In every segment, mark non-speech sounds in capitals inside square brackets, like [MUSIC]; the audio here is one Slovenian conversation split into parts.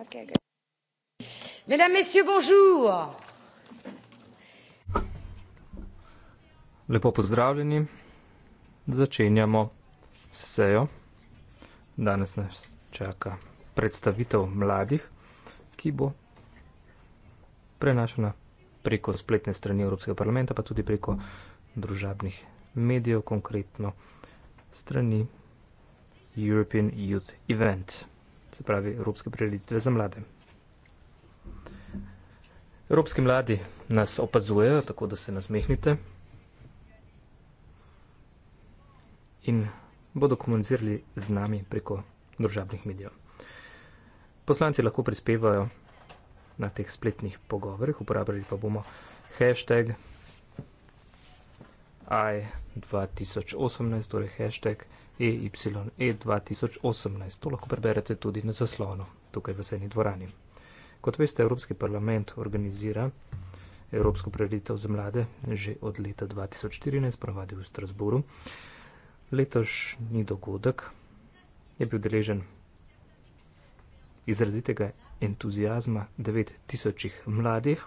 Okay, good. Mesdames, Messieurs, bonjour. Lepo pozdravljeni. Začenjamo sejo. Danes nas čaka predstavitev mladih, ki bo prenašana preko spletne strani Evropskega parlamenta, pa tudi preko družabnih medijev, konkretno strani European Youth Event, se pravi Evropske prireditve za mlade. Evropski mladi nas opazujejo, tako da se nasmehnite in bodo komunicirali z nami preko družabnih medijev. Poslanci lahko prispevajo na teh spletnih pogovorih, uporabljali pa bomo hashtag i2018, torej hashtag 2018. EYE2018. To lahko preberete tudi na zaslonu tukaj v sedni dvorani. Kot veste, Evropski parlament organizira Evropsko preditev za mlade že od leta 2014, ponovadi v Strasburu. Letošnji dogodek je bil deležen izrazitega entuzijazma 9000 mladih.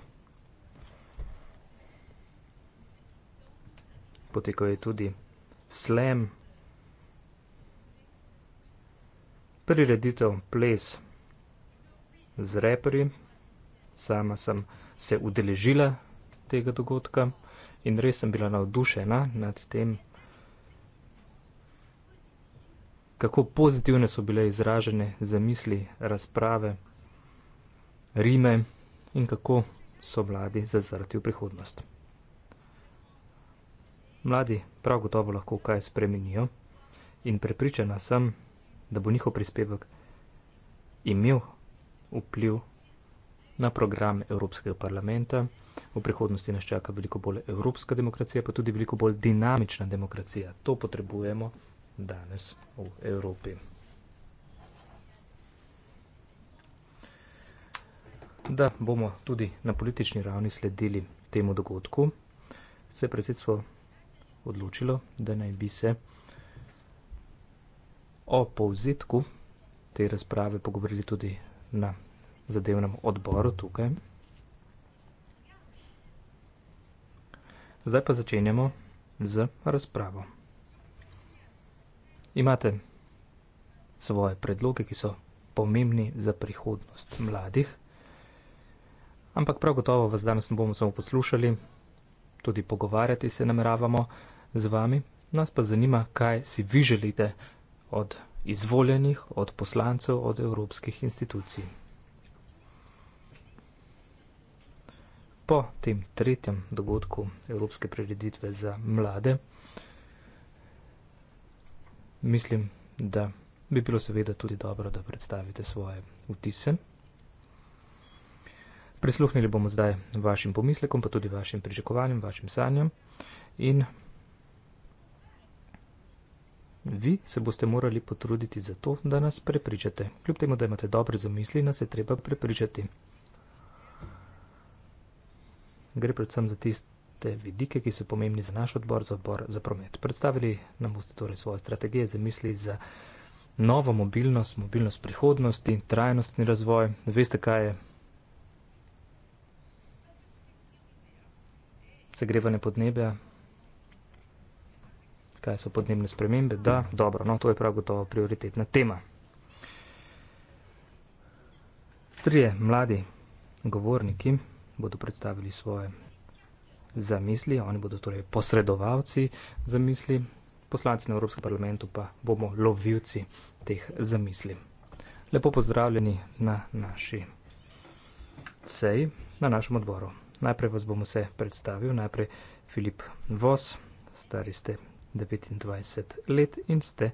Potekal je tudi slem prireditev Ples z reperji. Sama sem se udeležila tega dogodka in res sem bila navdušena nad tem, kako pozitivne so bile izražene zamisli, razprave, rime in kako so mladi zazrti v prihodnost. Mladi prav gotovo lahko kaj spremenijo in prepričana sem, da bo njihov prispevek imel vpliv na program Evropskega parlamenta. V prihodnosti nas čaka veliko bolj evropska demokracija, pa tudi veliko bolj dinamična demokracija. To potrebujemo danes v Evropi. Da bomo tudi na politični ravni sledili temu dogodku, se je predsedstvo odločilo, da naj bi se o povzetku te razprave pogovorili tudi na zadevnem odboru tukaj. Zdaj pa začenjamo z razpravo. Imate svoje predloge, ki so pomembni za prihodnost mladih, ampak prav gotovo vas danes ne bomo samo poslušali, tudi pogovarjati se nameravamo z vami. Nas pa zanima, kaj si vi želite od izvoljenih, od poslancev, od evropskih institucij. Po tem tretjem dogodku Evropske prireditve za mlade, mislim, da bi bilo seveda tudi dobro, da predstavite svoje vtise. Prisluhnili bomo zdaj vašim pomislekom, pa tudi vašim pričakovanjem, vašim sanjam in Vi se boste morali potruditi za to, da nas prepričate. Kljub temu, da imate dobre zamisli, nas je treba prepričati. Gre predvsem za tiste vidike, ki so pomembni za naš odbor, za odbor za promet. Predstavili nam boste torej svoje strategije za misli za novo mobilnost, mobilnost prihodnosti, trajnostni razvoj. Veste, kaj je segrevanje podnebja, Kaj so podnebne spremembe? Da, dobro, no, to je prav gotovo prioritetna tema. Trije mladi govorniki bodo predstavili svoje zamisli, oni bodo torej posredovalci zamisli, poslanci na Evropskem parlamentu pa bomo lovilci teh zamisli. Lepo pozdravljeni na naši seji, na našem odboru. Najprej vas bomo se predstavil, najprej Filip Vos, stari ste 29 let in ste.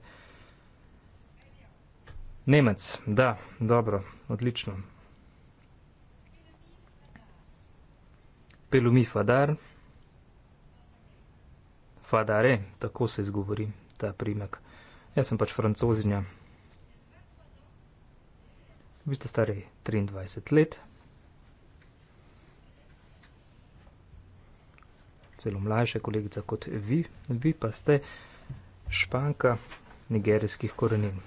Nemec, da, dobro, odlično. Pelumi Fadar. Fadare, tako se izgovori ta primek. Jaz sem pač francozinja. Vi ste stari 23 let. celo mlajša kolegica kot vi, vi pa ste španka nigerijskih korenin.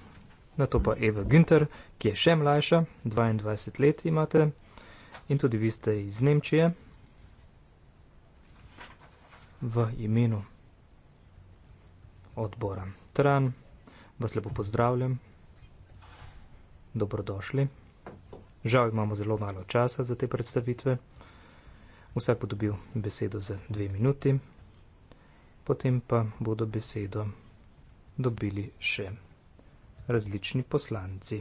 Na to pa Eva Günther, ki je še mlajša, 22 let imate in tudi vi ste iz Nemčije. V imenu odbora Tran vas lepo pozdravljam. Dobrodošli. Žal imamo zelo malo časa za te predstavitve. Vsak bo dobil besedo za dve minuti, potem pa bodo besedo dobili še različni poslanci.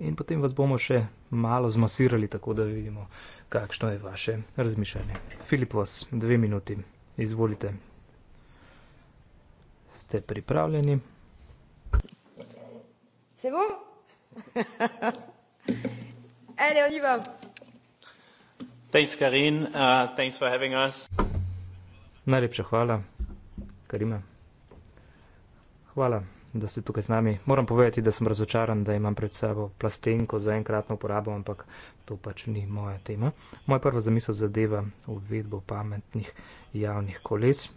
In potem vas bomo še malo zmasirali, tako da vidimo, kakšno je vaše razmišljanje. Filip, vas dve minuti, izvolite. Ste pripravljeni? Se bo? Ali on y va? Thanks, Karin. Uh, thanks for having us. Najlepša hvala, Karima. Hvala, da ste tukaj z nami. Moram povedati, da sem razočaran, da imam pred sabo plastenko za enkratno uporabo, ampak to pač ni moja tema. Moja prva zamisel zadeva uvedbo pametnih javnih koles.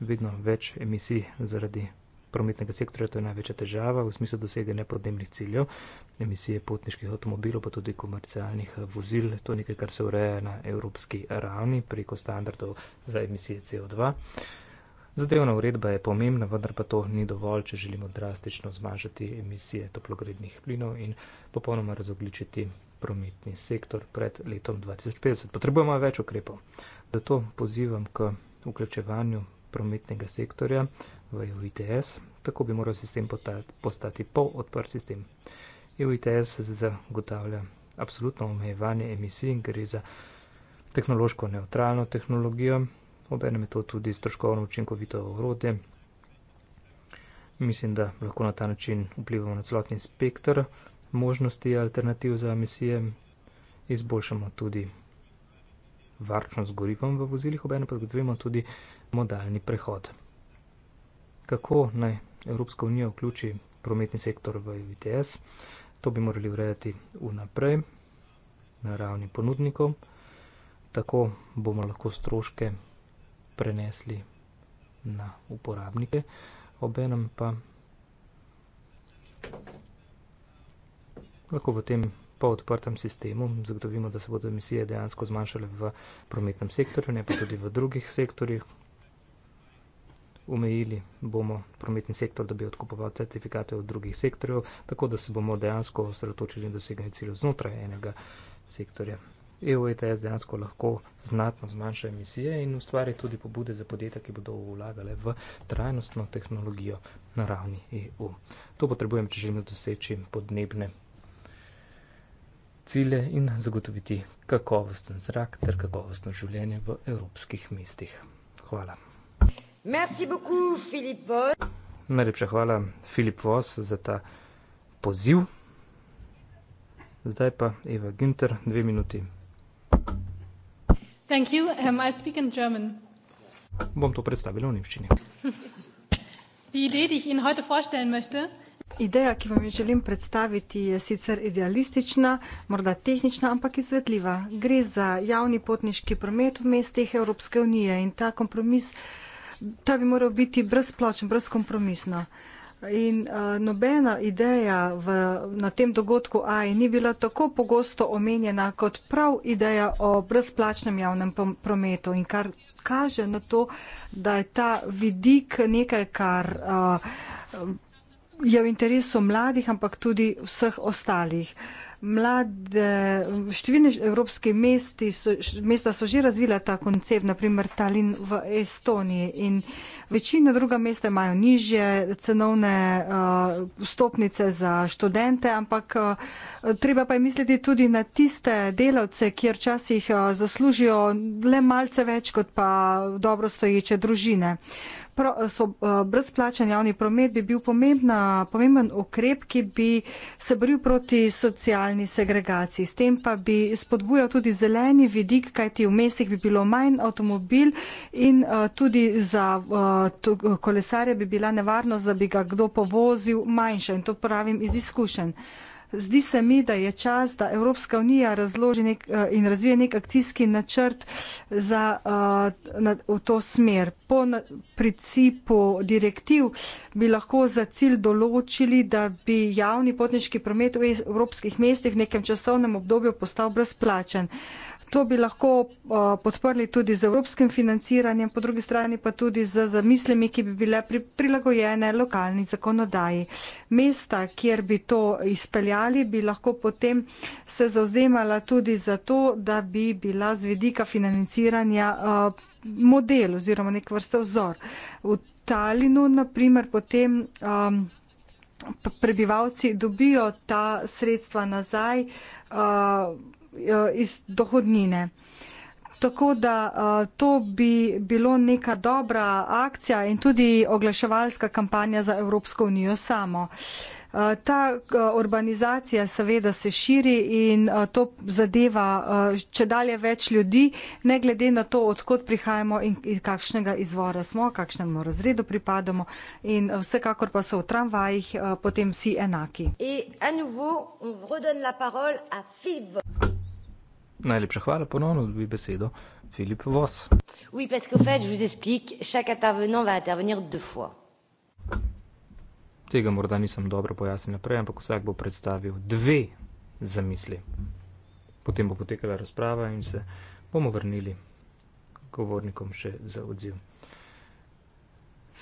Vedno več emisij zaradi prometnega sektorja, to je največja težava v smislu doseganja podnebnih ciljev, emisije potniških avtomobilov, pa tudi komercialnih eh, vozil. To je nekaj, kar se ureja na evropski ravni preko standardov za emisije CO2. Zadevna uredba je pomembna, vendar pa to ni dovolj, če želimo drastično zmanjšati emisije toplogrednih plinov in popolnoma razogličiti prometni sektor pred letom 2050. Potrebujemo več ukrepov. Zato pozivam k vključevanju prometnega sektorja v EU ETS, tako bi moral sistem postati pol odprt sistem. EU ETS zagotavlja absolutno omejevanje emisij in gre za tehnološko neutralno tehnologijo, obenem je to tudi stroškovno učinkovito orodje. Mislim, da lahko na ta način vplivamo na celotni spektr možnosti alternativ za emisije, izboljšamo tudi varčnost gorivom v vozilih, obenem pa zagotovimo tudi modalni prehod kako naj Evropska unija vključi prometni sektor v ITS. To bi morali urediti vnaprej na ravni ponudnikov, tako bomo lahko stroške prenesli na uporabnike, obenem pa lahko v tem po odprtem sistemu zagotovimo, da se bodo emisije dejansko zmanjšale v prometnem sektorju, ne pa tudi v drugih sektorjih, omejili bomo prometni sektor, da bi odkupoval certifikate od drugih sektorjev, tako da se bomo dejansko osredotočili na doseganje ciljev znotraj enega sektorja. EU ETS dejansko lahko znatno zmanjša emisije in ustvari tudi pobude za podjetja, ki bodo vlagale v trajnostno tehnologijo na ravni EU. To potrebujem, če želim doseči podnebne cilje in zagotoviti kakovosten zrak ter kakovostno življenje v evropskih mestih. Hvala. Merci beaucoup, Philippe Voss. Najlepša hvala, Filip Voss, za ta poziv. Zdaj pa Eva Günther, dve minuti. Thank you. Um, I'll speak in German. Bom to predstavila v nemščini. [LAUGHS] Ideja, ki vam jo želim predstaviti, je sicer idealistična, morda tehnična, ampak izvedljiva. Gre za javni potniški promet v mestih Evropske unije in ta kompromis ta bi moral biti brezplačen, brezkompromisno. In uh, nobena ideja v, na tem dogodku AI ni bila tako pogosto omenjena kot prav ideja o brezplačnem javnem prometu in kar kaže na to, da je ta vidik nekaj, kar uh, je v interesu mladih, ampak tudi vseh ostalih. Uh, mlade, številne evropske mesti so, mesta so že razvila ta koncept, naprimer Tallinn v Estoniji in uh, Večina druga mesta imajo nižje cenovne uh, stopnice za študente, ampak uh, treba pa je misliti tudi na tiste delavce, kjer včasih uh, zaslužijo le malce več kot pa dobro stoječe družine. Pro, so, brezplačen javni promet bi bil pomembna, pomemben ukrep, ki bi se boril proti socialni segregaciji. S tem pa bi spodbujal tudi zeleni vidik, kajti v mestih bi bilo manj avtomobil in uh, tudi za uh, to, kolesarja bi bila nevarnost, da bi ga kdo povozil manjša in to pravim iz izkušenj. Zdi se mi, da je čas, da Evropska unija razloži nek, eh, in razvije nek akcijski načrt za, eh, na, v to smer. Po na, principu direktiv bi lahko za cilj določili, da bi javni potniški promet v evropskih mestih v nekem časovnem obdobju postal brezplačen. Uh, To bi lahko eh, podprli tudi z evropskim financiranjem, po drugi strani pa tudi z zamislimi, ki bi bile prilagojene lokalni zakonodaji. Mesta, kjer bi to izpeljali, bi lahko potem se zauzemala tudi za to, da bi bila z vidika financiranja eh, model oziroma nek vrste vzor. V Talinu, naprimer, potem um, prebivalci dobijo ta sredstva nazaj. Uh, Eh, iz dohodnine. Tako da eh, to bi bilo neka dobra akcija in tudi oglaševalska kampanja za Evropsko unijo samo. Eh, ta urbanizacija seveda se širi in to zadeva če dalje več ljudi, ne glede na to, odkot prihajamo in kakšnega izvora smo, kakšnemu razredu pripadamo in vsekakor pa so v tramvajih potem vsi enaki. In ponovno vam podajam besedo. Najlepša hvala, ponovno dobi besedo Filip Vos. Oui, parce qu'en fait, je vous explique, chaque intervenant va intervenir deux fois. Tega morda nisem dobro pojasnil naprej, ampak vsak bo predstavil dve zamisli. Potem bo potekala razprava in se bomo vrnili govornikom še za odziv.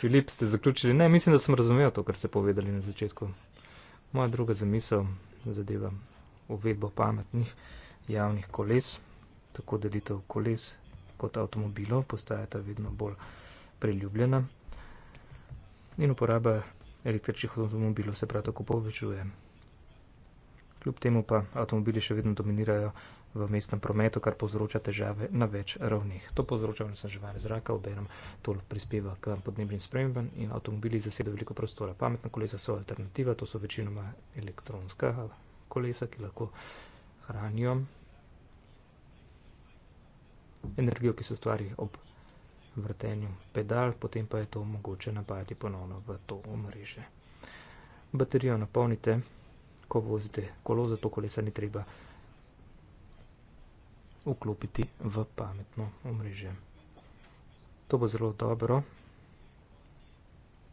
Filip, ste zaključili? Ne, mislim, da sem razumel to, kar ste povedali na začetku. Moja druga zamisel zadeva uvedbo pametnih javnih koles, tako delitev koles kot avtomobilov postajata vedno bolj priljubljena in uporaba električnih avtomobilov se prav tako povečuje. Kljub temu pa avtomobili še vedno dominirajo v mestnem prometu, kar povzroča težave na več ravneh. To povzroča onesnaževanje zraka, obenem to prispeva k podnebnim spremembam in avtomobili zasedajo veliko prostora. Pametna kolesa so alternativa, to so večinoma elektronska kolesa, ki lahko hranijo energijo, ki se ustvari ob vrtenju pedal, potem pa je to mogoče napajati ponovno v to omrežje. Baterijo napolnite, ko vozite kolo, zato kolesa ni treba vklopiti v pametno omrežje. To bo zelo dobro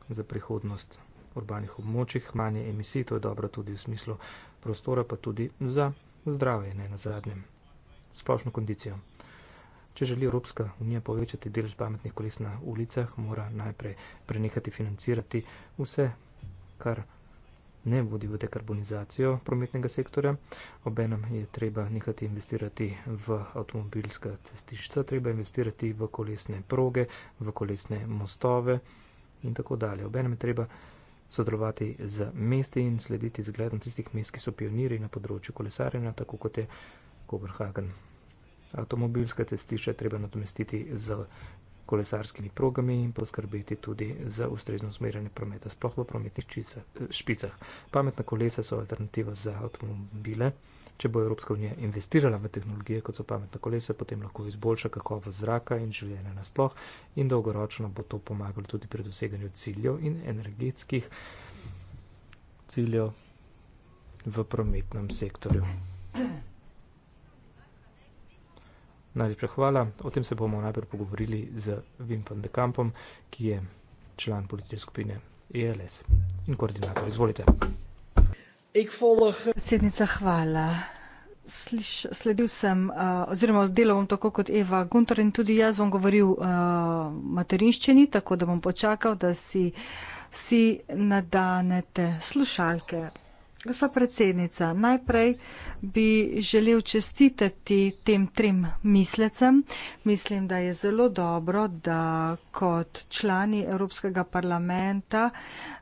za prihodnost urbanih območjih, manje emisij, to je dobro tudi v smislu prostora, pa tudi za prihodnost zdravje, ne na zadnje, splošno kondicijo. Če želi Evropska unija povečati delež pametnih koles na ulicah, mora najprej prenehati financirati vse, kar ne vodi v dekarbonizacijo prometnega sektorja. Obenem je treba nekati investirati v avtomobilska cestišča, treba investirati v kolesne proge, v kolesne mostove in tako dalje. Obenem je treba sodelovati z mesti in slediti zgledom tistih mest, ki so pioniri na področju kolesarjenja, tako kot je Koberhagen. Avtomobilske cestišče treba nadomestiti z kolesarskimi progami in poskrbeti tudi za ustrezno usmerjanje prometa, sploh v prometnih čice, špicah. Pametna kolesa so alternativa za avtomobile. Če bo Evropska unija investirala v tehnologije, kot so pametna kolesa, potem lahko izboljša kakovost zraka in življenja nasploh in dolgoročno bo to pomagalo tudi pri doseganju ciljev in energetskih ciljev v prometnem sektorju. Najlepša hvala. O tem se bomo najprej pogovorili z Wim van de Kampom, ki je član politične skupine ELS in koordinator. Izvolite. Ik volg. Predsednica, hvala. Sliš, sledil sem, uh, oziroma delal bom tako kot Eva Guntor in tudi jaz bom govoril uh, materinščini, tako da bom počakal, da si vsi nadanete slušalke. Gospa predsednica, najprej bi želel čestitati tem trem mislecem. Mislim, da je zelo dobro, da kot člani Evropskega parlamenta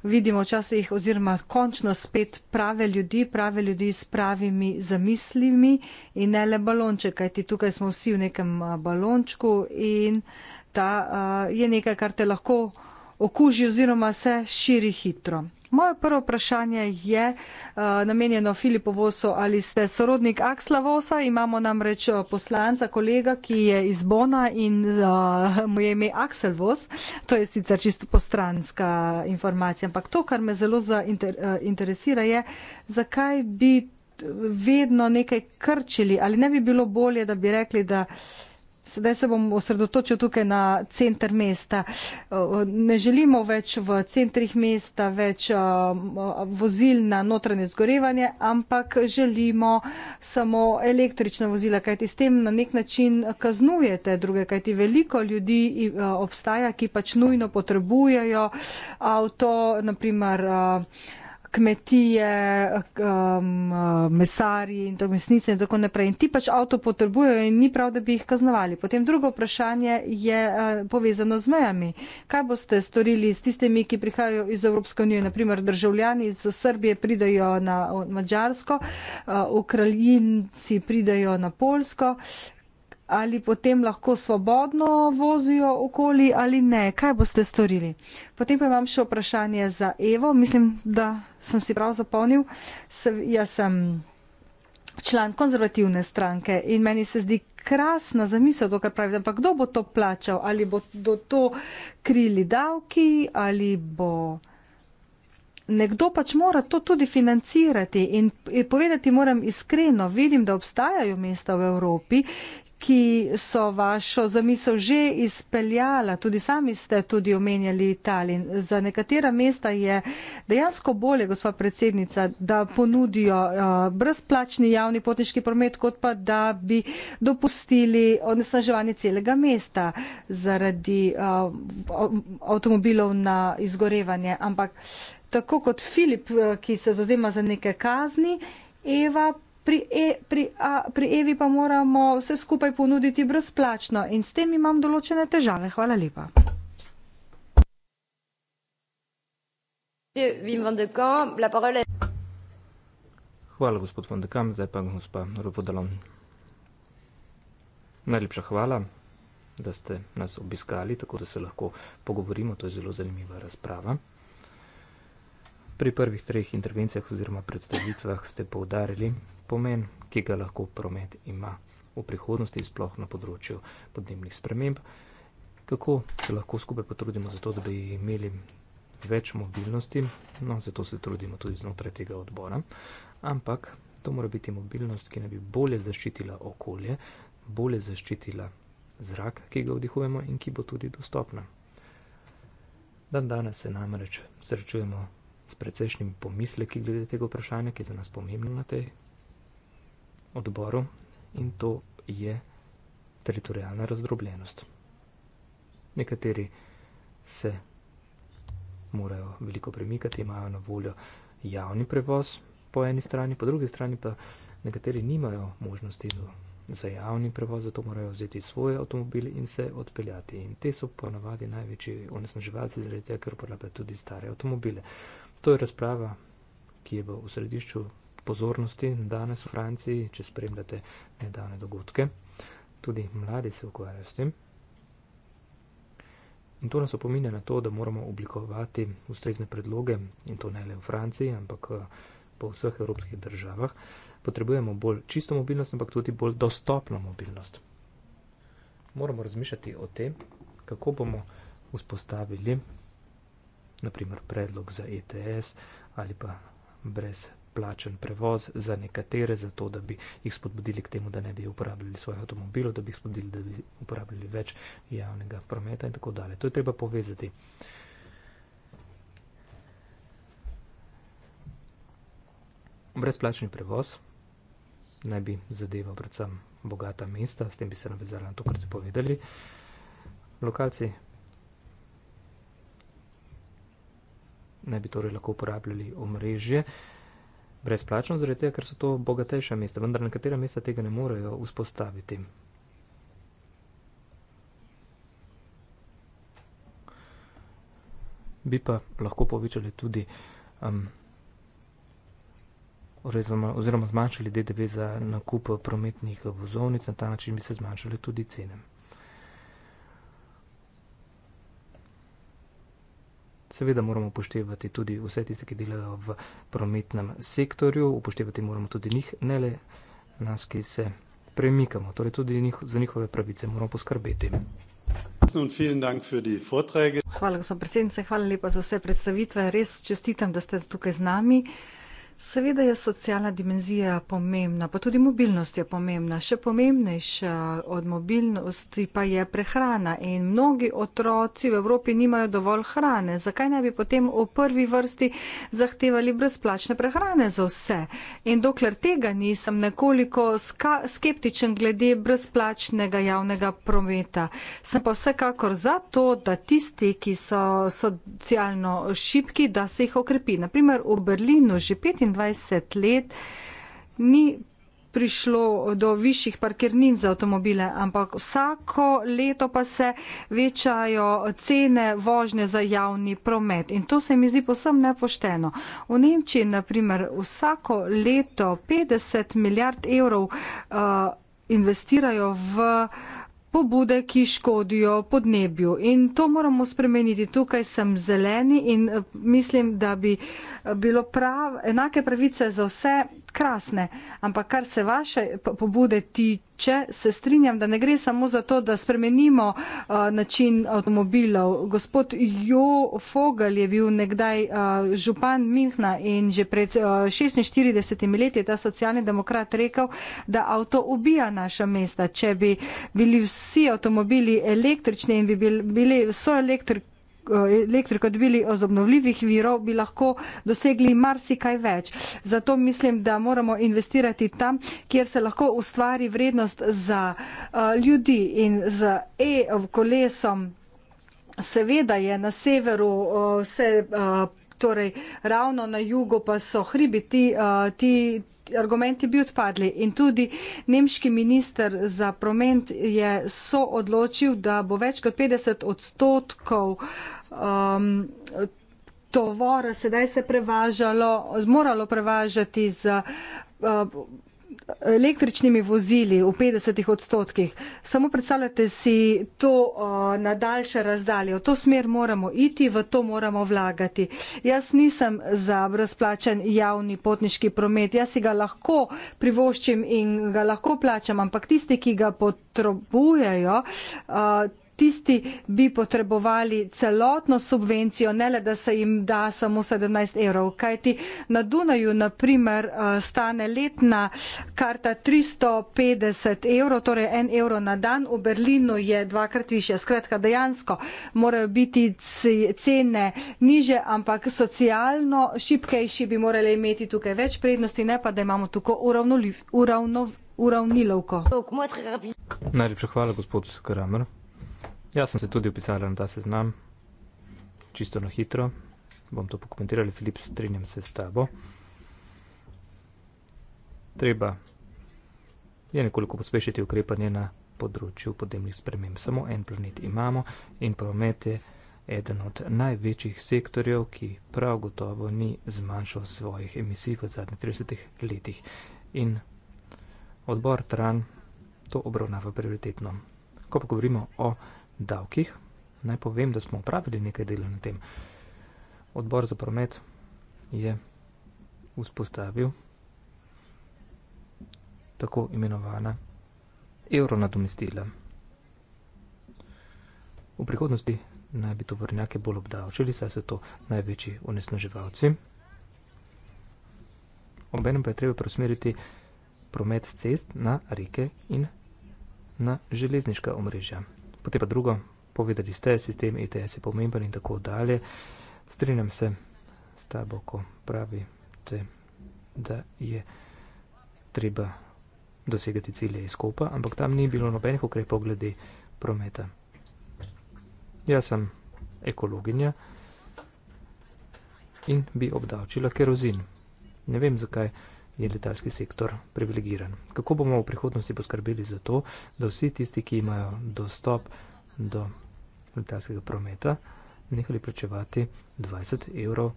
vidimo včasih oziroma končno spet prave ljudi, prave ljudi s pravimi zamislimi in ne le balonček, kajti tukaj smo vsi v nekem balončku in ta uh, je nekaj, kar te lahko okuži oziroma se širi hitro. Moje prvo vprašanje je eh, namenjeno Filipu Vosu, ali ste sorodnik Aksla Vosa, imamo namreč eh, poslanca, kolega, ki je iz Bona in eh, mu je ime Aksel Vos. To je sicer čisto postranska informacija, ampak to, kar me zelo interesira, je, zakaj bi vedno nekaj krčili, ali ne bi bilo bolje, da bi rekli, da Sedaj se bom osredotočil tukaj na center mesta. Ne želimo več v centrih mesta več um, vozil na notranje zgorevanje, ampak želimo samo električna vozila, kajti s tem na nek način kaznujete druge, kajti veliko ljudi uh, obstaja, ki pač nujno potrebujejo avto, naprimer. Uh, kmetije, um, mesarji in tako mesnice in tako naprej. In ti pač avto potrebujejo in ni prav, da bi jih kaznovali. Potem drugo vprašanje je uh, povezano z mejami. Kaj boste storili s tistimi, ki prihajajo iz Evropske unije, naprimer državljani iz Srbije pridajo na Mačarsko, uh, eh, Ukrajinci pridajo na Polsko. Uh, ali potem lahko svobodno vozijo okoli ali ne. Kaj boste storili? Potem pa imam še vprašanje za Evo. Mislim, da sem si prav zapomnil. Jaz sem član konzervativne stranke in meni se zdi krasna zamisel, to, kar pravite, ampak kdo bo to plačal? Ali bo do to krili davki ali bo. Nekdo pač mora to tudi financirati in povedati moram iskreno, vidim, da obstajajo mesta v Evropi, ki so vašo zamisel že izpeljala, tudi sami ste tudi omenjali Italijan. Za nekatera mesta je dejansko bolje, gospa predsednica, da ponudijo eh, brezplačni javni potniški promet, kot pa da bi dopustili onesnaževanje celega mesta zaradi eh, avtomobilov na izgorevanje. Ampak tako kot Filip, eh, ki se zazema za neke kazni, Eva pri, e, pri, a, pri Evi pa moramo vse skupaj ponuditi brezplačno in s tem imam določene težave. Hvala lepa. Hvala, gospod Vandekam, zdaj pa gospa Rupodalon. Najlepša hvala, da ste nas obiskali, tako da se lahko pogovorimo, to je zelo zanimiva razprava. Pri prvih treh intervencijah oziroma predstavitvah ste povdarili pomen, ki ga lahko promet ima v prihodnosti, sploh na področju podnebnih sprememb. Kako se lahko skupaj potrudimo za to, da bi imeli več mobilnosti, no, zato se trudimo tudi znotraj tega odbora, ampak to mora biti mobilnost, ki naj bi bolje zaščitila okolje, bolje zaščitila zrak, ki ga vdihujemo in ki bo tudi dostopna. Dan danes se namreč srečujemo s precejšnjim pomisleki glede tega vprašanja, ki je za nas pomembno na tej odboru, in to je teritorijalna razdrobljenost. Nekateri se morajo veliko premikati, imajo na voljo javni prevoz po eni strani, po drugi strani pa nekateri nimajo možnosti za javni prevoz, zato morajo vzeti svoje avtomobile in se odpeljati. In te so ponavadi največji onesnaževalci, zaradi tega, ker uporabljajo tudi stare avtomobile. Uh, To je razprava, ki je v središču pozornosti danes v Franciji, če spremljate nedavne dogodke. Tudi mladi se ukvarjajo s tem. In to nas opominja na to, da moramo oblikovati ustrezne predloge, in to ne le v Franciji, ampak po vseh evropskih državah. Potrebujemo bolj čisto mobilnost, ampak tudi bolj dostopno mobilnost. Moramo razmišljati o tem, kako bomo vzpostavili naprimer predlog za ETS ali pa brezplačen prevoz za nekatere, zato da bi jih spodbudili k temu, da ne bi uporabljali svojih avtomobilov, da bi jih spodbudili, da bi uporabljali več javnega prometa in tako dalje. To je treba povezati. Brezplačni prevoz naj bi zadeval predvsem bogata mesta, s tem bi se navezali na to, kar ste povedali. Lokalci naj bi torej lahko uporabljali omrežje brezplačno, zaradi tega, ker so to bogatejša mesta, vendar nekatera mesta tega ne morejo vzpostaviti. Bi pa lahko povečali tudi um, oziroma, oziroma zmanjšali DDV za nakup prometnih vozovnic, na ta način bi se zmanjšali tudi cene. seveda moramo upoštevati tudi vse tiste, ki delajo v prometnem sektorju, upoštevati moramo tudi njih, ne le nas, ki se premikamo, torej tudi njiho, za njihove pravice moramo poskrbeti. Hvala, gospod predsednice, hvala lepa za vse predstavitve. Res čestitam, da ste tukaj z nami. Seveda je socialna dimenzija pomembna, pa tudi mobilnost je pomembna. Še pomembnejša od mobilnosti pa je prehrana in mnogi otroci v Evropi nimajo dovolj hrane. Zakaj ne bi potem v prvi vrsti zahtevali brezplačne prehrane za vse? In dokler tega nisem nekoliko skeptičen glede brezplačnega javnega prometa, sem pa vsekakor za to, da tisti, ki so socialno šipki, da se jih okrepi. Naprimer, v Berlinu že 15. 26 let ni prišlo do višjih parkirnin za avtomobile, ampak vsako leto pa se večajo cene vožnje za javni promet. In to se mi zdi posebno nepošteno. V Nemčiji, naprimer, vsako leto 50 milijard evrov uh, investirajo v uh, pobude, ki škodijo podnebju. In to moramo spremeniti. Tukaj sem zeleni in eh, mislim, da bi eh, bilo prav, enake pravice za vse krasne. Ampak kar se vaše pobude tiče, se strinjam, da ne gre samo za to, da spremenimo eh, način avtomobilov. Gospod Jo Fogel je bil nekdaj župan Minhna in že pred 46 leti je ta socialni demokrat rekel, da avto ubija naša mesta. Če bi bili vsi vsi avtomobili električni in bi bili vso elektriko elektriko dobili iz obnovljivih virov, bi lahko dosegli marsikaj več. Zato mislim, da moramo investirati tam, kjer se lahko ustvari vrednost za uh, ljudi in z e-kolesom. Seveda je na severu uh, vse uh, torej ravno na jugu pa so hribi ti. Uh, ti argumenti bi odpadli in tudi nemški minister za promet je so odločil, da bo več kot 50 odstotkov um, tovora sedaj se prevažalo, moralo prevažati z uh, električnimi vozili v 50 odstotkih. Samo predstavljate si to na daljše razdalje. V to smer moramo iti, v to moramo vlagati. Jaz nisem za brezplačen javni potniški promet. Jaz si ga lahko privoščim in ga lahko plačam, ampak tisti, ki ga potrebujejo, tisti bi potrebovali celotno subvencijo, ne le da se jim da samo 17 evrov. Kajti na Dunaju, na primer, eh, stane letna karta 350 evrov, torej 1 evro na dan, v Berlinu je dvakrat više. Skratka, dejansko morajo biti cene niže, ampak socialno šipkejši bi morali imeti tukaj več prednosti, ne pa da imamo tukaj uravnovljiv. Uravno, uravnilovko. Najlepša hvala, gospod Karamer. Jaz sem se tudi upisala na ta seznam, čisto na hitro. Bom to pokomentirala, Filip, strinjam se s tabo. Treba je nekoliko pospešiti ukrepanje na področju podnebnih sprememb. Samo en planet imamo in promet je eden od največjih sektorjev, ki prav gotovo ni zmanjšal svojih emisij v zadnjih 30 letih. In odbor Tran to obravnava prioritetno. Ko pa govorimo o davkih. Naj povem, da smo opravili nekaj dela na tem. Odbor za promet je vzpostavil tako imenovana evronadomestila. V prihodnosti naj bi to vrnjake bolj obdavčili, saj so to največji onesnaževalci. Obenem pa je treba preusmeriti promet cest na reke in na železniška omrežja potem pa drugo, povedali ste, sistem ETS je pomemben in tako dalje. Strinjam se s tabo, ko pravi, da je treba dosegati cilje izkopa, ampak tam ni bilo nobenih ukrepov glede prometa. Jaz sem ekologinja in bi obdavčila kerozin. Ne vem zakaj je letalski sektor privilegiran. Kako bomo v prihodnosti poskrbeli za to, da vsi tisti, ki imajo dostop do letalskega prometa, nehali plačevati 20 evrov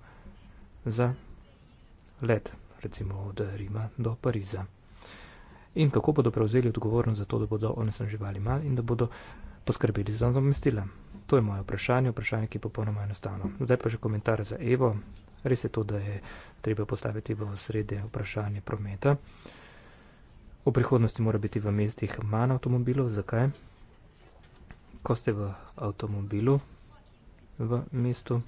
za let, recimo od Rima do Pariza. In kako bodo prevzeli odgovornost za to, da bodo onesnaževali mal in da bodo poskrbeli za nadomestila. To je moje vprašanje, vprašanje, ki je popolnoma enostavno. Zdaj pa že komentar za Evo. Res je to, da je treba postaviti v sredje vprašanje prometa. V prihodnosti mora biti v mestih manj avtomobilov. Zakaj? Ko ste v avtomobilu v mestu,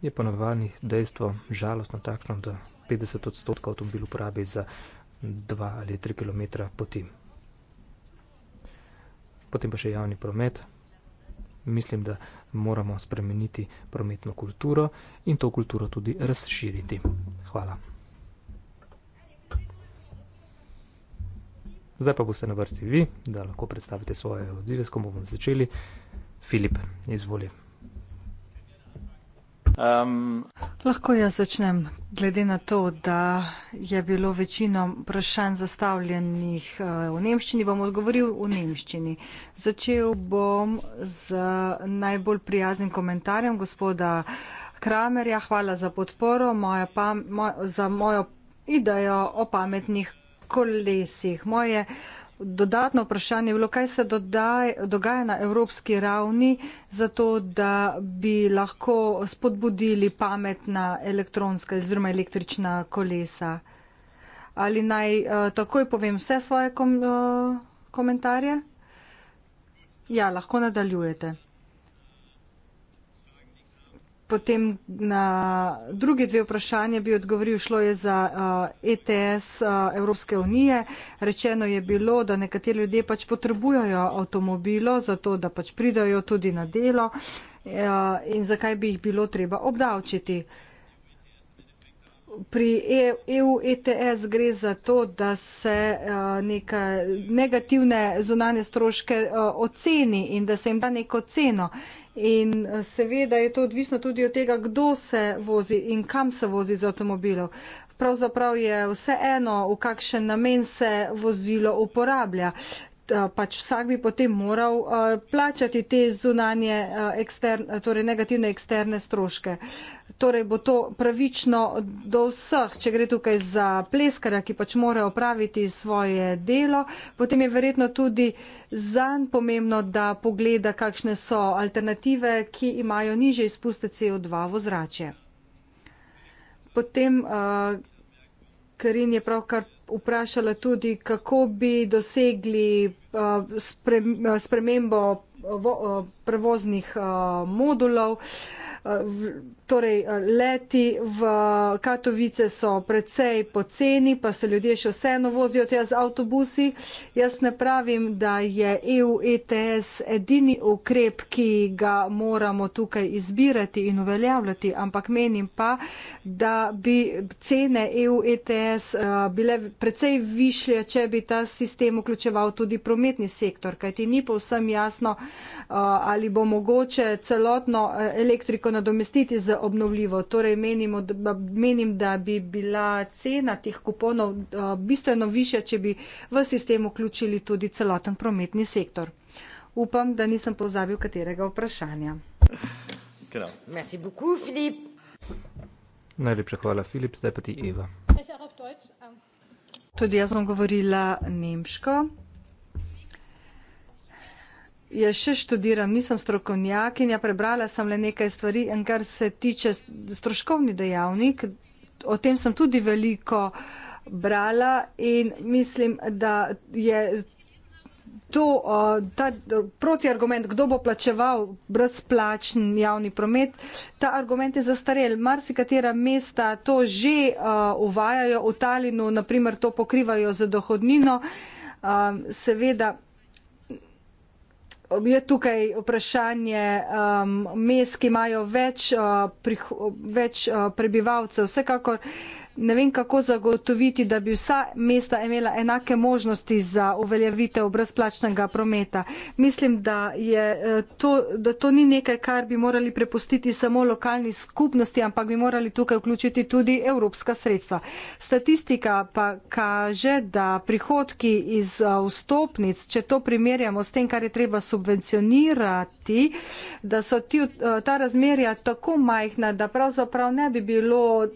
je ponovadi dejstvo žalostno takšno, da 50 odstotkov avtomobilov porabi za 2 ali 3 km poti. Potem pa še javni promet mislim, da moramo spremeniti prometno kulturo in to kulturo tudi razširiti. Hvala. Zdaj pa boste na vrsti vi, da lahko predstavite svoje odzive, s kom bomo začeli. Filip, izvolite. Um... Lahko jaz začnem, glede na to, da je bilo večino vprašanj zastavljenih eh, v Nemščini, bom odgovoril v Nemščini. Začel bom z najbolj prijaznim komentarjem gospoda Kramerja. Hvala za podporo, moja pam, moj, za mojo idejo o pametnih kolesih. Moje, uh, dodatno vprašanje je bilo, kaj se dodaj, dogaja na evropski ravni, zato da bi lahko spodbudili pametna elektronska oziroma električna kolesa. Ali naj uh, takoj povem vse svoje kom, uh, komentarje? Ja, lahko nadaljujete potem na druge dve vprašanje bi odgovoril, šlo je za uh, ETS uh, Evropske unije. Rečeno je bilo, da nekateri ljudje pač potrebujejo avtomobilo, zato da pač pridajo tudi na delo uh, in zakaj bi jih bilo treba obdavčiti. Uh, pri EU e ETS gre za to, da se eh, neke negativne zunanje stroške eh, oceni in da se jim da neko ceno. In eh, seveda je to odvisno tudi od tega, kdo se vozi in kam se vozi z avtomobilom. Pravzaprav je vse eno, v kakšen namen se vozilo uporablja. Pač vsak bi potem moral plačati te zunanje, ekstern, torej negativne eksterne stroške torej bo to pravično do vseh, če gre tukaj za pleskarja, ki pač mora opraviti svoje delo, potem je verjetno tudi zanj pomembno, da pogleda, kakšne so alternative, ki imajo niže izpuste CO2 v zračje. Potem uh, Karin je pravkar vprašala tudi, kako bi dosegli uh, sprem, spremembo uh, vo, uh, prevoznih uh, modulov. Uh, Eh, torej eh, leti v Katovice so precej poceni, pa se ljudje še vseeno vozijo tja z avtobusi. Jaz ne pravim, da je EU ETS edini ukrep, ki ga moramo tukaj izbirati in uveljavljati, ampak menim pa, da bi cene EU ETS eh, bile precej višje, če bi ta sistem vključeval tudi prometni sektor, kajti ni povsem jasno, ali bo mogoče celotno elektriko nadomestiti z obnovljivo. Torej menimo, da, menim, da bi bila cena teh kuponov eh, bistveno više, če bi v sistem vključili tudi celoten prometni sektor. Upam, da nisem pozabil katerega vprašanja. Najlepša hvala, Filip. Zdaj pa ti Eva. Tudi jaz bom govorila nemško jaz še študiram, nisem strokovnjakinja, prebrala sem le nekaj stvari in kar se tiče stroškovni dejavnik, o tem sem tudi veliko brala in mislim, da je. To, ta protiargument, kdo bo plačeval brezplačen javni promet, ta argument je zastarel. Marsikatera mesta to že uvajajo, v Talinu naprimer to pokrivajo z dohodnino. Um, seveda je tukaj vprašanje um, mest, ki imajo več, uh, prih, več uh, prebivalcev. Vsekakor uh, ne vem, kako zagotoviti, da bi vsa mesta imela enake možnosti za uveljavitev brezplačnega prometa. Mislim, da, je, eh, to, da to ni nekaj, kar bi morali prepustiti samo lokalni skupnosti, ampak bi morali tukaj vključiti tudi evropska sredstva. Statistika pa kaže, da prihodki iz eh, vstopnic, če to primerjamo s tem, kar je treba subvencionirati, da so ti, eh, ta razmerja tako majhna, da pravzaprav ne bi bilo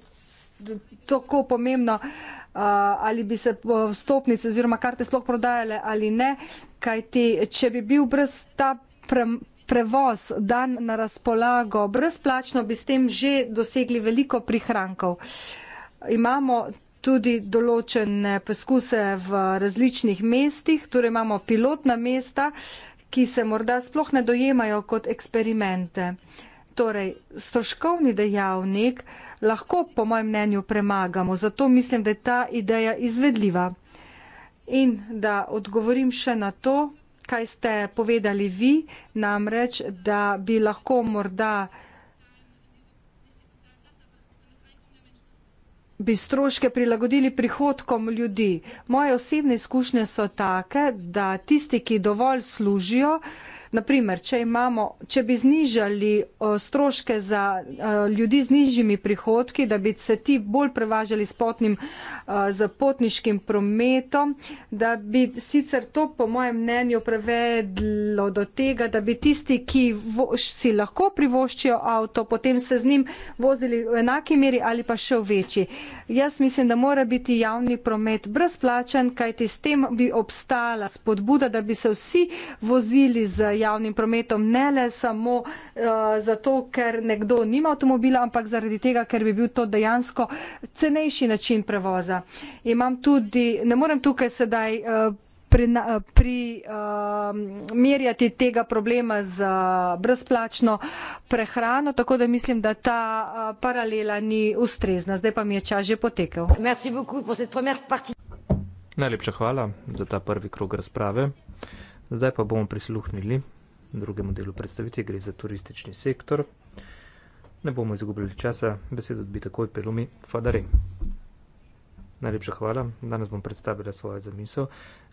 tako pomembno, ali bi se vstopnice oziroma karte sploh prodajale ali ne, kajti če bi bil brez ta prevoz dan na razpolago brezplačno, bi s tem že dosegli veliko prihrankov. Imamo tudi določene poskuse v različnih mestih, torej imamo pilotna mesta, ki se morda sploh ne dojemajo kot eksperimente. Torej, stroškovni dejavnik, lahko, po mojem mnenju, premagamo. Zato mislim, da je ta ideja izvedljiva. In da odgovorim še na to, kaj ste povedali vi, namreč, da bi lahko morda bi stroške prilagodili prihodkom ljudi. Moje osebne izkušnje so take, da tisti, ki dovolj služijo, uh, Naprimer, če, imamo, če bi znižali stroške za ljudi z nižjimi prihodki, da bi se ti bolj prevažali s potnim, z potniškim prometom, da bi sicer to, po mojem mnenju, prevedlo do tega, da bi tisti, ki si lahko privoščijo avto, potem se z njim vozili v enaki meri ali pa še v večji. Jaz mislim, da mora biti javni promet brezplačen, kajti s tem bi obstala spodbuda, da bi se vsi vozili z javnim prometom javnim prometom, ne le samo uh, zato, ker nekdo nima avtomobila, ampak zaradi tega, ker bi bil to dejansko cenejši način prevoza. Imam tudi, ne morem tukaj sedaj. Uh, pri, pri uh, eh, merjati tega problema z uh, brezplačno prehrano, tako da mislim, da ta uh, paralela ni ustrezna. Zdaj pa mi je čas že potekel. Najlepša hvala za ta prvi krog razprave. Zdaj pa bomo prisluhnili drugemu delu predstavitve, gre za turistični sektor. Ne bomo izgubili časa, besedo bi takoj pelumi Fadare. Najlepša hvala, danes bom predstavila svojo zamisel.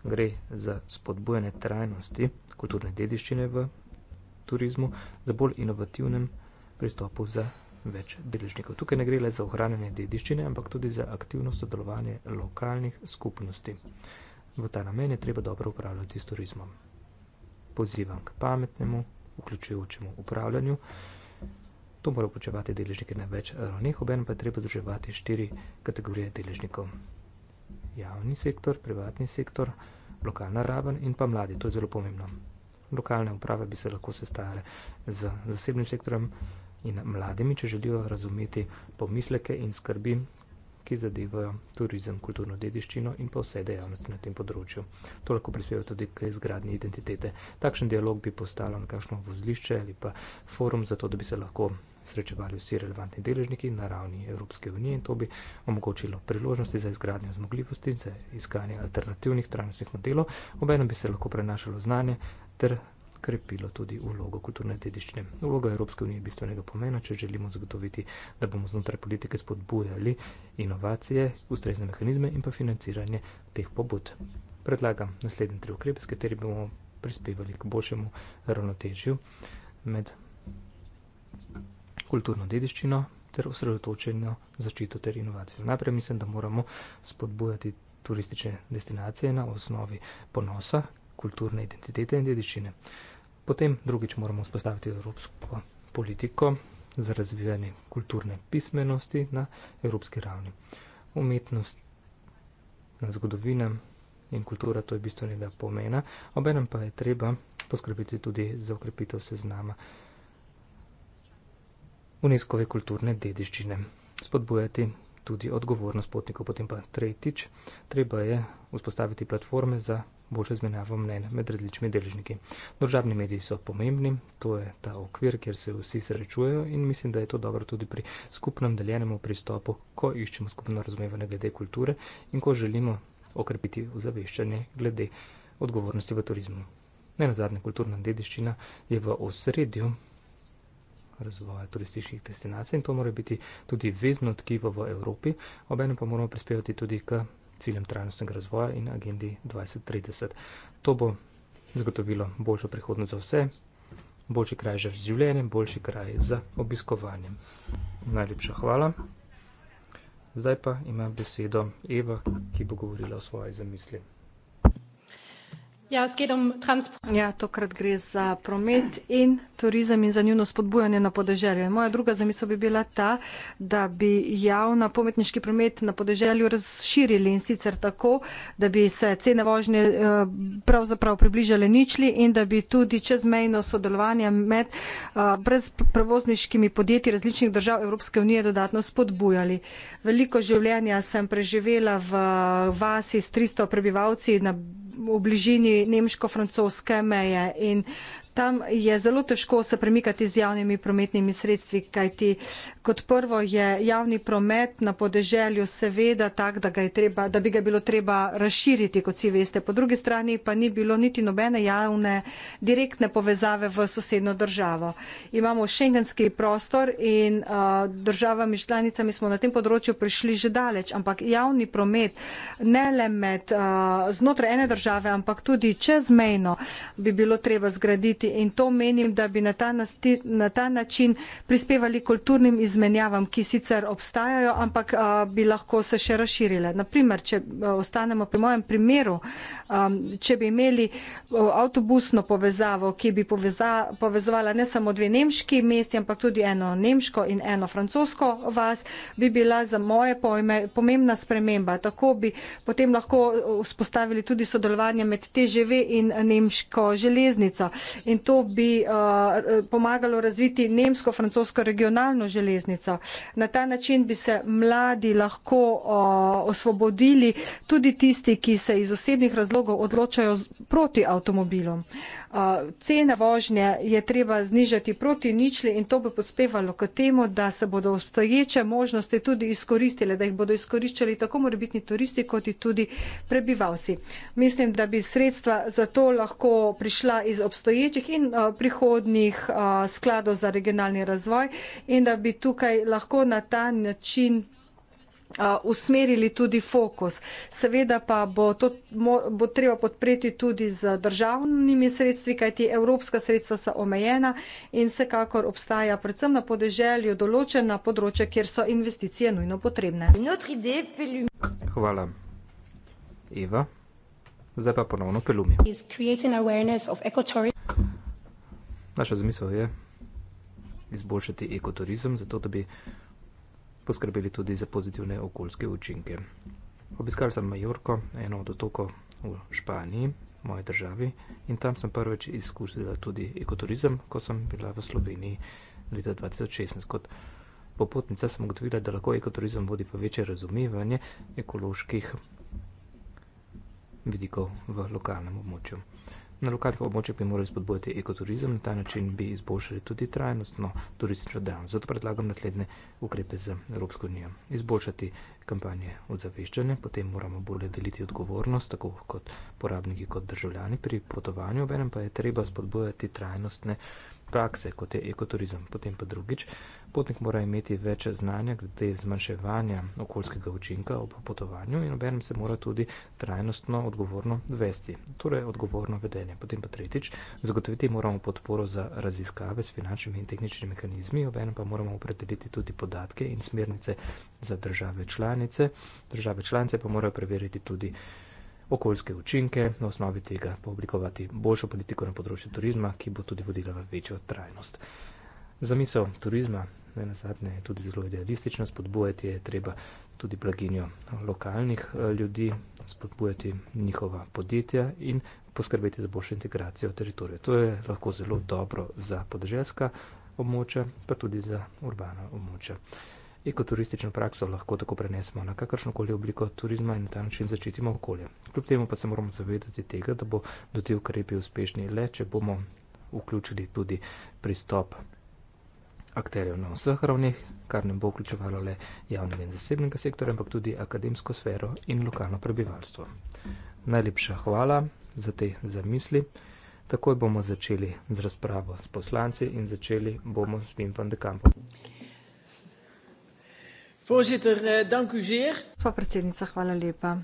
Gre za spodbujanje trajnosti kulturne dediščine v turizmu, za bolj inovativnem pristopu za več deležnikov. Tukaj ne gre le za ohranjanje dediščine, ampak tudi za aktivno sodelovanje lokalnih skupnosti. V ta namen je treba dobro upravljati s turizmom pozivam k pametnemu, vključujočemu upravljanju. To morajo počevati deležniki na več ravneh, ob enem pa je treba združevati štiri kategorije deležnikov. Javni sektor, privatni sektor, lokalna raven in pa mladi, to je zelo pomembno. Lokalne uprave bi se lahko sestajale z zasebnim sektorjem in mladimi, če želijo razumeti pomisleke in skrbi, ki zadevajo turizem, kulturno dediščino in pa vse dejavnosti na tem področju. To lahko prispeva tudi k izgradnji identitete. Takšen dialog bi postalo nekakšno vozlišče ali pa forum za to, da bi se lahko srečevali vsi relevantni deležniki na ravni Evropske unije in to bi omogočilo priložnosti za izgradnjo zmogljivosti in za iskanje alternativnih trajnostnih modelov. Obenem bi se lahko prenašalo znanje ter krepilo tudi vlogo kulturne dediščine. Vloga Evropske unije je bistvenega pomena, če želimo zagotoviti, da bomo znotraj politike spodbujali inovacije, ustrezne mehanizme in pa financiranje teh pobud. Predlagam naslednje tri ukrepe, s katerimi bomo prispevali k boljšemu ravnotežju med kulturno dediščino ter osredotočeno začito ter inovacijo. Najprej mislim, da moramo spodbujati turistične destinacije na osnovi ponosa, kulturne identitete in dediščine. Potem drugič moramo vzpostaviti evropsko politiko za razvijanje kulturne pismenosti na evropski ravni. Umetnost na zgodovine in kultura to je bistvenega pomena, obenem pa je treba poskrbiti tudi za ukrepitev seznama UNESCO-ve kulturne dediščine. Spodbujati tudi odgovornost potnikov. Potem pa tretjič, treba je vzpostaviti platforme za boljša izmenjava mnenja med različnimi deležniki. Državni mediji so pomembni, to je ta okvir, kjer se vsi srečujejo in mislim, da je to dobro tudi pri skupnem deljenemu pristopu, ko iščemo skupno razumevanje glede kulture in ko želimo okrepiti ozaveščanje glede odgovornosti v turizmu. Ne na zadnje, kulturna dediščina je v osredju razvoja turističnih destinacij in to mora biti tudi vezno tkivo v Evropi, obenem pa moramo prispevati tudi k ciljem trajnostnega razvoja in agendi 2030. To bo zagotovilo boljšo prihodnost za vse, boljši kraj za življenje, boljši kraj za obiskovanje. Najlepša hvala. Zdaj pa ima besedo Eva, ki bo govorila o svoji zamisli. Ja, ja, tokrat gre za promet in turizem in za njuno spodbujanje na podeželju. Moja druga zamisla bi bila ta, da bi javna pometniški promet na podeželju razširili in sicer tako, da bi se cene vožnje eh, pravzaprav približale ničli in da bi tudi čezmejno sodelovanje med eh, brezprevozniškimi podjetji različnih držav Evropske unije dodatno spodbujali. Veliko življenja sem preživela v vasi s 300 prebivalci na Brezprevozniškem v bližini nemško-francoske meje in Tam je zelo težko se premikati z javnimi prometnimi sredstvi, kajti kot prvo je javni promet na podeželju seveda tak, da, ga treba, da bi ga bilo treba razširiti, kot si veste. Po drugi strani pa ni bilo niti nobene javne direktne povezave v sosedno državo. Imamo šengenski prostor in uh, državami članicami smo na tem področju prišli že daleč, ampak javni promet ne le med uh, znotraj ene države, ampak tudi čezmejno bi bilo treba zgraditi povezati in to menim, da bi na ta, nasti, na ta način prispevali kulturnim izmenjavam, ki sicer obstajajo, ampak a, bi lahko se še razširile. Naprimer, če a, ostanemo pri mojem primeru, a, če bi imeli a, avtobusno povezavo, ki bi poveza, povezovala ne samo dve nemški mesti, ampak tudi eno nemško in eno francosko vas, bi bila za moje pojme pomembna sprememba. Tako bi potem lahko vzpostavili tudi sodelovanje med TGV in nemško železnico. In in to bi uh, pomagalo razviti nemsko-francosko regionalno železnico. Na ta način bi se mladi lahko uh, osvobodili, tudi tisti, ki se iz osebnih razlogov odločajo proti avtomobilom. Uh, cene vožnje je treba znižati proti ničli in to bi pospevalo k temu, da se bodo obstoječe možnosti tudi izkoristile, da jih bodo izkoriščali tako morebitni turisti kot tudi prebivalci. Mislim, da bi sredstva za to lahko prišla iz obstoječih in prihodnih skladov za regionalni razvoj in da bi tukaj lahko na ta način usmerili tudi fokus. Seveda pa bo to mo, bo treba podpreti tudi z državnimi sredstvi, kajti evropska sredstva so omejena in vsekakor obstaja predvsem na podeželju določena področja, kjer so investicije nujno potrebne. Hvala. Eva, zdaj pa ponovno pelumi. Naša zamisel je izboljšati ekoturizem, zato da bi poskrbeli tudi za pozitivne okoljske učinke. Obiskal sem Majorko, eno od otokov v Španiji, moji državi, in tam sem prvič izkusila tudi ekoturizem, ko sem bila v Sloveniji leta 2016. Kot popotnica sem ugotovila, da lahko ekoturizem vodi pa večje razumevanje ekoloških vidikov v lokalnem območju. Na lokalnih območjih bi morali spodbujati ekoturizem, na ta način bi izboljšali tudi trajnostno turistično dejavnost. Zato predlagam naslednje ukrepe za Evropsko unijo. Izboljšati kampanje odzaveščanja, potem moramo bolje deliti odgovornost, tako kot porabniki, kot državljani pri potovanju, obenem pa je treba spodbujati trajnostne prakse, kot je ekoturizem. Potem pa drugič, Potnik mora imeti več znanja glede zmanjševanja okoljskega učinka ob potovanju in obenem se mora tudi trajnostno odgovorno vesti, torej odgovorno vedenje. Potem pa tretjič, zagotoviti moramo podporo za raziskave s finančnimi in tehničnimi mehanizmi, obenem pa moramo opredeliti tudi podatke in smernice za države članice. Države članice pa morajo preveriti tudi okoljske učinke, na osnovi tega pa oblikovati boljšo politiko na področju turizma, ki bo tudi vodila v večjo trajnost. Zamisel turizma ne na zadnje je tudi zelo idealistično, spodbujati je treba tudi blaginjo lokalnih eh, ljudi, spodbujati njihova podjetja in poskrbeti za boljšo integracijo teritorija. To je lahko zelo dobro za podeželska območja, pa tudi za urbana območja. Ekoturistično prakso lahko tako prenesemo na kakršnokoli obliko turizma in na ta način začetimo okolje. Kljub temu pa se moramo zavedati tega, da bo do te ukrepi uspešni le, če bomo vključili tudi pristop akterjev na vseh ravneh, kar ne bo vključevalo le javnega in zasebnega sektorja, ampak tudi akademsko sfero in lokalno prebivalstvo. Najlepša hvala za te zamisli. Takoj bomo začeli z razpravo s poslanci in začeli bomo s Vim van de Kampom. Voorzitter, eh, dank u zeer. Gospod predsednica, hvala lepa.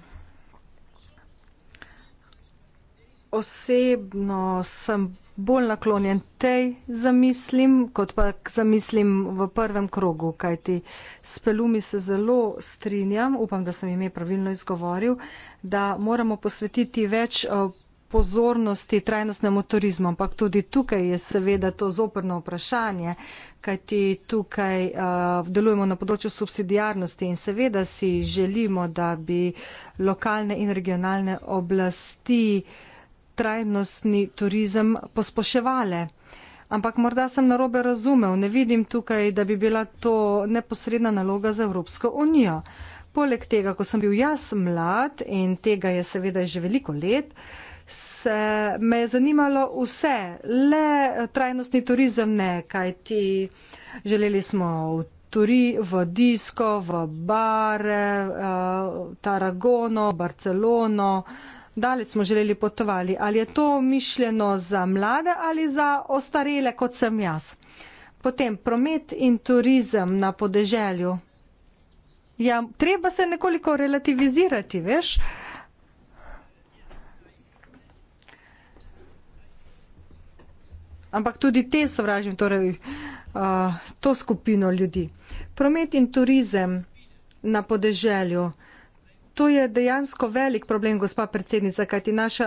Osebno sem bolj naklonjen tej zamislim, kot pa zamislim v prvem krogu, kajti s pelumi se zelo strinjam, upam, da sem ime pravilno izgovoril, da moramo posvetiti več eh, pozornosti trajnostnemu turizmu, ampak tudi tukaj je seveda to zoprno vprašanje, kajti tukaj uh, delujemo na področju subsidijarnosti in seveda si želimo, da bi lokalne in regionalne oblasti uh, trajnostni turizem pospoševale. Ampak morda sem narobe razumev, ne vidim tukaj, da bi bila to neposredna naloga za Evropsko unijo. Poleg tega, ko sem bil jaz mlad in tega je seveda že veliko let, se me je zanimalo vse, le trajnostni turizem ne, kaj ti želeli smo v, turi, v disko, v bare, eh, v Taragono, v Barcelono daleč smo želeli potovati. Ali je to mišljeno za mlade ali za ostarele, kot sem jaz? Potem promet in turizem na podeželju. Ja, treba se nekoliko relativizirati, veš? Ampak tudi te sovražim, torej uh, to skupino ljudi. Promet in turizem na podeželju to je dejansko velik problem, gospa predsednica, kajti naše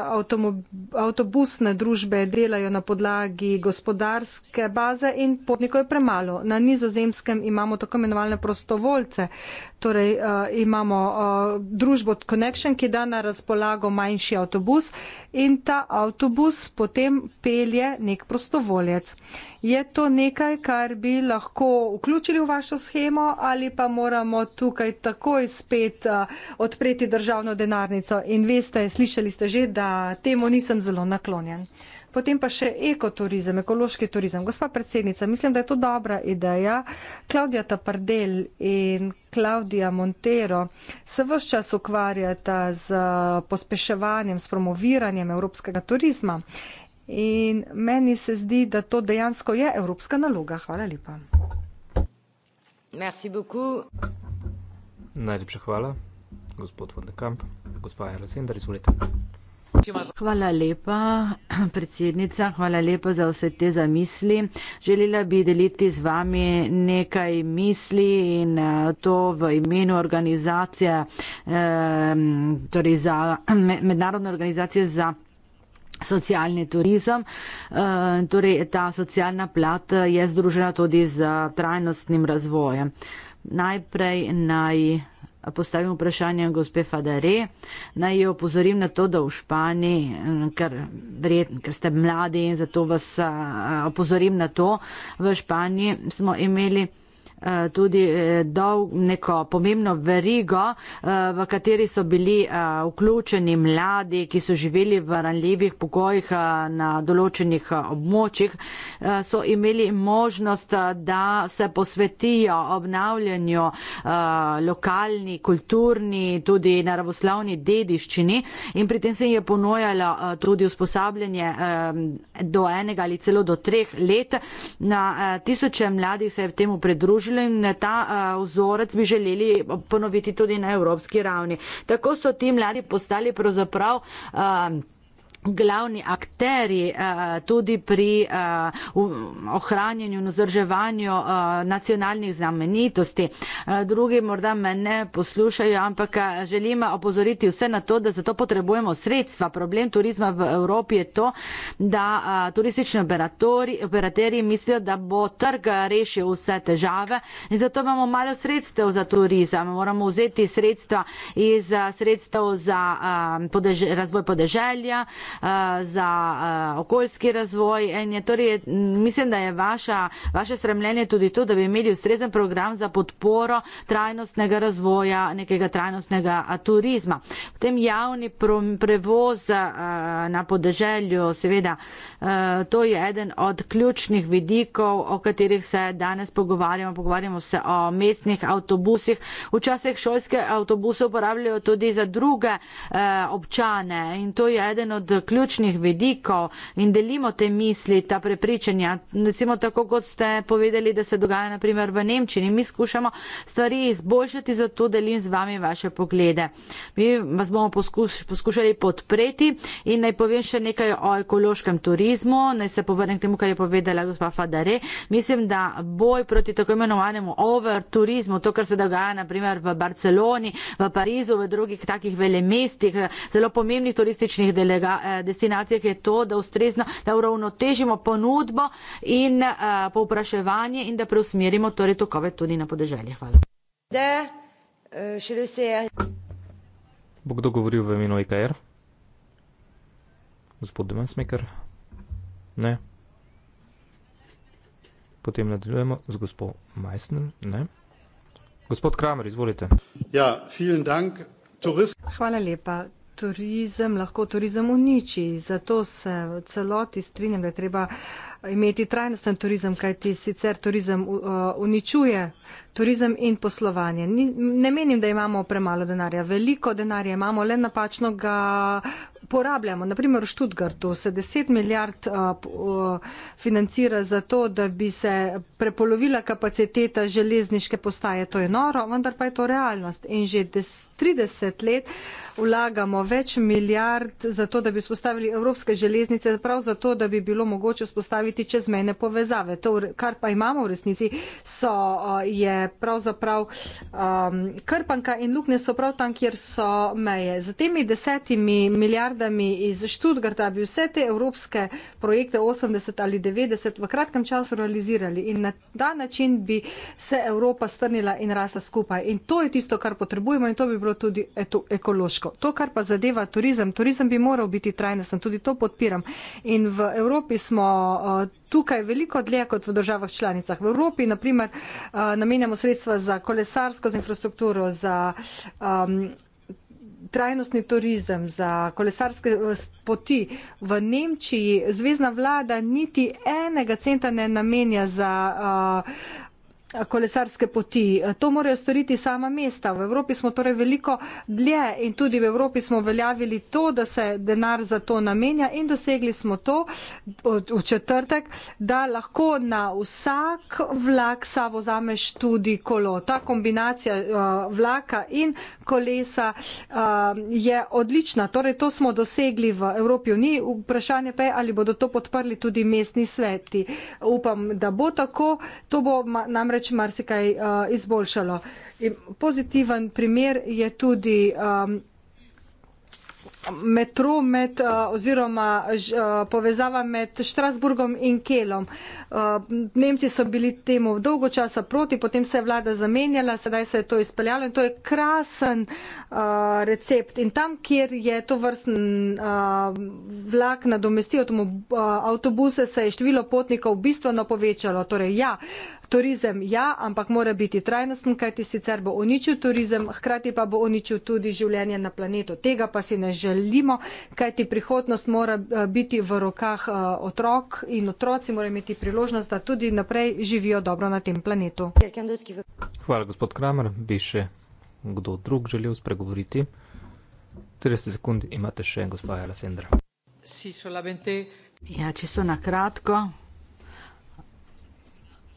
avtobusne družbe delajo na podlagi gospodarske baze in potnikov je premalo. Na nizozemskem imamo tako imenovane prostovoljce, torej uh, imamo uh, družbo Connection, ki da na razpolago manjši avtobus in ta avtobus potem pelje nek prostovoljec. Je to nekaj, kar bi lahko vključili v vašo schemo ali pa moramo tukaj takoj spet eh, odpreti državno denarnico? In veste, slišali ste že, da temu nisem zelo naklonjen. Potem pa še ekoturizem, ekološki turizem. Gospa predsednica, mislim, da je to dobra ideja. Klaudija Tapardel in Klaudija Montero se vse čas ukvarjata z eh, pospeševanjem, s promoviranjem evropskega turizma. In meni se zdi, da to dejansko je evropska naloga. Hvala lepa. Merci beaucoup. Najlepša hvala, gospod Van de Kamp. Gospa Jara Sender, izvolite. Hvala lepa, [CLEARS THROAT] predsednica, hvala lepa za vse te zamisli. Želela bi deliti z vami nekaj misli in eh, to v imenu organizacije, eh, torej za [CLEARS THROAT] mednarodne organizacije za socialni turizem. Eh, torej, ta socialna plat eh, je združena tudi z trajnostnim razvojem. Najprej naj postavim vprašanje gospe Fadare, naj jo opozorim na to, da v Španiji, eh, ker, verjetno, ker ste mladi in zato vas opozorim na to, v Španiji smo imeli Eh, tudi eh, dolg, neko pomembno verigo, eh, v kateri so bili vključeni mladi, ki so živeli v ranljivih pogojih na določenih območjih, so imeli možnost, da se posvetijo obnavljanju lokalni, kulturni, tudi naravoslovni dediščini in pri tem se je ponujalo tudi usposabljanje do enega ali celo do treh let. Na tisoče mladih se je temu pridružilo, naučili in ta uh, vzorec bi želeli ponoviti tudi na evropski ravni. Tako so ti mladi postali pravzaprav uh, glavni akteri eh, tudi pri eh, ohranjanju in vzdrževanju eh, nacionalnih znamenitosti. Drugi morda me ne poslušajo, ampak želim opozoriti vse na to, da zato potrebujemo sredstva. Problem turizma v Evropi je to, da turistični operatori, operaterji mislijo, da bo trg rešil vse težave in zato imamo malo sredstev za turizem. Moramo vzeti sredstva iz sredstev za podež, razvoj podeželja, Eh, za eh, okoljski razvoj. Je, torej, mislim, da je vaša, vaše stremljenje tudi to, da bi imeli ustrezen program za podporo trajnostnega razvoja, nekega trajnostnega eh, turizma. Potem javni prevoz na podeželju, seveda, to je eden od ključnih vidikov, o katerih se danes pogovarjamo. Pogovarjamo se o mestnih avtobusih. Včasih šolske avtobuse uporabljajo tudi za druge občane in to je eden od ključnih vedikov in delimo te misli, ta prepričanja. Recimo tako, kot ste povedali, da se dogaja naprimer v Nemčiji in mi skušamo stvari izboljšati, zato delim z vami vaše poglede. Mi vas bomo poskuš, poskušali podpreti in naj povem še nekaj o ekološkem turizmu. Naj se povrnem k temu, kar je povedala gospa Fadare. Mislim, da boj proti tako imenovanemu over turizmu, to, kar se dogaja naprimer v Barceloni, v Parizu, v drugih takih velemestih, zelo pomembnih turističnih delega, destinacijah je to, da ustrezno, da uravnotežimo ponudbo in uh, povpraševanje in da preusmerimo torej tokove tudi na podeželje. Hvala. De, eh, Bo kdo govoril v imenu IKR? E gospod Demensmaker? Ne. Potem nadaljujemo z gospod Meissner. Ne. Gospod Kramer, izvolite. Ja, vielen dank. Turist. Hvala lepa turizem lahko turizem uniči. Zato se v celoti strinjam, da je treba imeti trajnosten turizem, kajti sicer turizem uh, uničuje turizem in poslovanje. Ne menim, da imamo premalo denarja. Veliko denarja imamo, le napačno ga porabljamo. Naprimer, v Študgartu se 10 milijard uh, uh, financira za to, da bi se prepolovila kapaciteta železniške postaje. To je noro, vendar pa je to realnost. In že 30 let vlagamo več milijard za to, da bi spostavili evropske železnice, prav za to, da bi bilo mogoče spostaviti čezmejne povezave. To, kar pa imamo v resnici, so, uh, je pravzaprav um, krpanka in luknje so prav tam, kjer so meje. Za temi desetimi milijard milijardami iz Študgarta bi vse te evropske projekte 80 ali 90 v kratkem času realizirali in na ta način bi se Evropa strnila in rasla skupaj. In to je tisto, kar potrebujemo in to bi bilo tudi eto, ekološko. To, kar pa zadeva turizem, turizem bi moral biti trajnostan, tudi to podpiram. In v Evropi smo uh, tukaj veliko dlje kot v državah članicah. V Evropi, naprimer, uh, namenjamo sredstva za kolesarsko, za infrastrukturo, za. Um, trajnostni turizem, za kolesarske eh, poti. V Nemčiji zvezdna vlada niti enega centa ne namenja za uh, kolesarske poti. To morajo storiti sama mesta. V Evropi smo torej veliko dlje in tudi v Evropi smo veljavili to, da se denar za to namenja in dosegli smo to v četrtek, da lahko na vsak vlak samo zameš tudi kolo. Ta kombinacija eh, vlaka in kolesa eh, je odlična. Torej, to smo dosegli v Evropi uniji. Vprašanje pa je, ali bodo to podprli tudi mestni sveti. Upam, da bo tako. To bo namreč več marsikaj uh, izboljšalo. In pozitiven primer je tudi um, metro med, uh, oziroma ž, uh, povezava med Štrasburgom in Kelom. Uh, Nemci so bili temu dolgo časa proti, potem se je vlada zamenjala, sedaj se je to izpeljalo in to je krasen uh, recept. In tam, kjer je to vrsten uh, vlak nadomesti uh, avtobuse, se je število potnikov bistveno povečalo. Torej, ja, uh, turizem ja, ampak mora biti trajnosten, kajti sicer bo uničil turizem, hkrati pa bo uničil tudi življenje na planetu. Tega pa si ne želimo, kajti prihodnost mora eh, biti v rokah eh, otrok in otroci morajo imeti priložnost, da tudi naprej živijo dobro na tem planetu. Hvala, gospod Kramer. Bi še kdo drug želel spregovoriti? 30 sekund imate še, gospod Alessandra. Ja, čisto na kratko.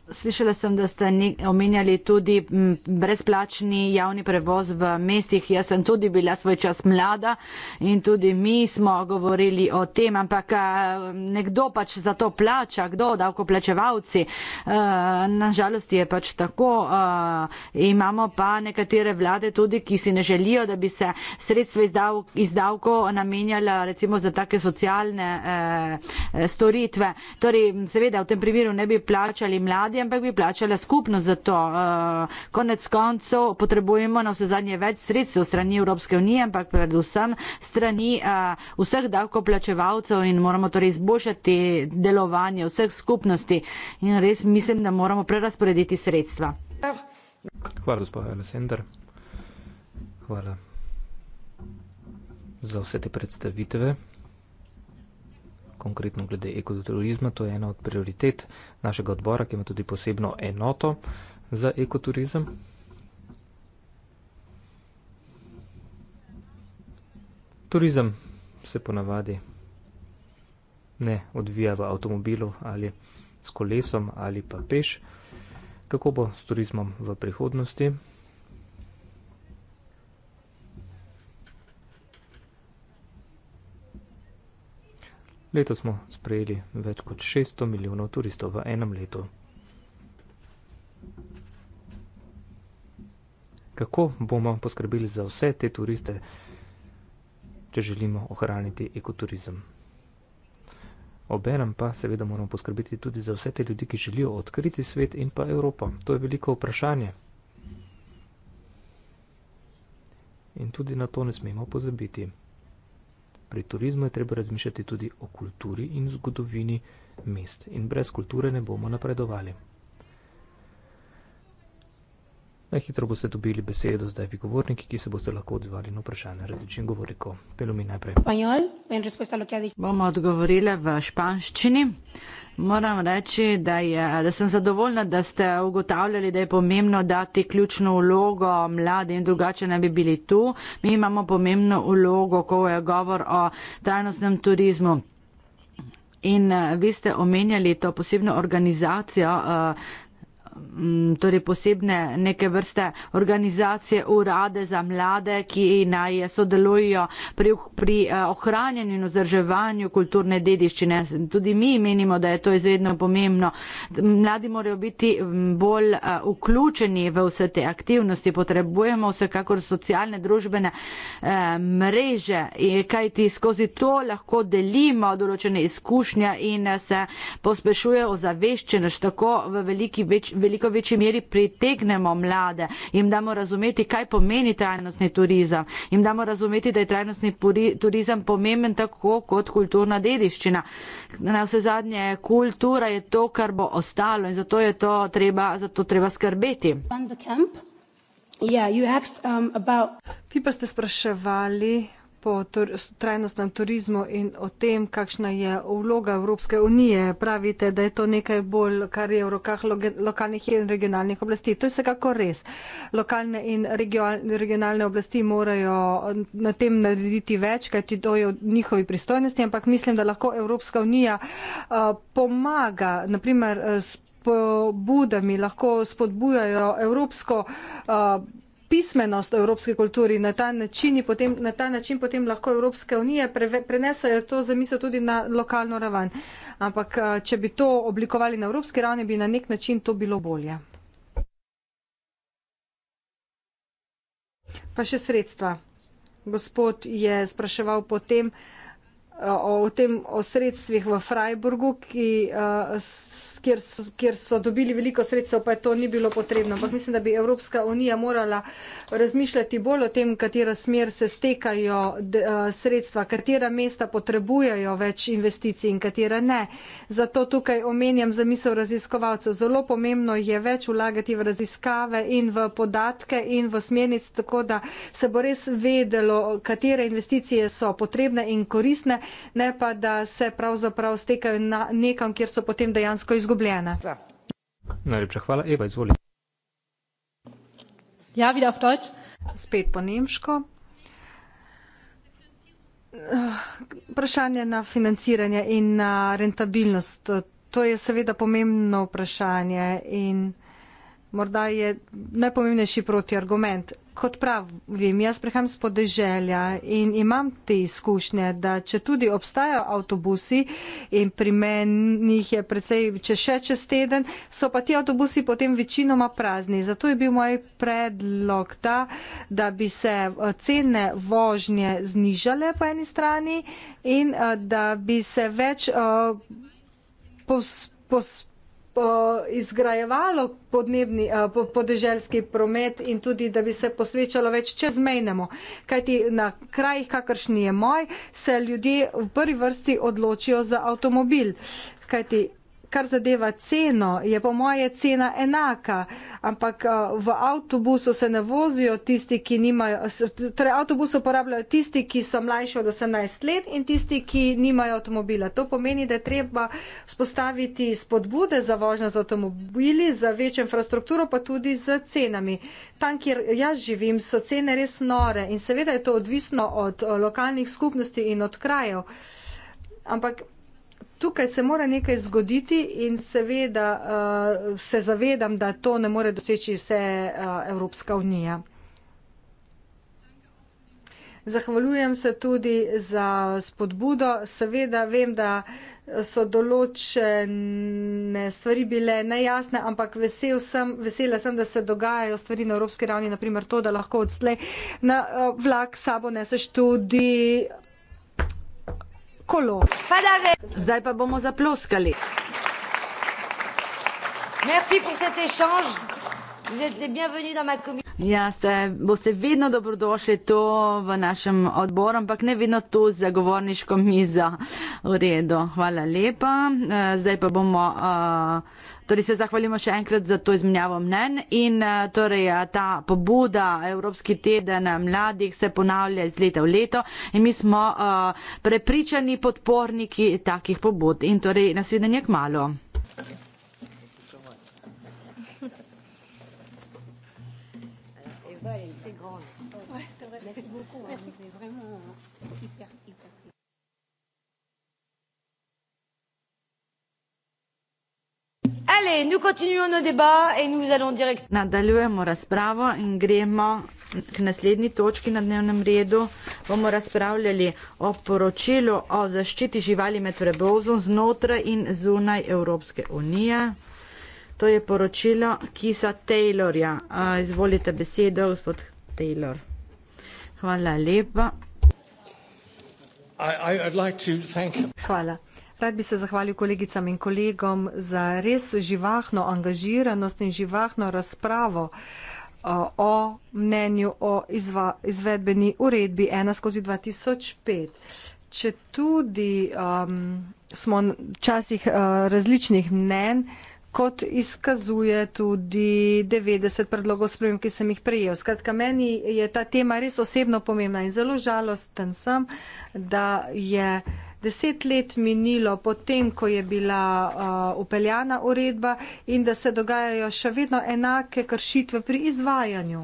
Slišala sem, da ste omenjali tudi brezplačni javni prevoz v mestih. Jaz sem tudi bila svoj čas mlada in tudi mi smo govorili o tem, ampak nekdo pač za to plača, kdo, davkoplačevalci. E, Nažalost je pač tako. E, imamo pa nekatere vlade tudi, ki si ne želijo, da bi se sredstva iz davko namenjala recimo za take socialne e, storitve. Torej, seveda, v tem primeru ne bi plačali mladi zadnje, ampak bi plačala skupno za to. Uh, konec koncev potrebujemo na vse zadnje več sredstev strani Evropske unije, ampak predvsem strani uh, vseh davkoplačevalcev in moramo torej izboljšati delovanje vseh skupnosti in res mislim, da moramo prerasporediti sredstva. Hvala, gospod Alessandr. Hvala za vse te predstavitve konkretno glede ekoturizma. To je ena od prioritet našega odbora, ki ima tudi posebno enoto za ekoturizem. Turizem se ponavadi ne odvija v avtomobilu ali s kolesom ali pa peš. Kako bo s turizmom v prihodnosti? Letos smo sprejeli več kot 600 milijonov turistov v enem letu. Kako bomo poskrbeli za vse te turiste, če želimo ohraniti ekoturizem? Obenem pa seveda moramo poskrbeti tudi za vse te ljudi, ki želijo odkriti svet in pa Evropo. To je veliko vprašanje. In tudi na to ne smemo pozabiti. Pri turizmu je treba razmišljati tudi o kulturi in zgodovini mest. In brez kulture ne bomo napredovali. Najhitro boste dobili besedo zdaj vi govorniki, ki se boste lahko odzvali na vprašanje različnih govornikov. Pelumi najprej. Bomo odgovorili v španščini. Moram reči, da, je, da sem zadovoljna, da ste ugotavljali, da je pomembno dati ključno vlogo mladim, drugače ne bi bili tu. Mi imamo pomembno vlogo, ko je govor o trajnostnem turizmu. In eh, vi ste omenjali to posebno organizacijo. Uh, Mm, torej posebne neke vrste organizacije, urade za mlade, ki naj sodelujo pri, pri eh, ohranjanju in ozrževanju kulturne dediščine. Tudi mi menimo, da je to izredno pomembno. Mladi morajo biti mm, bolj eh, vključeni v vse te aktivnosti. Potrebujemo vsekakor socialne družbene eh, mreže, kajti skozi to lahko delimo določene izkušnje in se pospešuje ozaveščenost tako v veliki več veliko večji meri pritegnemo mlade, jim damo razumeti, kaj pomeni trajnostni turizem, jim damo razumeti, da je trajnostni turizem pomemben tako kot kulturna dediščina. Na vse zadnje, kultura je to, kar bo ostalo in zato je to treba, zato treba skrbeti. Yeah, asked, um, about... Vi pa ste spraševali po tur, trajnostnem turizmu in o tem, kakšna je vloga Evropske unije. Pravite, da je to nekaj bolj, kar je v rokah loge, lokalnih in regionalnih oblasti. To je vsekako res. Lokalne in regional, regionalne oblasti morajo na tem narediti več, kajti to je v njihovi pristojnosti, ampak mislim, da lahko Evropska unija uh, pomaga, naprimer, s pobudami, lahko spodbujajo Evropsko. Uh, pismenost o evropski kulturi na ta način, potem, na ta način potem lahko Evropske unije preve, prenesajo to zamisel tudi na lokalno raven. Ampak, eh, če bi to oblikovali na evropski ravni, bi na nek način to bilo bolje. Pa še sredstva. Gospod je spraševal potem eh, o, o tem, o sredstvih v Freiburgu, ki uh, kjer so, kjer so dobili veliko sredstev, pa je to ni bilo potrebno. Ampak mislim, da bi Evropska unija morala razmišljati bolj o tem, katera smer se stekajo eh, sredstva, katera mesta potrebujejo več investicij in katera ne. Zato tukaj omenjam zamisel raziskovalcev. Zelo pomembno je več vlagati v raziskave in v podatke in v smernic, tako da se bo res vedelo, katere investicije so potrebne in koristne, ne pa da se pravzaprav stekajo nekam, kjer so potem dejansko izgubili izgubljena. Najlepša hvala, Eva, izvoli. Ja, wieder auf Deutsch. Spet po nemško. Vprašanje na financiranje in na rentabilnost. To je seveda pomembno vprašanje in morda je najpomembnejši protiargument kot pravim, jaz prihajam z podeželja in imam te izkušnje, da če tudi obstajajo avtobusi in pri meni jih je precej, če še čez teden, so pa ti avtobusi potem večinoma prazni. Zato je bil moj predlog ta, da bi se eh, cene vožnje znižale po eni strani in eh, da bi se več pospravljali. Eh, pos, izgrajevalo podnebni, eh, podeželski promet in tudi, da bi se posvečalo več čezmejnemu. Kajti na krajih, kakršni je moj, se ljudje v prvi vrsti odločijo za avtomobil. Kajti kar zadeva ceno, je po moje cena enaka, ampak eh, v avtobusu se ne vozijo tisti, ki nimajo, torej avtobusu uporabljajo tisti, ki so mlajši od 18 let in tisti, ki nimajo avtomobila. To pomeni, da je treba spostaviti spodbude za vožnjo z avtomobili, za večjo infrastrukturo, pa tudi z cenami. Tam, kjer jaz živim, so cene res nore in seveda je to odvisno od eh, lokalnih skupnosti in od krajev. Ampak Tukaj se mora nekaj zgoditi in seveda uh, se zavedam, da to ne more doseči vse uh, Evropska unija. Zahvaljujem se tudi za spodbudo. Seveda vem, da so določene stvari bile nejasne, ampak vesel sem, vesela sem, da se dogajajo stvari na evropski ravni, naprimer to, da lahko odslej na eh, vlak sabo neseš tudi kolo. Zdaj pa bomo zaploskali. Merci pour cet échange. Vous êtes les bienvenus dans ma commune. Ja, ste, boste vedno dobrodošli to v našem odboru, ampak ne vedno to za govorniško mizo. V redu, hvala lepa. Eh, zdaj pa bomo. Uh, Torej se zahvaljujemo še enkrat za to izmenjavo mnen in eh, torej eh, ta pobuda Evropski teden eh, mladih se ponavlja iz leta v leto in mi smo uh, prepričani podporniki takih pobud in torej nasvidenje k malo. Allez, nous continuons nos débats et nous allons direct. Nadaljujemo razpravo in gremo k naslednji točki na dnevnem redu. Bomo razpravljali o poročilu o zaščiti živali med prebozom znotraj in zunaj Evropske unije. To je poročilo Kisa Taylorja. Izvolite besedo, gospod Taylor. Hvala lepa. I, I, I'd like to thank... Hvala rad bi se zahvalil kolegicam in kolegom za res živahno angažiranost in živahno razpravo eh, o mnenju o izva, izvedbeni uredbi 1 skozi 2005. Če tudi um, smo včasih uh, različnih mnen, kot izkazuje tudi 90 predlogov sprejem, ki sem jih prejel. Skratka, meni je ta tema res osebno pomembna in zelo žalosten sem, da je deset let minilo potem, ko je bila uh, upeljana uredba in da se dogajajo še vedno enake kršitve pri izvajanju.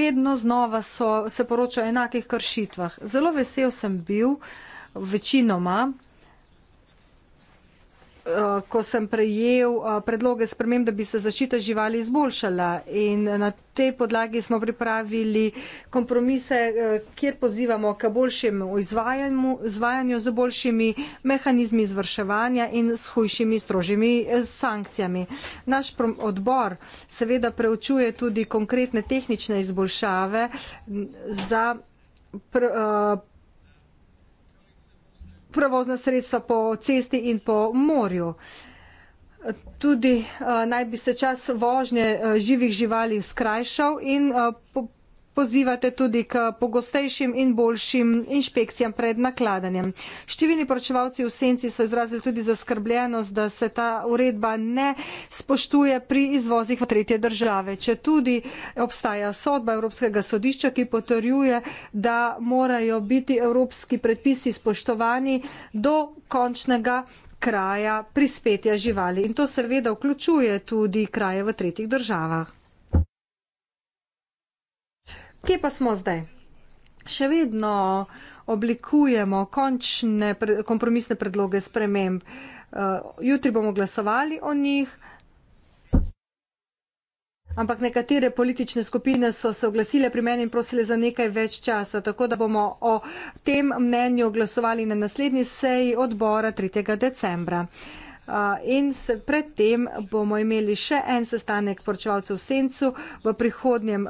Vedno znova so, se poročajo o enakih kršitvah. Zelo vesel sem bil večinoma, Eh, ko sem prejel eh, predloge sprememb, da bi se zaščita živali izboljšala. In na tej podlagi smo pripravili kompromise, eh, kjer pozivamo k boljšemu izvajanju z boljšimi mehanizmi izvrševanja in s hujšimi strožjimi sankcijami. Naš odbor seveda preučuje tudi konkretne tehnične izboljšave za. Pr, uh, prevozna sredstva po cesti in po morju. Tudi uh, naj bi se čas vožnje uh, živih živali skrajšal in uh, po, pozivate tudi k pogostejšim in boljšim inšpekcijam pred nakladanjem. Številni poročevalci v Senci so izrazili tudi zaskrbljenost, da se ta uredba ne spoštuje pri izvozih v tretje države. Če tudi obstaja sodba Evropskega sodišča, ki potrjuje, da morajo biti evropski predpisi spoštovani do končnega kraja prispetja živali. In to seveda vključuje tudi kraje v tretjih državah. Kje pa smo zdaj? Še vedno oblikujemo končne pre, kompromisne predloge sprememb. Uh, jutri bomo glasovali o njih, ampak nekatere politične skupine so se oglasile pri meni in prosile za nekaj več časa, tako da bomo o tem mnenju glasovali na naslednji seji odbora 3. decembra. Uh, in se predtem bomo imeli še en sestanek poročevalcev v Sencu v prihodnjem,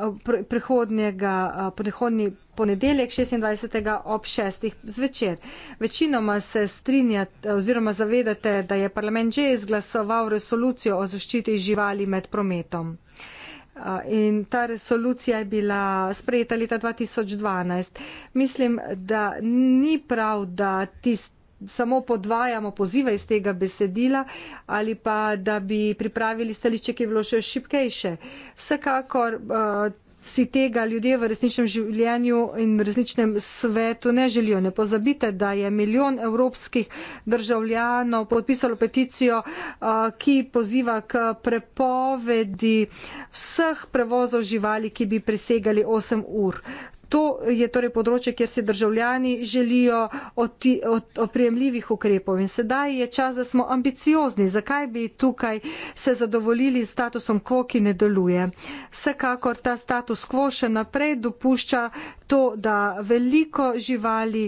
prihodnjega, prihodnji ponedeljek 26. ob 6. zvečer. Večinoma se strinjate oziroma zavedate, da je parlament že izglasoval resolucijo o zaščiti živali med prometom. In ta resolucija je bila sprejeta leta 2012. Mislim, da ni prav, da tisti, samo podvajamo pozive iz tega besedila ali pa da bi pripravili stališče, ki je bilo še šipkejše. Vsekakor uh, si tega ljudje v resničnem življenju in v resničnem svetu ne želijo. Ne pozabite, da je milijon evropskih državljanov podpisalo peticijo, uh, ki poziva k prepovedi vseh prevozov živali, ki bi presegali 8 ur. To je torej področje, kjer si državljani želijo opremljivih ukrepov in sedaj je čas, da smo ambiciozni. Zakaj bi tukaj se zadovoljili statusom quo, ki ne deluje? Vsekakor ta status quo še naprej dopušča to, da veliko živali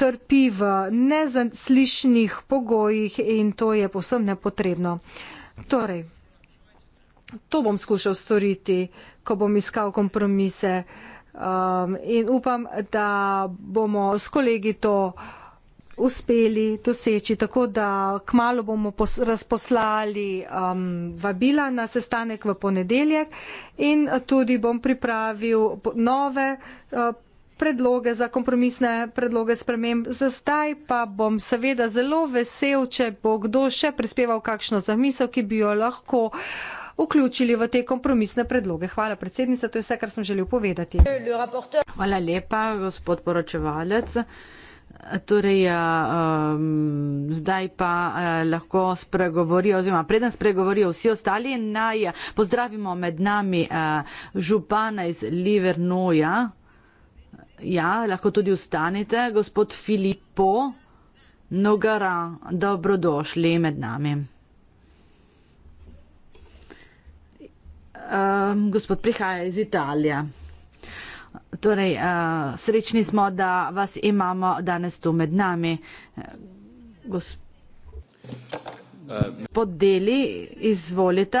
trpi v nezaslišnih pogojih in to je posebno nepotrebno. Torej, to bom skušal storiti, ko bom iskal kompromise um, in upam, da bomo s kolegi to uspeli doseči, tako da kmalo bomo razposlali um, vabila na sestanek v ponedeljek in tudi bom pripravil nove uh, predloge za kompromisne predloge sprememb. Za zdaj pa bom seveda zelo vesel, če bo kdo še prispeval kakšno zamisel, ki bi jo lahko uh, vključili v te kompromisne predloge. Hvala, predsednica, to je vse, kar sem želel povedati. Hvala lepa, gospod poročevalec. Torej, um, zdaj pa uh, lahko spregovorijo, oziroma preden spregovorijo vsi ostali, naj pozdravimo med nami uh, župana iz Livernoja. Ja, lahko tudi ustanite, gospod Filippo Nogara, dobrodošli med nami. um, gospod prihaja iz Italije. Torej, uh, srečni smo, da vas imamo danes tu med nami. Gospod uh, eh, Deli, izvolite.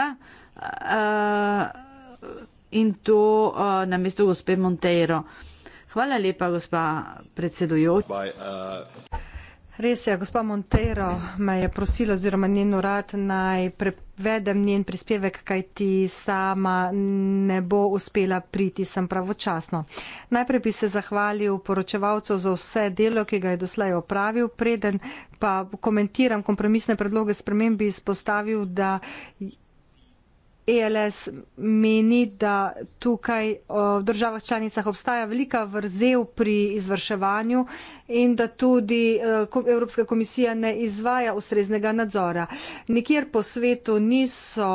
Uh, in to uh, na mesto gospe Monteiro. Hvala lepa, gospa predsedujoča. Uh... Res je, gospa Montero me je prosila oziroma njen urad naj prevedem njen prispevek, kaj ti sama ne bo uspela priti sem pravočasno. Najprej bi se zahvalil poročevalcu za vse delo, ki ga je doslej opravil, preden pa komentiram kompromisne predloge spremembi izpostavil, da ELS meni, da tukaj v državah članicah obstaja velika vrzel pri izvrševanju in da tudi e, Evropska komisija ne izvaja ustreznega nadzora. Nikjer po svetu niso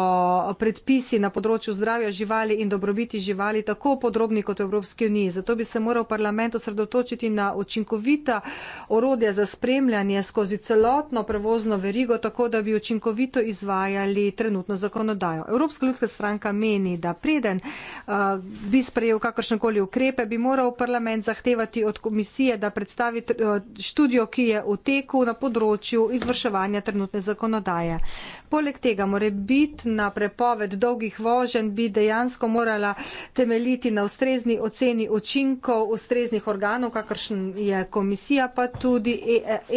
predpisi na področju zdravja živali in dobrobiti živali tako podrobni kot v Evropski uniji. Zato bi se moral parlament osredotočiti na učinkovita orodja za spremljanje skozi celotno prevozno verigo, tako da bi učinkovito izvajali trenutno zakonodajo. Evropska Slovenska ljudska stranka meni, da preden uh, bi sprejel kakršnekoli ukrepe, bi moral parlament zahtevati od komisije, da predstavi uh, študijo, ki je v teku na področju izvrševanja trenutne zakonodaje. Poleg tega mora biti na prepoved dolgih voženj, bi dejansko morala temeljiti na ustrezni oceni očinkov ustreznih organov, kakršen je komisija, pa tudi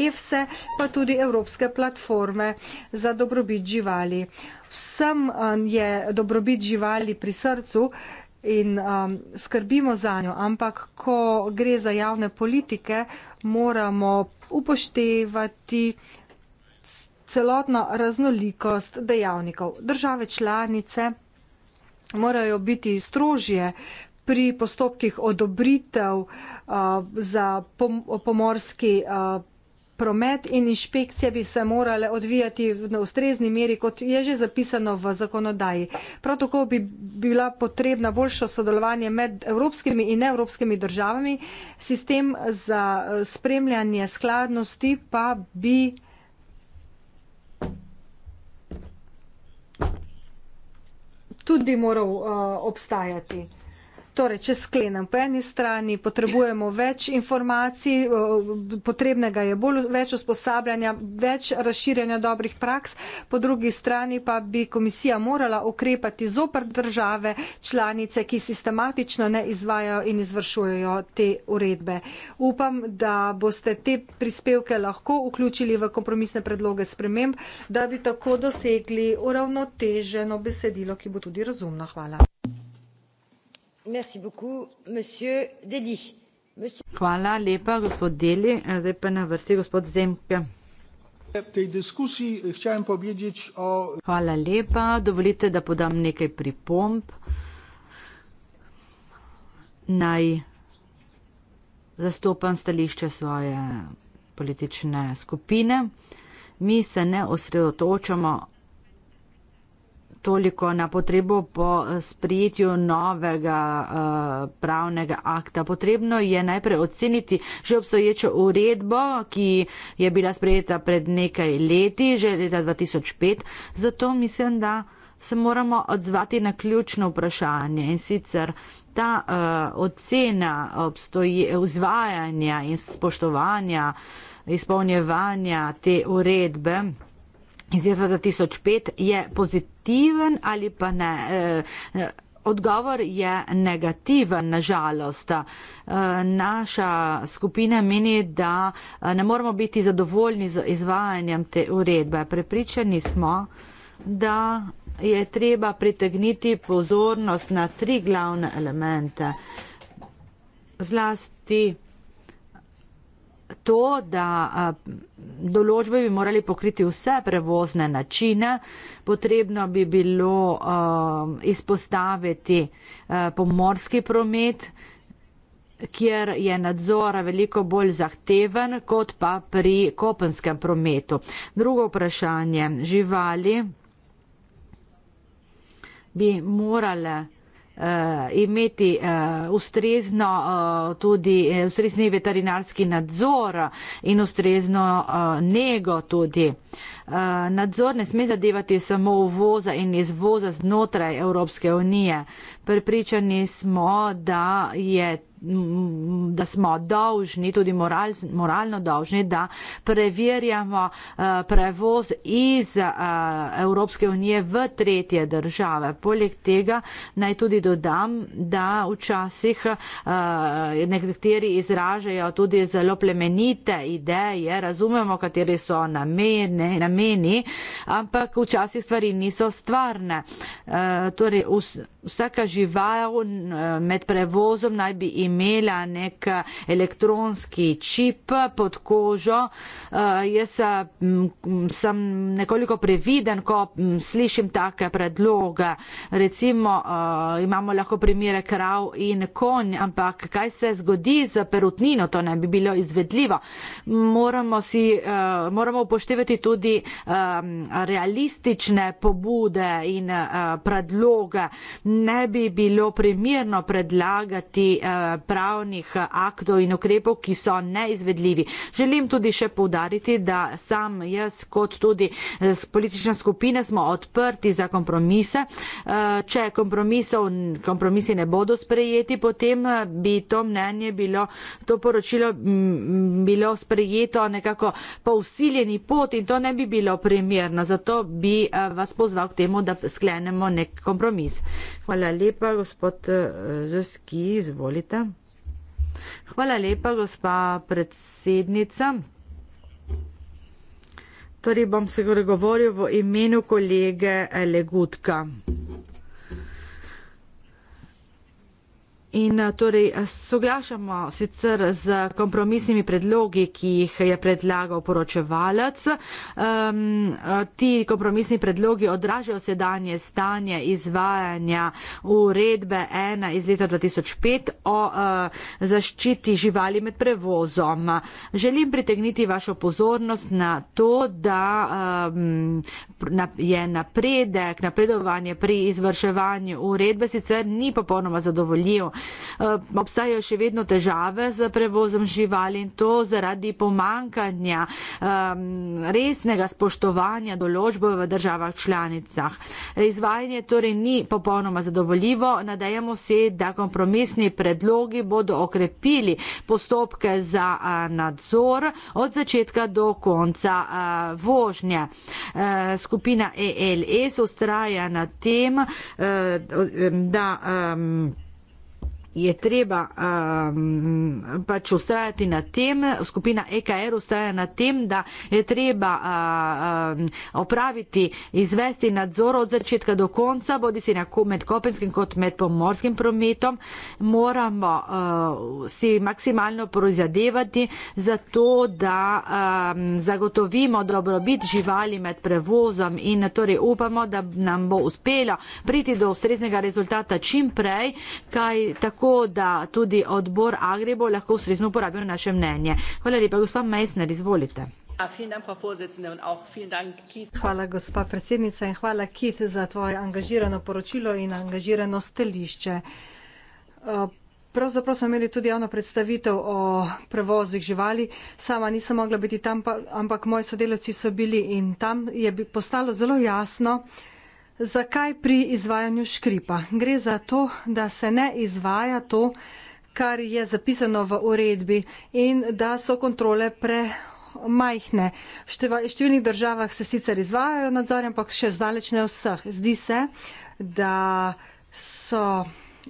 EFSE, e e, pa tudi Evropske platforme za dobrobit živali vsem um, je dobrobit živali pri srcu in um, skrbimo za njo, ampak ko gre za javne politike, moramo upoštevati celotno raznolikost dejavnikov. Države članice morajo biti strožje pri postopkih odobritev uh, za pom pomorski uh, promet in inšpekcije bi se morale odvijati na ustrezni meri, kot je že zapisano v zakonodaji. Prav tako bi bila potrebna boljša sodelovanje med evropskimi in neevropskimi državami, sistem za eh, spremljanje skladnosti pa bi. Tudi moral uh, obstajati. Torej, če sklenem, po eni strani potrebujemo več informacij, potrebnega je bolj, več usposabljanja, več razširjanja dobrih praks, po drugi strani pa bi komisija morala ukrepati zopr države članice, ki sistematično ne izvajajo in izvršujejo te uredbe. Upam, da boste te prispevke lahko vključili v kompromisne predloge sprememb, da bi tako dosegli uravnoteženo besedilo, ki bo tudi razumno. Hvala. Hvala lepa, gospod Deli. Eh, zdaj pa na vrsti gospod Zemke. Eh, Hvala lepa. Dovolite, da podam nekaj pripomb. Naj zastopam stališče svoje politične skupine. Mi se ne osredotočamo toliko na potrebo po eh, sprijetju novega eh, pravnega akta. Potrebno je najprej oceniti že obstoječo uredbo, ki je bila sprejeta pred nekaj leti, že leta 2005. Zato mislim, da se moramo odzvati na ključno vprašanje in sicer ta eh, ocena vzvajanja in spoštovanja, izpolnjevanja te uredbe iz leta 2005 je pozitiven ali pa ne. Eh, odgovor je negativen, nažalost. Eh, naša skupina meni, da eh, ne moramo biti zadovoljni z izvajanjem te uredbe. Prepričani smo, da je treba pritegniti pozornost na tri glavne elemente. Zlasti to, da določbe bi morali pokriti vse prevozne načine, potrebno bi bilo izpostaviti pomorski promet, kjer je nadzor veliko bolj zahteven kot pa pri kopenskem prometu. Drugo vprašanje, živali bi morale vprašati, uh, imeti uh, ustrezno uh, tudi ustrezni veterinarski nadzor in ustrezno uh, nego tudi. Uh, nadzor ne sme zadevati samo uvoza in izvoza znotraj Evropske unije. Pripričani smo, da je da smo dolžni, tudi moral, moralno dolžni, da preverjamo eh, prevoz iz eh, Evropske unije v tretje države. Poleg tega naj tudi dodam, da včasih eh, nekateri izražajo tudi zelo plemenite ideje, razumemo, kateri so namene, nameni, ampak včasih stvari niso stvarne. Torej, Vsaka žival med prevozom naj bi imela nek elektronski čip pod kožo. Eh, jaz sem nekoliko previden, ko slišim take predloga. Recimo eh, imamo lahko primere krav in konj, ampak kaj se zgodi z perutnino, to ne bi bilo izvedljivo. Moramo, si, eh, moramo upoštevati tudi realistične pobude in predloga ne bi bilo primerno predlagati eh, pravnih aktov in ukrepov, ki so neizvedljivi. Želim tudi še povdariti, da sam jaz kot tudi eh, politična skupina smo odprti za kompromise. Eh, če kompromisi ne bodo sprejeti, potem bi to mnenje bilo, to poročilo mm, mm, bilo sprejeto nekako po usiljeni pot in to ne bi bilo primerno. Zato bi vas pozval k temu, da sklenemo nek kompromis. Hvala lepa, gospod Zoski, eh, izvolite. Hvala lepa, gospa predsednica. Torej bom se govoril v imenu kolege eh, Legutka. In eh, torej eh, soglašamo sicer z kompromisnimi predlogi, ki jih je predlagal poročevalec. Um, ti kompromisni predlogi odražajo sedanje stanje izvajanja uredbe 1 iz leta 2005 o uh, zaščiti živali med prevozom. Želim pritegniti vašo pozornost na to, da um, je napredek, napredovanje pri izvrševanju uredbe sicer ni popolnoma zadovoljiv. Eh, obstajajo še vedno težave z prevozom živali in to zaradi pomankanja resnega spoštovanja določb v državah članicah. Izvajanje torej ni popolnoma zadovoljivo. Nadejamo se, da kompromisni predlogi bodo okrepili postopke za eh, nadzor od začetka do konca eh, vožnje. Skupina ELS ustraja na tem, da je treba um, pač ustrajati na tem, skupina EKR ustraja na tem, da je treba uh, um, opraviti, izvesti nadzor od začetka do konca, bodi si nekako med kopenskim kot med pomorskim prometom, moramo uh, si maksimalno prozadevati za to, da um, zagotovimo dobrobit živali med prevozom in torej upamo, da nam bo uspelo priti do ustreznega rezultata čim prej, kaj tako tako, da tudi odbor Agrebo lahko ustrezno uporabijo naše mnenje. Hvala lepa, gospa Meissner, izvolite. Ja, hvala, gospa predsednica, in hvala, Kit, za tvoje angažirano poročilo in angažirano stališče. Eh, pravzaprav smo imeli tudi javno predstavitev o prevozih živali. Sama nisem mogla biti tam, ampak moji sodelavci so bili in tam je postalo zelo jasno, Zakaj pri izvajanju škripa? Gre za to, da se ne izvaja to, kar je zapisano v uredbi in da so kontrole premajhne. V številnih državah se sicer izvajajo nadzori, ampak še zdaleč ne vseh. Zdi se, da so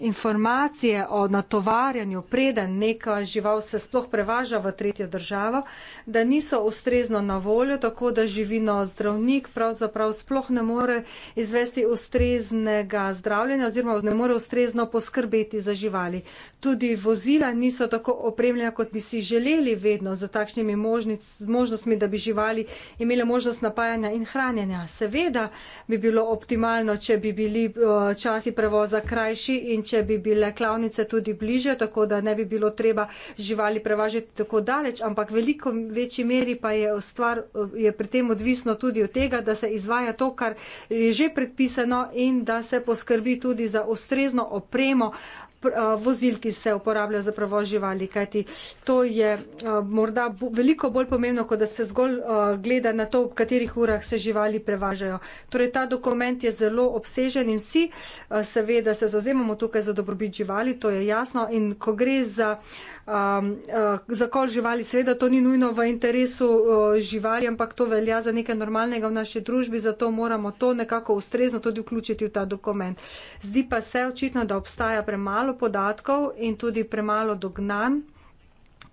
informacije o natovarjanju, preden neka žival se sploh prevaža v tretjo državo, da niso ustrezno na voljo, tako da živino zdravnik pravzaprav sploh ne more izvesti ustreznega zdravljenja oziroma ne more ustrezno poskrbeti za živali. Tudi vozila niso tako opremljena, kot bi si želeli vedno za takšnimi možnostmi, da bi živali imele možnost napajanja in hranjenja. Seveda bi bilo optimalno, če bi bili eh, časi prevoza krajši in če bi bile klavnice tudi bliže, tako da ne bi bilo treba živali prevažati tako daleč, ampak veliko večji meri pa je, stvar, je pri tem odvisno tudi od tega, da se izvaja to, kar je že predpisano in da se poskrbi tudi za ustrezno opremo Eh, vozil, ki se uporabljajo za pravo živali, kajti to je eh, morda veliko bolj pomembno, kot da se zgolj eh, gleda na to, v katerih urah se živali prevažajo. Torej, ta dokument je zelo obsežen in vsi seveda se zauzemamo tukaj za dobrobit živali, to je jasno. In ko gre za uh, um, uh, eh, zakol živali. Seveda to ni nujno v interesu uh, živali, ampak to velja za nekaj normalnega v naši družbi, zato moramo to nekako ustrezno tudi vključiti v ta dokument. Zdi pa se očitno, da obstaja premalo podatkov in tudi premalo dognanj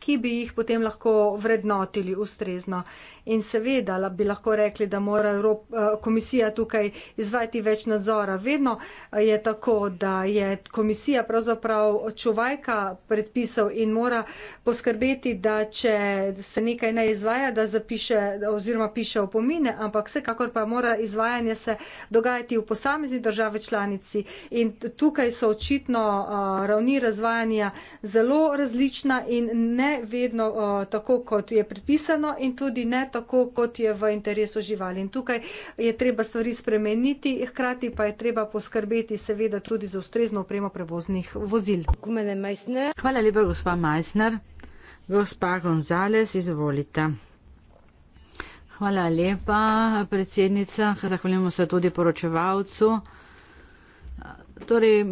ki bi jih potem lahko vrednotili ustrezno. In seveda bi lahko rekli, da mora eh, komisija tukaj izvajati več nadzora. Vedno eh, je tako, da je komisija pravzaprav čuvajka predpisov in mora poskrbeti, da če se nekaj ne izvaja, da zapiše oziroma piše opomine, ampak vsekakor pa mora izvajanje se dogajati v posamezni državi članici. In tukaj so očitno eh, ravni razvajanja zelo različna in ne vedno uh, tako, kot je predpisano in tudi ne tako, kot je v interesu živali. In tukaj je treba stvari spremeniti, hkrati pa je treba poskrbeti seveda tudi za ustrezno opremo prevoznih vozil. Hvala lepa, gospa Majsner. Gospa Gonzales, izvolite. Hvala lepa, predsednica. Zahvaljujemo se tudi poročevalcu. Torej,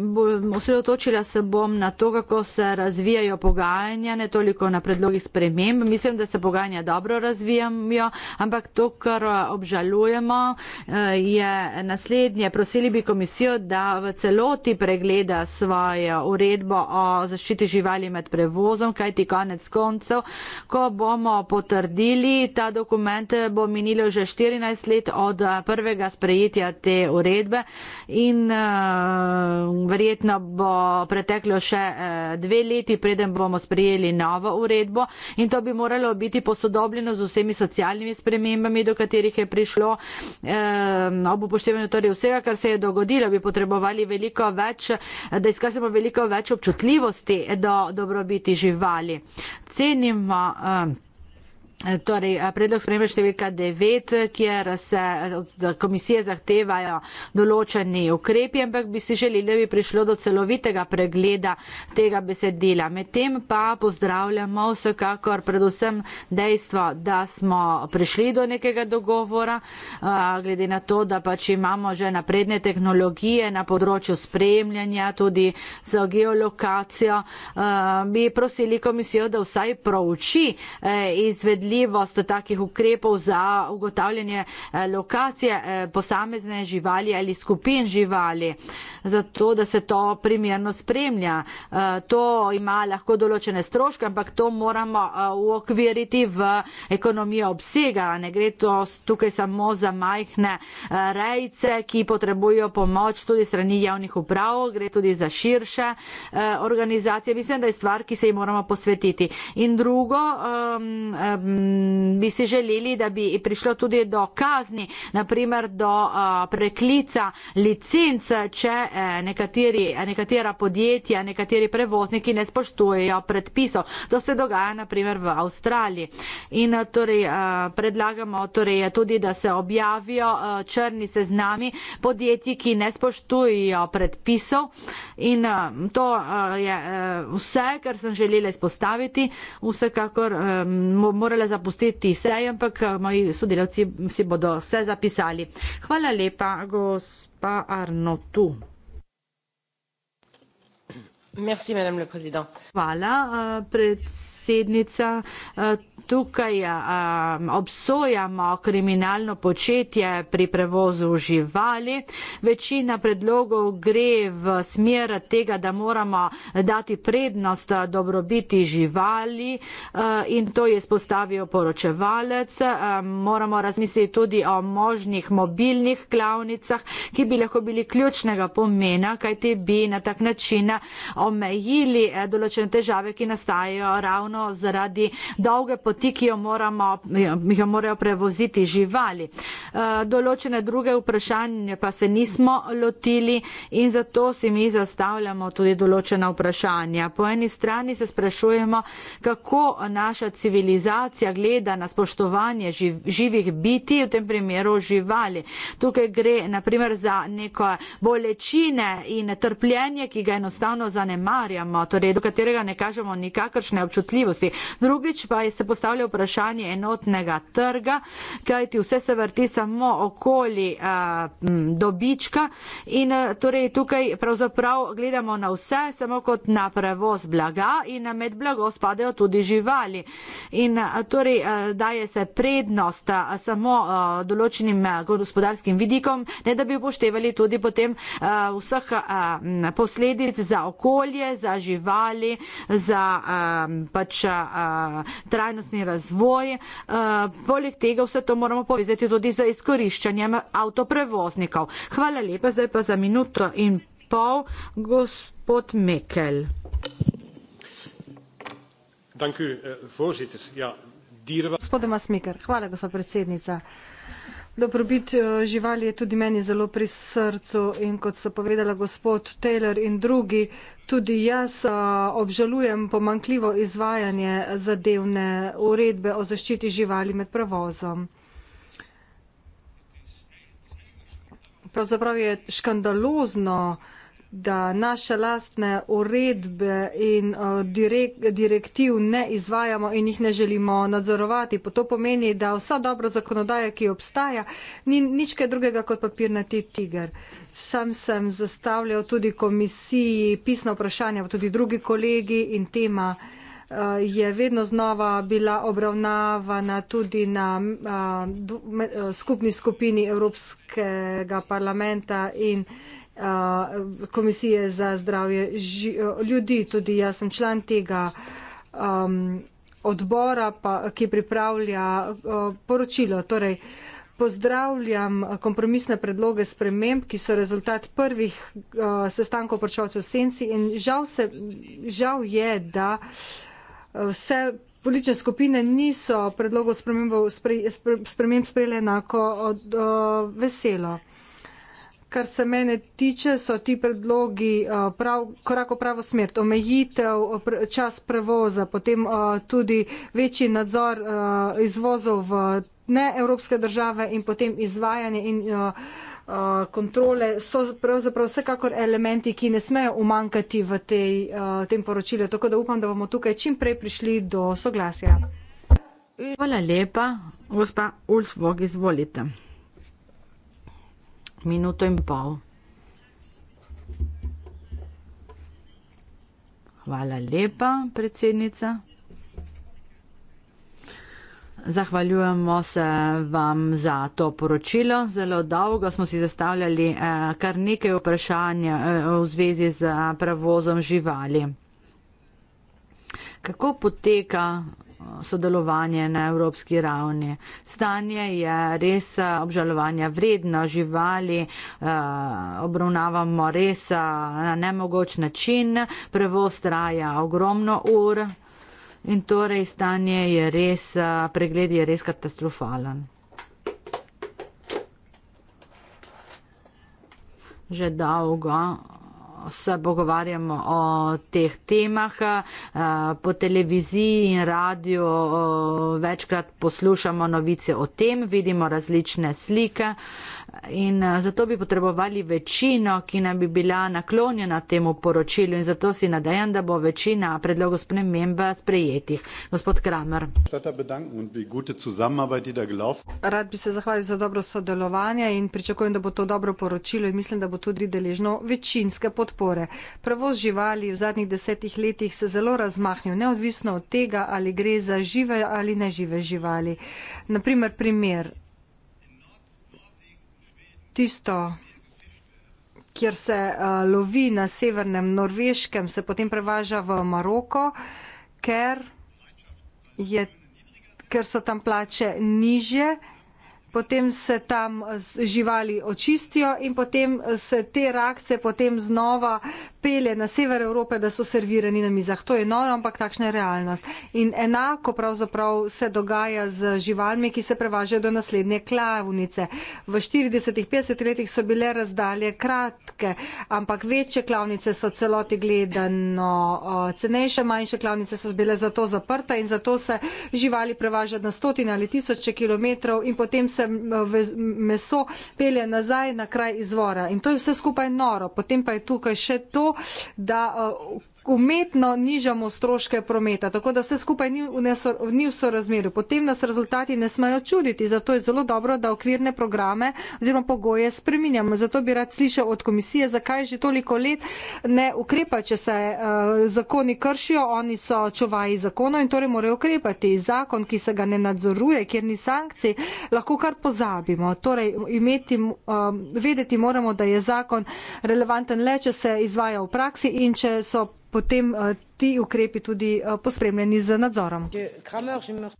osredotočila se bom na to, kako se razvijajo pogajanja, ne toliko na predlogih sprememb. Mislim, da se pogajanja dobro razvijajo, ampak to, kar obžalujemo, eh, je naslednje. Prosili bi komisijo, da v celoti pregleda svojo uredbo o zaščiti živali med prevozom, kajti konec koncev, ko bomo potrdili ta dokument, bo minilo že 14 let od prvega sprejetja te uredbe. In, eh, Ehm, verjetno bo preteklo še eh, dve leti, preden bomo sprejeli novo uredbo in to bi moralo biti posodobljeno z vsemi socialnimi spremembami, do katerih je prišlo. Ehm, ob upoštevanju torej vsega, kar se je dogodilo, bi potrebovali veliko več, eh, da izkažemo veliko več občutljivosti do dobrobiti živali. Cenimo. Ehm, Torej, eh, predlog sprememba številka 9, kjer se eh, od komisije zahtevajo določeni ukrepi, ampak bi si želeli, da bi prišlo do celovitega pregleda tega besedila. Medtem pa pozdravljamo vsekakor predvsem dejstvo, da smo prišli do nekega dogovora, eh, glede na to, da pač imamo že napredne tehnologije na področju spremljanja, tudi za geolokacijo, bi prosili komisijo, da vsaj prouči izvedljivost sprejemljivost takih ukrepov za ugotavljanje eh, lokacije eh, posamezne živali ali skupin živali, zato da se to primerno spremlja. Eh, to ima lahko določene stroške, ampak to moramo uokviriti v ekonomijo obsega. Ne gre to tukaj samo za majhne rejce, ki potrebujo pomoč tudi strani javnih uprav, gre tudi za širše organizacije. Mislim, da je stvar, ki se jim moramo posvetiti. In drugo, um, um, Mm, bi si želeli, da bi prišlo tudi do kazni, naprimer do uh, preklica licenc, če eh, nekateri, nekatera podjetja, nekateri prevozniki ne spoštujejo predpisov. To se dogaja naprimer v Avstraliji. In eh, torej eh, predlagamo torej tudi, da se objavijo črni seznami podjetji, ki ne spoštujejo predpisov. In to je vse, kar sem želela izpostaviti. Vsekakor morala zapustiti sej, ampak eh, moji sodelavci si bodo vse zapisali. Hvala lepa, gospa Arno tu. Merci, Hvala, eh, predsednica. Eh, tukaj um, obsojamo kriminalno početje pri prevozu živali. Večina predlogov gre v smer tega, da moramo dati prednost dobrobiti živali uh, in to je spostavil poročevalec. Um, moramo razmisliti tudi o možnih mobilnih klavnicah, ki bi lahko bili ključnega pomena, kaj te bi na tak način omejili določene težave, ki nastajajo ravno zaradi dolge potrebe poti, ki jo, moramo, jo morajo prevoziti živali. Eh, določene druge vprašanje pa se nismo lotili in zato si mi zastavljamo tudi določena vprašanja. Po eni strani se sprašujemo, kako naša civilizacija gleda na spoštovanje živ, živih biti, v tem primeru živali. Tukaj gre naprimer za neko bolečine in trpljenje, ki ga enostavno zanemarjamo, torej do katerega ne kažemo nikakršne občutljivosti. Drugič pa je se postavljanje postavlja vprašanje enotnega trga, kajti vse se vrti samo okoli a, eh, m, dobička in a, eh, torej tukaj pravzaprav gledamo na vse samo kot na prevoz blaga in a, med blago spadajo tudi živali. In a, eh, torej a, daje se prednost a, samo a, določenim a, gospodarskim vidikom, ne da bi upoštevali tudi potem a, vseh a, m, posledic za okolje, za živali, za a, pač a, trajnost trajnostni razvoj. Eh, poleg tega vse to moramo povezati tudi z izkoriščanjem avtoprevoznikov. Hvala lepa, zdaj pa za minuto in pol, gospod Mekel. Dank u, eh, voorzitter. Ja, dieren... Gospod Masmiker, hvala, gospod predsednica. Dobrobit eh, živali je tudi meni zelo pri srcu in kot so povedala gospod Taylor in drugi, tudi jaz eh, obžalujem pomankljivo izvajanje zadevne uredbe o zaščiti živali med prevozom. Pravzaprav je škandalozno, da naše lastne uredbe in eh, direktiv ne izvajamo in jih ne želimo nadzorovati. To pomeni, da vsa dobra zakonodaja, ki obstaja, ni nič kaj drugega kot papirnati tiger. Sam sem zastavljal tudi komisiji pisna vprašanja, tudi drugi kolegi in tema eh, je vedno znova bila obravnavana tudi na eh, skupni skupini Evropskega parlamenta in Komisije za zdravje ži, ljudi. Tudi jaz sem član tega um, odbora, pa, ki pripravlja uh, poročilo. Torej, pozdravljam kompromisne predloge sprememb, ki so rezultat prvih uh, sestankov pročevalcev v senci in žal, se, žal je, da vse politične skupine niso predlogov sprememb sprejeli enako od, uh, veselo kar se mene tiče, so ti predlogi eh, prav, korak v pravo smer. Omejitev čas prevoza, potem eh, tudi večji nadzor eh, izvozov v neevropske države in potem izvajanje in kontrole so pravzaprav vsekakor elementi, ki ne smejo umankati v tej, tem poročilu. Tako da upam, da bomo tukaj čim prej prišli do soglasja. Hvala lepa. Gospa Ulf Vog, izvolite minuto in pol. Hvala lepa, predsednica. Zahvaljujemo se vam za to poročilo. Zelo dolgo smo si zastavljali eh, kar nekaj vprašanj eh, v zvezi z eh, prevozom živali. Kako poteka sodelovanje na evropski ravni. Stanje je res eh, obžalovanja vredno, živali eh, obravnavamo res eh, na nemogoč način, prevoz traja ogromno ur in torej stanje je res, pregled je res katastrofalen. Že dolgo se pogovarjam o teh temah. Eh, po televiziji in radiju eh, večkrat poslušamo novice o tem, vidimo različne slike. In eh, zato bi potrebovali večino, ki nam bi bila naklonjena temu poročilu in zato si nadejam, da bo večina predlogov sprememb sprejetih. Gospod Kramer. Rad bi se zahvalil za dobro sodelovanje in pričakujem, da bo to dobro poročilo in mislim, da bo tudi deležno večinske podpore. Prevoz živali v zadnjih desetih letih se zelo razmahnil, neodvisno od tega, ali gre za žive ali nežive živali. Naprimer, primer, tisto, kjer se uh, lovi na severnem Norveškem, se potem prevaža v Maroko, ker, je, ker so tam plače niže, potem se tam živali očistijo in potem se te reakcije potem znova pelje na sever Evrope, da so servirani na mizah. To je noro, ampak takšna je realnost. In enako pravzaprav se dogaja z živalmi, ki se prevažajo do naslednje klavnice. V 40-50 letih so bile razdalje kratke, ampak večje klavnice so celoti gledano cenejše, manjše klavnice so bile zato zaprte in zato se živali prevažajo na stotine ali tisoče kilometrov in potem se meso pelje nazaj na kraj izvora. In to je vse skupaj noro. Potem pa je tukaj še to, da eh, umetno nižamo stroške prometa, tako da vse skupaj ni v, nesor, ni v sorazmerju. Potem nas rezultati ne smajo čuditi, zato je zelo dobro, da okvirne programe oziroma pogoje spreminjamo. Zato bi rad slišal od komisije, zakaj že toliko let ne ukrepa, če se uh, zakoni kršijo, oni so čuvaji zakonov in torej morajo ukrepati. Zakon, ki se ga ne nadzoruje, kjer ni sankcij, lahko kar pozabimo. Torej, imeti, um, vedeti moramo, da je zakon relevanten le, če se izvaja v praksi in če so potem eh, ti ukrepi tudi eh, pospremljeni z nadzorom.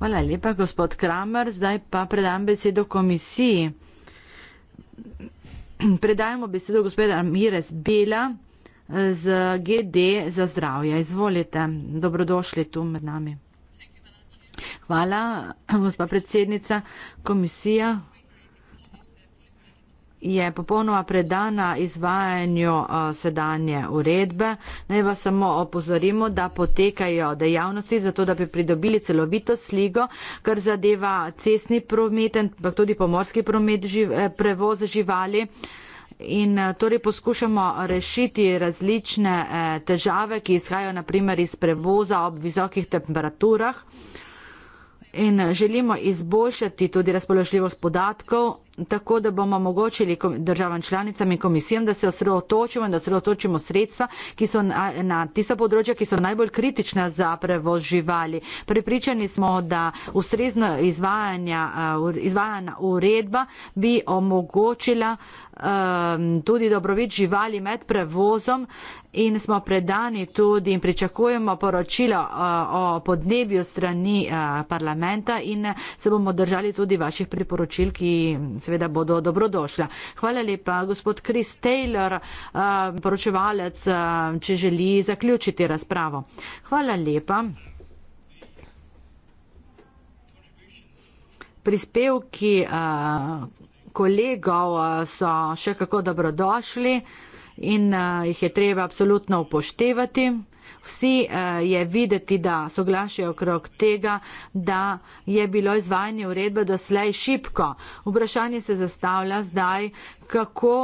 Hvala lepa, gospod Kramer. Zdaj pa predam besedo komisiji. Predajamo besedo gospoda Mires Bela eh, z GD za zdravje. Izvolite, dobrodošli tu med nami. Hvala, [CLEARS THROAT] gospa predsednica komisija je popolnoma predana izvajanju uh, sedanje uredbe. Naj vas samo opozorimo, da potekajo dejavnosti, zato da bi pridobili celovito sligo, kar zadeva cestni promet, pa tudi pomorski promet, živ, eh, prevoz živali. In eh, torej poskušamo rešiti različne eh, težave, ki izhajajo naprimer iz prevoza ob visokih temperaturah. In želimo izboljšati tudi razpoložljivost podatkov tako da bomo omogočili državam članicam in komisijam, da se osredotočimo in da osredotočimo sredstva, ki so na, na tista področja, ki so najbolj kritična za prevoz živali. Pripričani smo, da ustrezna izvajanja, uh, izvajana uredba bi omogočila um, tudi dobrobit živali med prevozom in smo predani tudi in pričakujemo poročila uh, o podnebju strani uh, parlamenta in se bomo držali tudi vaših priporočil, ki seveda bodo dobrodošla. Hvala lepa, gospod Chris Taylor, eh, poročevalec, eh, če želi zaključiti razpravo. Hvala lepa. Prispevki eh, kolegov so še kako dobrodošli in jih je treba absolutno upoštevati. Vsi uh, je videti, da soglašajo okrog tega, da je bilo izvajanje uredbe doslej šipko. Vprašanje se zastavlja zdaj, kako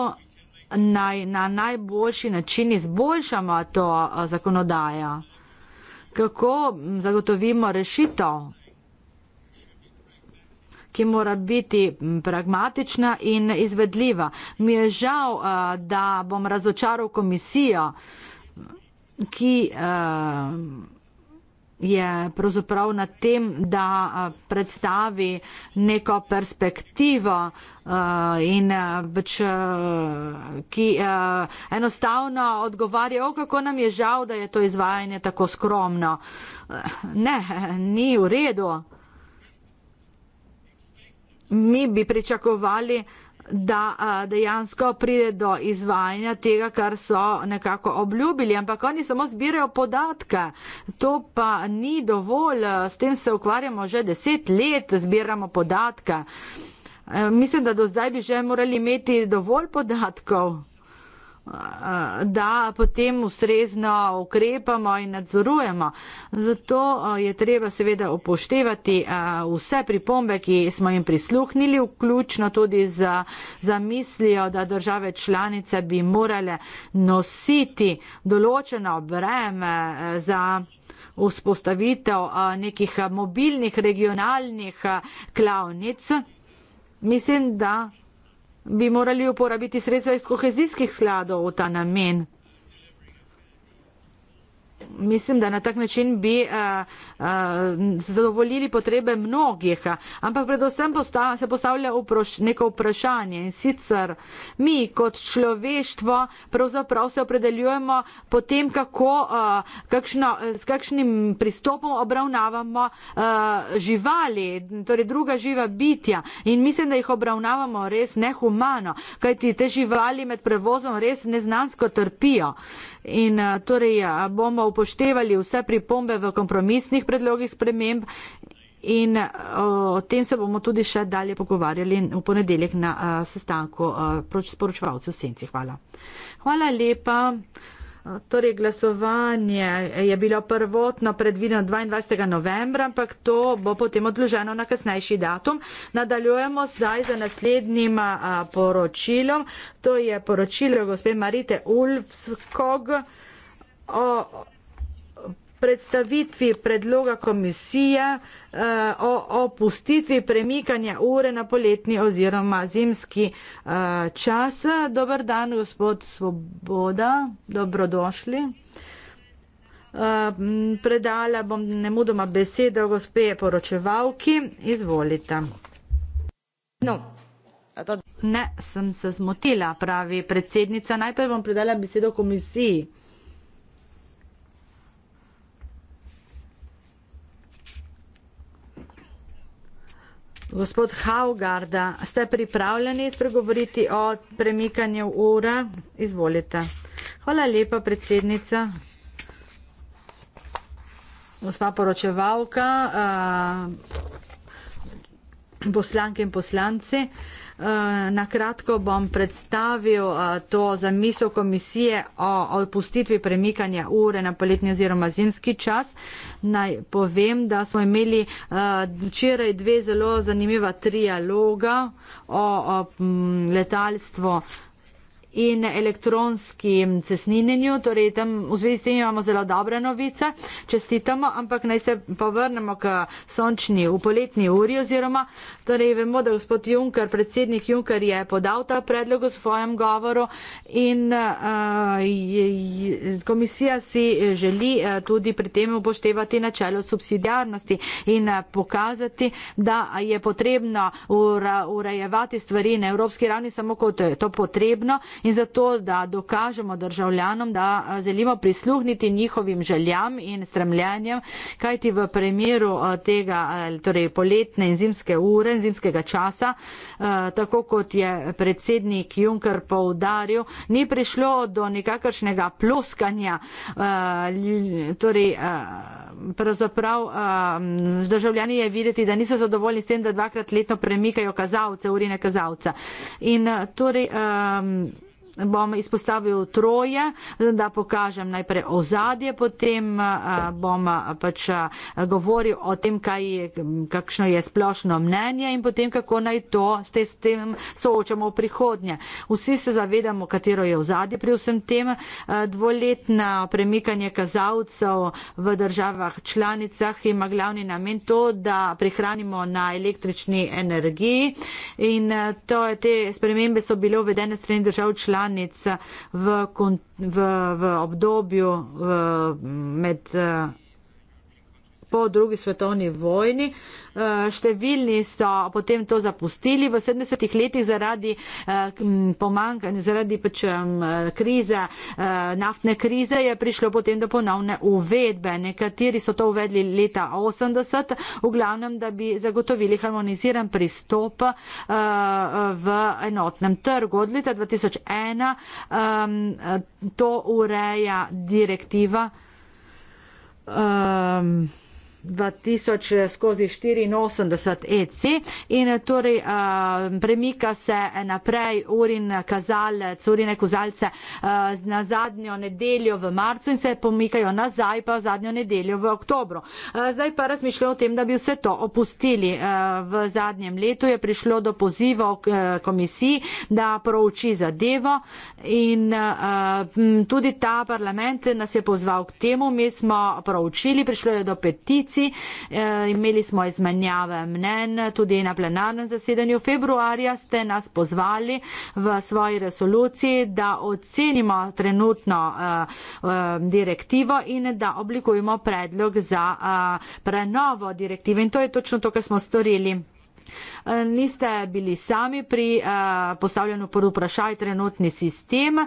naj, na najboljši način izboljšamo to uh, zakonodajo, kako zagotovimo rešitev, ki mora biti pragmatična in izvedljiva. Mi je žal, uh, da bom razočaral komisijo. Uh, ki uh, je pravzaprav na tem, da eh, predstavi neko perspektivo uh, in več, pač, uh, ki uh, enostavno odgovarja, o kako nam je žal, da je to izvajanje tako skromno. Ne, [LAUGHS] ni v redu. Mi bi pričakovali, da dejansko pride do izvajanja tega, kar so nekako obljubili, ampak oni samo zbirajo podatke. To pa ni dovolj, s tem se ukvarjamo že deset let, zbiramo podatke. E, mislim, da do zdaj bi že morali imeti dovolj podatkov da potem ustrezno ukrepamo in nadzorujemo. Zato eh, je treba seveda upoštevati eh, vse pripombe, ki smo jim prisluhnili, vključno tudi za, za mislijo, da države članice bi morale nositi določeno breme eh, za vzpostavitev nekih mobilnih regionalnih klavnic. Mislim, da bi morali uporabiti sredstva iz kohezijskih skladov v ta namen mislim, da na tak način bi uh, uh, zadovoljili potrebe mnogih, ampak predvsem posta, se postavlja vpraš, neko vprašanje in sicer mi kot človeštvo pravzaprav se opredeljujemo potem, kako, uh, kakšno, s kakšnim pristopom obravnavamo uh, živali, torej druga živa bitja in mislim, da jih obravnavamo res nehumano, kajti te živali med prevozom res neznansko trpijo. In, uh, torej, uh, upoštevali vse pripombe v kompromisnih predlogih sprememb in eh, o tem se bomo tudi še dalje pogovarjali v ponedeljek na eh, sestanku sporočevalcev eh, Senci. Hvala. Hvala lepa. Torej, glasovanje je bilo prvotno predvideno 22. novembra, ampak to bo potem odloženo na kasnejši datum. Nadaljujemo zdaj za naslednjim poročilom. To je poročilo gospe Marite Ulfskog o predstavitvi predloga komisije uh, o opustitvi premikanja ure na poletni oziroma zimski uh, čas. Dobr dan, gospod Svoboda, dobrodošli. Uh, predala bom nemudoma besedo gospe poročevalki. Izvolite. No. Ne, sem se zmotila, pravi predsednica. Najprej bom predala besedo komisiji. Gospod Haugarda, ste pripravljeni spregovoriti o premikanju ura? Izvolite. Hvala lepa, predsednica. Gospa poročevalka, eh, poslanke in poslanci. Eh, na kratko bom predstavil eh, to zamisel komisije o odpustitvi premikanja ure na poletni oziroma zimski čas. Naj povem, da smo imeli eh, včeraj dve zelo zanimiva trialoga o letalstvu in elektronskim cesninjenju, torej tam v zvezi s tem imamo zelo dobre novice, čestitamo, ampak naj se povrnemo k sončni v poletni uri oziroma, torej vemo, da gospod Junker, predsednik Junker je podal ta predlog v svojem govoru in uh, je, je, komisija si želi uh, tudi pri tem upoštevati načelo subsidijarnosti in uh, pokazati, da je potrebno ura, urejevati stvari na evropski ravni samo kot je to potrebno in zato, da dokažemo državljanom, da želimo prisluhniti njihovim željam in stremljanjem, kajti v primeru tega torej, poletne in zimske ure in zimskega časa, tako kot je predsednik Juncker poudaril, ni prišlo do nekakršnega ploskanja. Torej, Pravzaprav z um, državljani je videti, da niso zadovoljni s tem, da dvakrat letno premikajo kazalce, urine kazalca. In torej. Um bom izpostavil troje, da pokažem najprej ozadje, potem eh, bom eh, pač eh, govoril o tem, kaj je, kakšno je splošno mnenje in potem, kako naj to s tem soočamo v prihodnje. Vsi se zavedamo, katero je ozadje pri vsem tem. Dvoletna premikanje kazalcev v državah članicah ima glavni namen to, da prihranimo na električni energiji in to, te spremembe so bile uvedene strani držav članic članic v, v, v obdobju v, med eh, po drugi svetovni vojni. Eh, številni so potem to zapustili v 70-ih letih zaradi eh, pomankanja, zaradi pač krize, eh, naftne krize je prišlo potem do ponovne uvedbe. Nekateri so to uvedli leta 80, v glavnem, da bi zagotovili harmoniziran pristop v enotnem trgu. Od leta 2001 to ureja direktiva. Um... 2000 skozi 84 EC in torej uh, premika se naprej urin kazalec, urine kazalce uh, na zadnjo nedeljo v marcu in se pomikajo nazaj pa zadnjo nedeljo v oktobru. Uh, zdaj pa razmišljamo o tem, da bi vse to opustili. Uh, v zadnjem letu je prišlo do poziva uh, e, komisiji, da prouči zadevo in uh, tudi ta parlament nas je pozval k temu, mi smo proučili, prišlo je do petic, koalicij. Eh, imeli smo izmenjave mnen, tudi na plenarnem zasedanju. Februarja ste nas pozvali v svoji resoluciji, da ocenimo trenutno eh, eh, direktivo in da oblikujemo predlog za prenovo direktive. In to je točno to, kar smo storili. Eh, niste bili sami pri eh, postavljanju pod vprašaj trenutni sistem.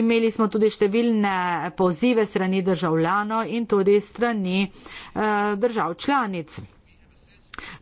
Imeli smo tudi številne pozive strani državljano in tudi strani eh, držav članic.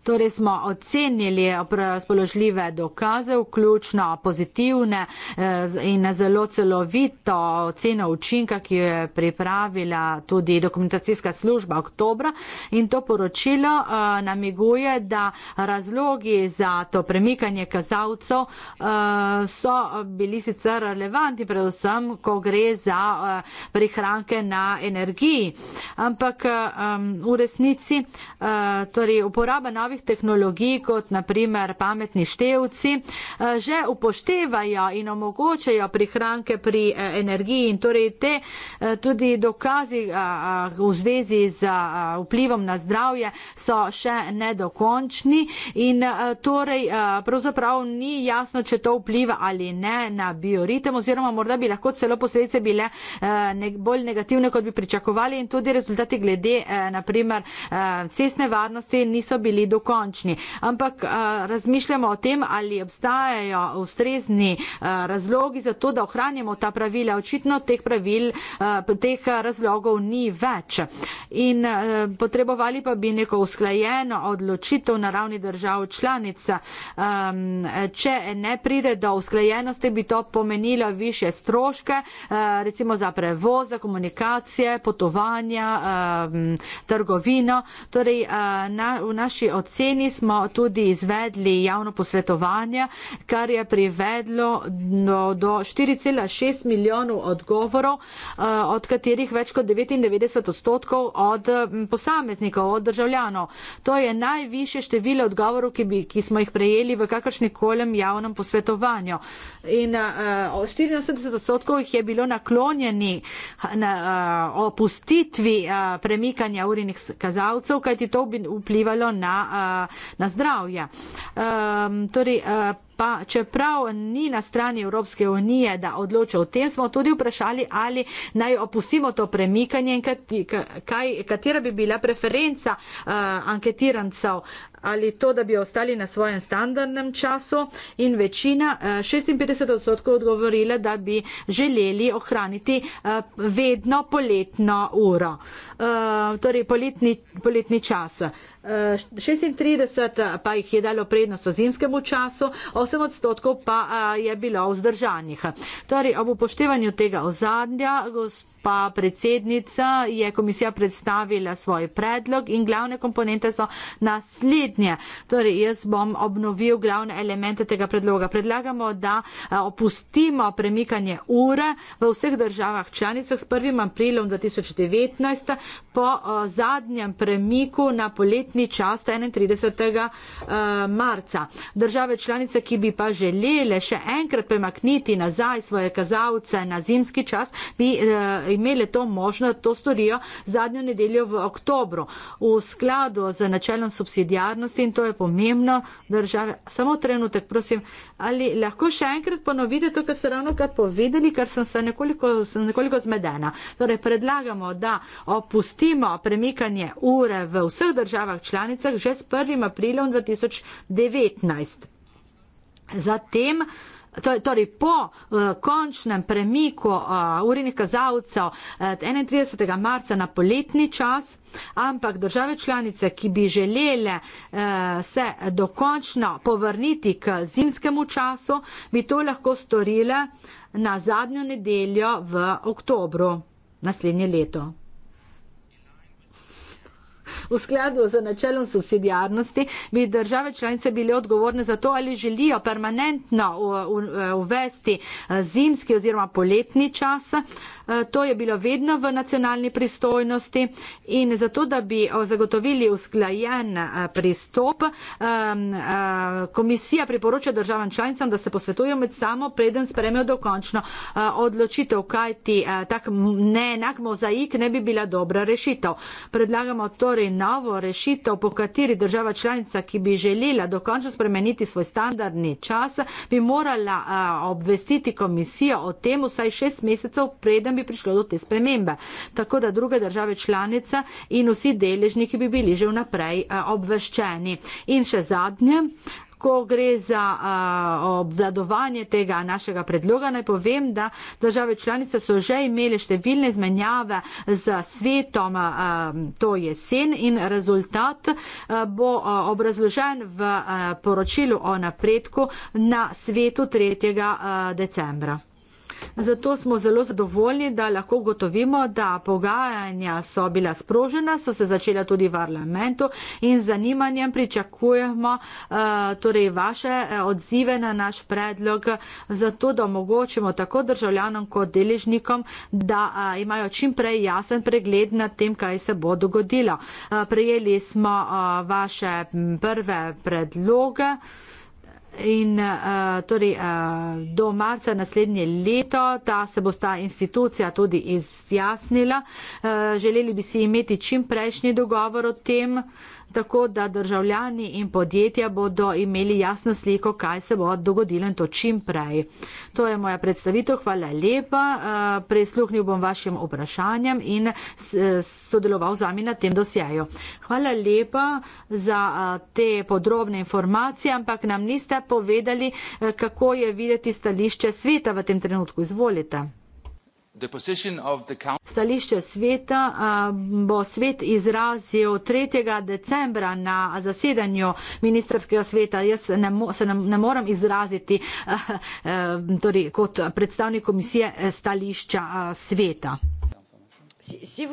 Torej smo ocenili razpoložljive dokaze, vključno pozitivne eh, in zelo celovito oceno učinka, ki jo je pripravila tudi dokumentacijska služba oktobra. In to poročilo eh, namiguje, da razlogi za to premikanje kazalcev eh, so bili sicer relevanti, predvsem, ko gre za prihranke na energiji. Ampak v resnici, torej uporabljamo uporaba novih tehnologij, kot naprimer pametni števci, eh, že upoštevajo in omogočajo prihranke pri eh, energiji in torej te eh, tudi dokazi v zvezi z vplivom na zdravje so še nedokončni in torej pravzaprav ni jasno, če to vpliva ali ne na bioritem oziroma morda bi lahko celo posledice bile bolj negativne, kot bi pričakovali in tudi rezultati glede naprimer cestne varnosti niso bili bili dokončni. Ampak eh, razmišljamo o tem, ali obstajajo ustrezni eh, razlogi za to, da ohranjamo ta pravila. Očitno teh pravil, eh, teh razlogov ni več. In potrebovali pa bi neko usklajeno odločitev na ravni držav članica. Ehm, če ne pride do usklajenosti, bi to pomenilo više stroške, recimo za prevoz, za komunikacije, potovanja, ehm, trgovino. Torej, na, v naši naši oceni smo tudi izvedli javno posvetovanje, kar je privedlo no, do 4,6 milijonov odgovorov, eh, od katerih več kot 99 odstotkov od mm, posameznikov, od državljanov. To je najviše število odgovorov, ki, bi, ki smo jih prejeli v kakršnikolem javnem posvetovanju. In 84 eh, odstotkov jih je bilo naklonjeni na eh, opustitvi premikanja urinih kazalcev, kajti to bi vplivalo na Eh, na zdravje. Um, torej, eh, pa čeprav ni na strani Evropske unije, da odloča o tem, smo tudi vprašali, ali naj opustimo to premikanje in kati, kaj, katera bi bila preferenca uh, anketirancev ali to, da bi ostali na svojem standardnem času in večina, 56 odstotkov odgovorila, da bi želeli ohraniti vedno poletno uro, torej poletni, poletni čas. 36 eh, pa jih je dalo prednost v zimskem času, 8 odstotkov pa eh, je bilo vzdržanih. Torej, ob upoštevanju tega ozadnja, gospa predsednica je komisija predstavila svoj predlog in glavne komponente so naslednje. Torej, jaz bom obnovil glavne elemente tega predloga. Predlagamo, da eh, opustimo premikanje ure v vseh državah članicah s 1. aprilom 2019 po zadnjem premiku na poletni letni čas 31. Eh, marca. Države članice, ki bi pa želele še enkrat premakniti nazaj svoje kazalce na zimski čas, bi eh, imele to možno, to storijo zadnjo nedeljo v oktobru. V skladu z načelom subsidijarnosti in to je pomembno, države, samo trenutek, prosim, ali lahko še enkrat ponovite to, kar ste ravno kar povedali, ker sem se nekoliko, sem nekoliko zmedena. Torej, predlagamo, da opustimo premikanje ure v vseh državah članicah že s 1. aprilom 2019. Zatem, torej po eh, končnem premiku eh, urinih kazalcev 31. Eh, marca na poletni čas, ampak države članice, ki bi želele se dokončno povrniti k zimskemu času, bi to lahko storile na zadnjo nedeljo v oktobru naslednje leto. V skladu z načelom subsidijarnosti bi države članice bile odgovorne za to, ali želijo permanentno uvesti eh, zimski oziroma poletni čas. Eh, to je bilo vedno v nacionalni pristojnosti in zato, da bi eh, zagotovili usklajen pristop, komisija priporoča državam članicam, da se posvetujo med samo, preden spremejo dokončno odločitev, kajti tak neenak mozaik ne bi bila dobra rešitev. Predlagamo torej, torej novo rešitev, po kateri država članica, ki bi želela dokončno spremeniti svoj standardni čas, bi morala a, obvestiti komisijo o tem vsaj šest mesecev, preden bi prišlo do te spremembe. Tako da druge države članica in vsi deležniki bi bili že vnaprej a, obveščeni. In še zadnje, ko gre za uh, obvladovanje tega našega predloga, naj povem, da države članice so že imele številne izmenjave z svetom uh, to jesen in rezultat uh, bo uh, obrazložen v uh, poročilu o napredku na svetu 3. Uh, decembra. Zato smo zelo zadovoljni, da lahko gotovimo, da pogajanja so bila sprožena, so se začela tudi v parlamentu in zanimanjem pričakujemo uh, torej vaše eh, odzive na naš predlog, zato da omogočimo tako državljanom kot deležnikom, da uh, imajo čim prej jasen pregled nad tem, kaj se bo dogodilo. Uh, prejeli smo uh, vaše prve predloge. Uh, in uh, torej, uh, do marca naslednje leto, da se bo ta institucija tudi izjasnila. Uh, želeli bi si imeti čim prejšnji dogovor o tem, uh, tako da državljani in podjetja bodo imeli jasno sliko, kaj se bo dogodilo in to čim prej. To je moja predstavitev, hvala lepa, eh, presluhnil bom vašim vprašanjem in eh, sodeloval z vami na tem dosjeju. Hvala lepa za eh, te podrobne informacije, ampak nam niste povedali, kako je videti stališče sveta v tem trenutku. Izvolite. Stališče sveta bo svet izrazil 3. decembra na zasedanju ministerskega sveta. Jaz ne mo, se ne, ne morem izraziti torej, kot predstavnik komisije e, stališča sveta. Če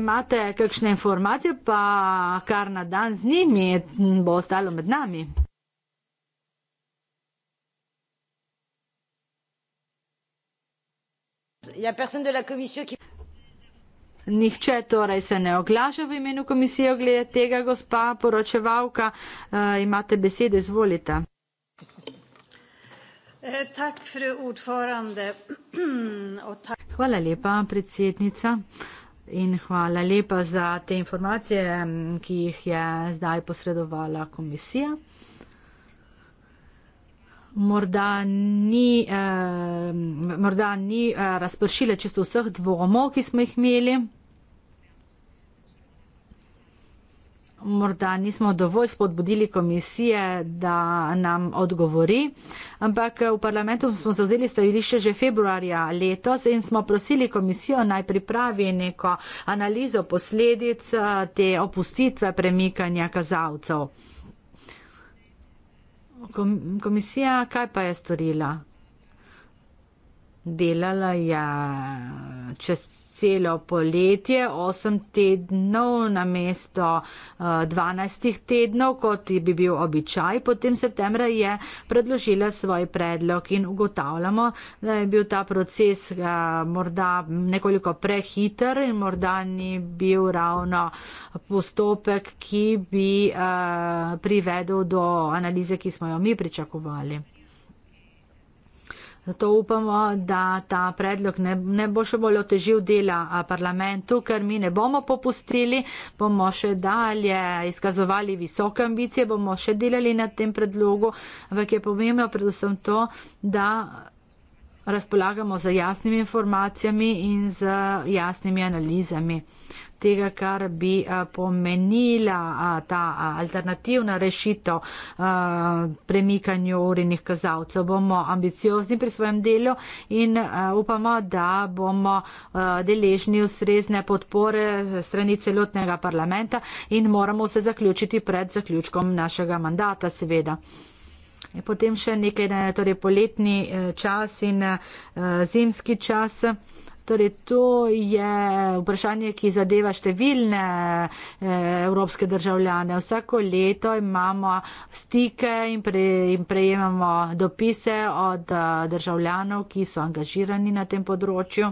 imate kakšne informacije, pa kar na dan z njimi bo ostalo med nami. Il y a personne de la commission qui Nihče torej se ne oglaša v imenu komisije, glede tega, gospa poročevalka, uh, imate besedo, izvolite. Eh, [CLEARS THROAT] hvala lepa, predsednica. In hvala lepa za te informacije, mm, ki jih je zdaj posredovala komisija morda ni, eh, morda ni eh, razpršile čisto vseh dvomov, ki smo jih imeli. Morda nismo dovolj spodbudili komisije, da nam odgovori, ampak eh, v parlamentu smo zauzeli stavilišče že februarja letos in smo prosili komisijo naj pripravi neko analizo posledic eh, te opustitve premikanja kazalcev komisija kaj pa je storila? Delala je čez celo poletje, 8 tednov na mesto 12 tednov, kot bi bil običaj. Potem septembra je predložila svoj predlog in ugotavljamo, da je bil ta proces eh, morda nekoliko prehiter in morda ni bil ravno postopek, ki bi eh, privedel do analize, ki smo jo mi pričakovali. Zato upamo, da ta predlog ne, ne bo še bolj otežil dela parlamentu, ker mi ne bomo popustili, bomo še dalje izkazovali visoke ambicije, bomo še delali na tem predlogu, ampak je pomembno predvsem to, da razpolagamo z jasnimi informacijami in z jasnimi analizami tega, kar bi pomenila ta alternativna rešitev premikanju urinih kazalcev. Bomo ambiciozni pri svojem delu in upamo, da bomo deležni ustrezne podpore strani celotnega parlamenta in moramo se zaključiti pred zaključkom našega mandata, seveda. Potem še nekaj, ne, torej poletni eh, čas in eh, zimski čas. Torej, to je vprašanje, ki zadeva številne eh, evropske državljane. Vsako leto imamo stike in, pre, in prejemamo dopise od državljanov, ki so angažirani na tem področju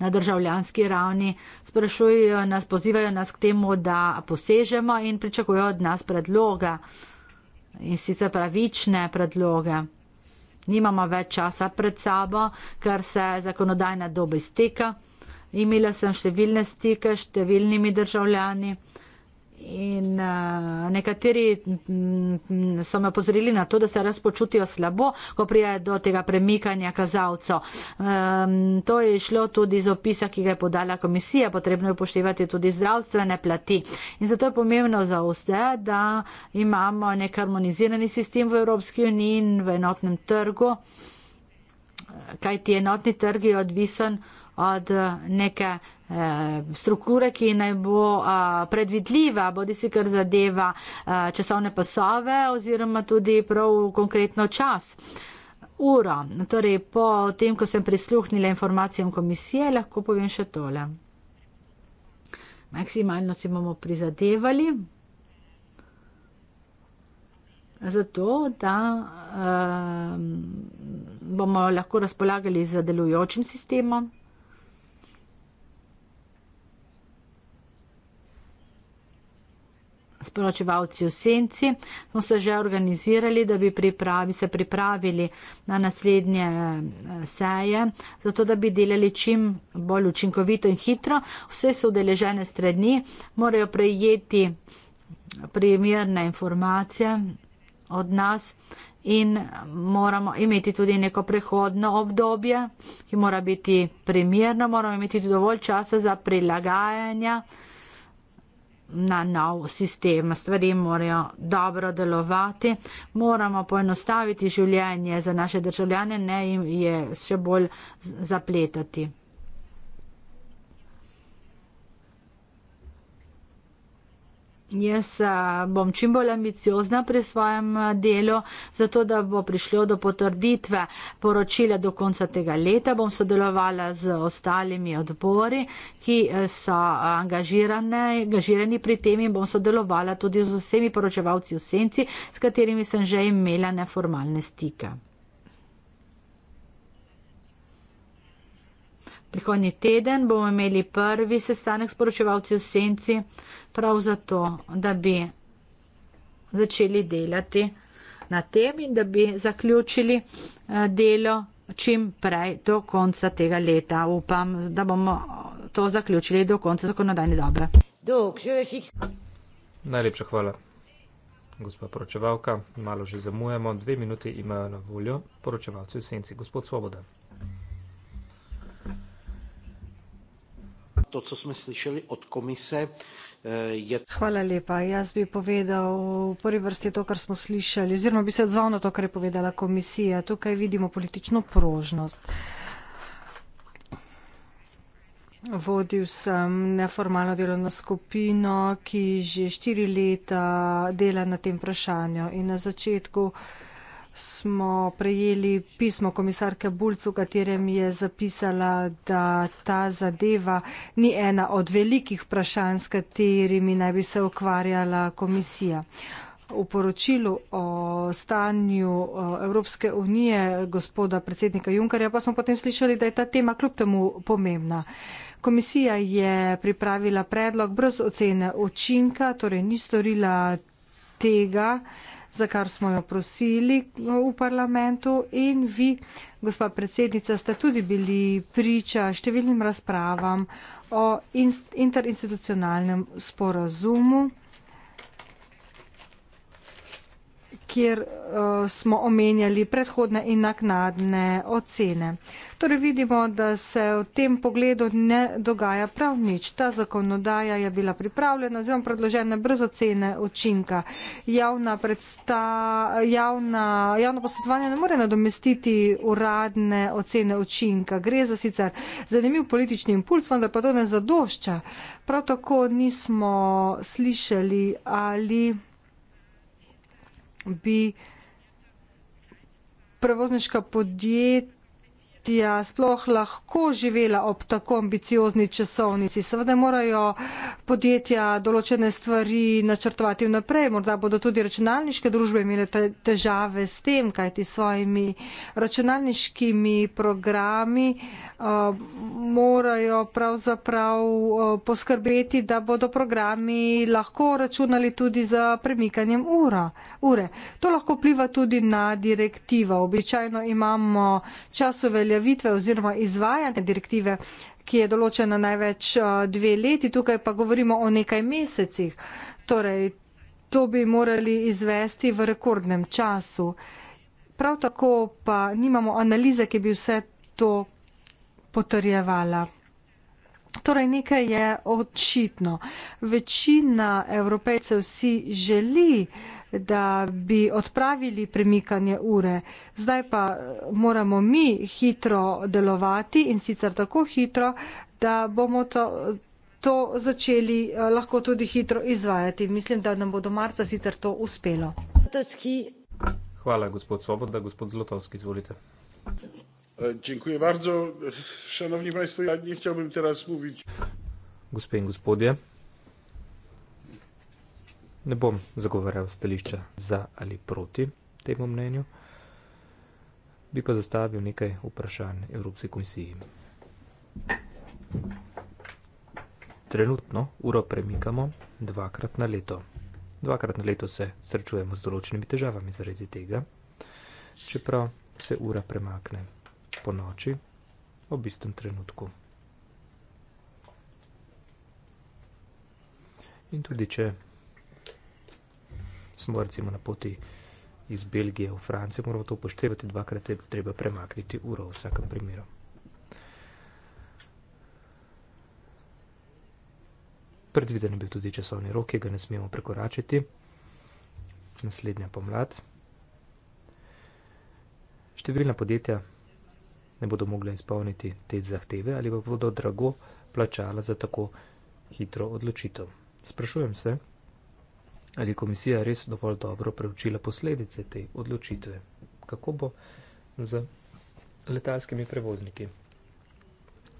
na državljanski ravni, sprašujejo nas, pozivajo nas k temu, da posežemo in pričakujejo od nas predloga. Uh, in sicer pravične predloge. Nimamo več časa pred sabo, ker se zakonodajna doba izteka. Imela sem številne stike s številnimi državljani. In uh, nekateri mm, so me pozorili na to, da se res počutijo slabo, ko prije do tega premikanja kazalcev. Um, to je išlo tudi iz opisa, ki ga je podala komisija. Potrebno je upoštevati tudi zdravstvene plati. In zato je pomembno za vse, da imamo nek harmonizirani sistem v Evropski uniji in v enotnem trgu, kajti enotni trg je odvisen od neke eh, strukture, ki naj bo eh, predvidljiva, bodi si kar zadeva eh, časovne pasove oziroma tudi prav konkretno čas. Uro, torej po tem, ko sem prisluhnila informacijam komisije, lahko povem še tole. Maksimalno si bomo prizadevali za to, da um, bomo lahko razpolagali z delujočim sistemom. sporočevalci v senci, smo se že organizirali, da bi pripravi, se pripravili na naslednje eh, seje, zato da bi delali čim bolj učinkovito in hitro. Vse so udeležene strani, morajo prejeti primerne informacije od nas in moramo imeti tudi neko prehodno obdobje, ki mora biti primerno, moramo imeti tudi dovolj časa za prilagajanja na nov sistem. Stvari morajo dobro delovati, moramo poenostaviti življenje za naše državljane, ne jim je še bolj zapletati. Jaz bom čim bolj ambiciozna pri svojem delu, zato da bo prišlo do potrditve poročila do konca tega leta. Bom sodelovala z ostalimi odbori, ki so angažirani pri tem in bom sodelovala tudi z vsemi poročevalci v senci, s katerimi sem že imela neformalne stike. Prihodnji teden bomo imeli prvi sestanek s poročevalci v senci prav zato, da bi začeli delati na tem in da bi zaključili eh, delo čim prej do konca tega leta. Upam, da bomo eh, to zaključili do konca zakonodajne dobe. Najlepša hvala. Gospa poročevalka, malo že zamujamo, dve minuti imajo na voljo poročevalci v senci. Gospod Svoboda. To, co smo slišali od komise, je. Hvala lepa. Jaz bi povedal v prvi vrsti to, kar smo slišali, oziroma bi se odzval na to, kar je povedala komisija. Tukaj vidimo politično prožnost. Vodil sem neformalno delovno skupino, ki že štiri leta dela na tem vprašanju in na začetku smo prejeli pismo komisarke Bulc, v katerem je zapisala, da ta zadeva ni ena od velikih vprašanj, s katerimi naj bi se ukvarjala komisija. V poročilu o stanju Evropske unije gospoda predsednika Junkarja pa smo potem slišali, da je ta tema kljub temu pomembna. Komisija je pripravila predlog brez ocene učinka, torej ni storila tega za kar smo jo prosili no, v parlamentu in vi, gospa predsednica, ste tudi bili priča številnim razpravam o interinstitucionalnem sporazumu. kjer uh, smo omenjali predhodne in naknadne ocene. Torej vidimo, da se v tem pogledu ne dogaja prav nič. Ta zakonodaja je bila pripravljena oziroma predložena brez ocene učinka. Javna predsta, javna, javno posvetovanje ne more nadomestiti uradne ocene učinka. Gre za sicer zanimiv politični impuls, vendar pa to ne zadošča. Prav tako nismo slišali ali bi prevozniška podjetja podjetja sploh lahko živela ob tako ambiciozni časovnici. Seveda morajo podjetja določene stvari načrtovati vnaprej, morda bodo tudi računalniške družbe imele težave s tem, kajti svojimi računalniškimi programi uh, morajo pravzaprav uh, poskrbeti, da bodo programi lahko računali tudi za premikanjem ura, ure. To lahko pliva tudi na direktivo. Običajno imamo čas uveljavljanja uveljavitve oziroma izvajanja direktive, ki je določena največ eh, dve leti, tukaj pa govorimo o nekaj mesecih. Torej, to bi morali izvesti v rekordnem času. Prav tako pa nimamo analize, ki bi vse to potrjevala. Torej, nekaj je očitno. Večina evropejcev si želi uh, da bi odpravili premikanje ure. Zdaj pa eh, moramo mi hitro delovati in sicer tako hitro, da bomo to to začeli eh, lahko tudi hitro izvajati. Mislim, da nam bo do marca sicer to uspelo. Hvala, gospod Svoboda. Gospod Zlotovski, izvolite. E, dziękuję bardzo. Szanowni Państwo, ja nie chciałbym teraz mówić. Gospe in gospodje ne bom zagovarjal stališča za ali proti temu mnenju, bi pa zastavil nekaj vprašanj Evropske komisiji. Trenutno uro premikamo dvakrat na leto. Dvakrat na leto se srečujemo z določenimi težavami zaradi tega, čeprav se ura premakne po noči ob istem trenutku. In tudi če smo recimo na poti iz Belgije v Francijo, moramo to upoštevati, dvakrat je treba premakniti uro v vsakem primeru. Predviden je bil tudi časovni rok, ki ga ne smemo prekoračiti. Naslednja pomlad. Številna podjetja ne bodo mogla izpolniti te zahteve ali pa bodo drago plačala za tako hitro odločitev. Sprašujem se, ali je komisija res dovolj dobro preučila posledice te odločitve. Kako bo z letalskimi prevozniki?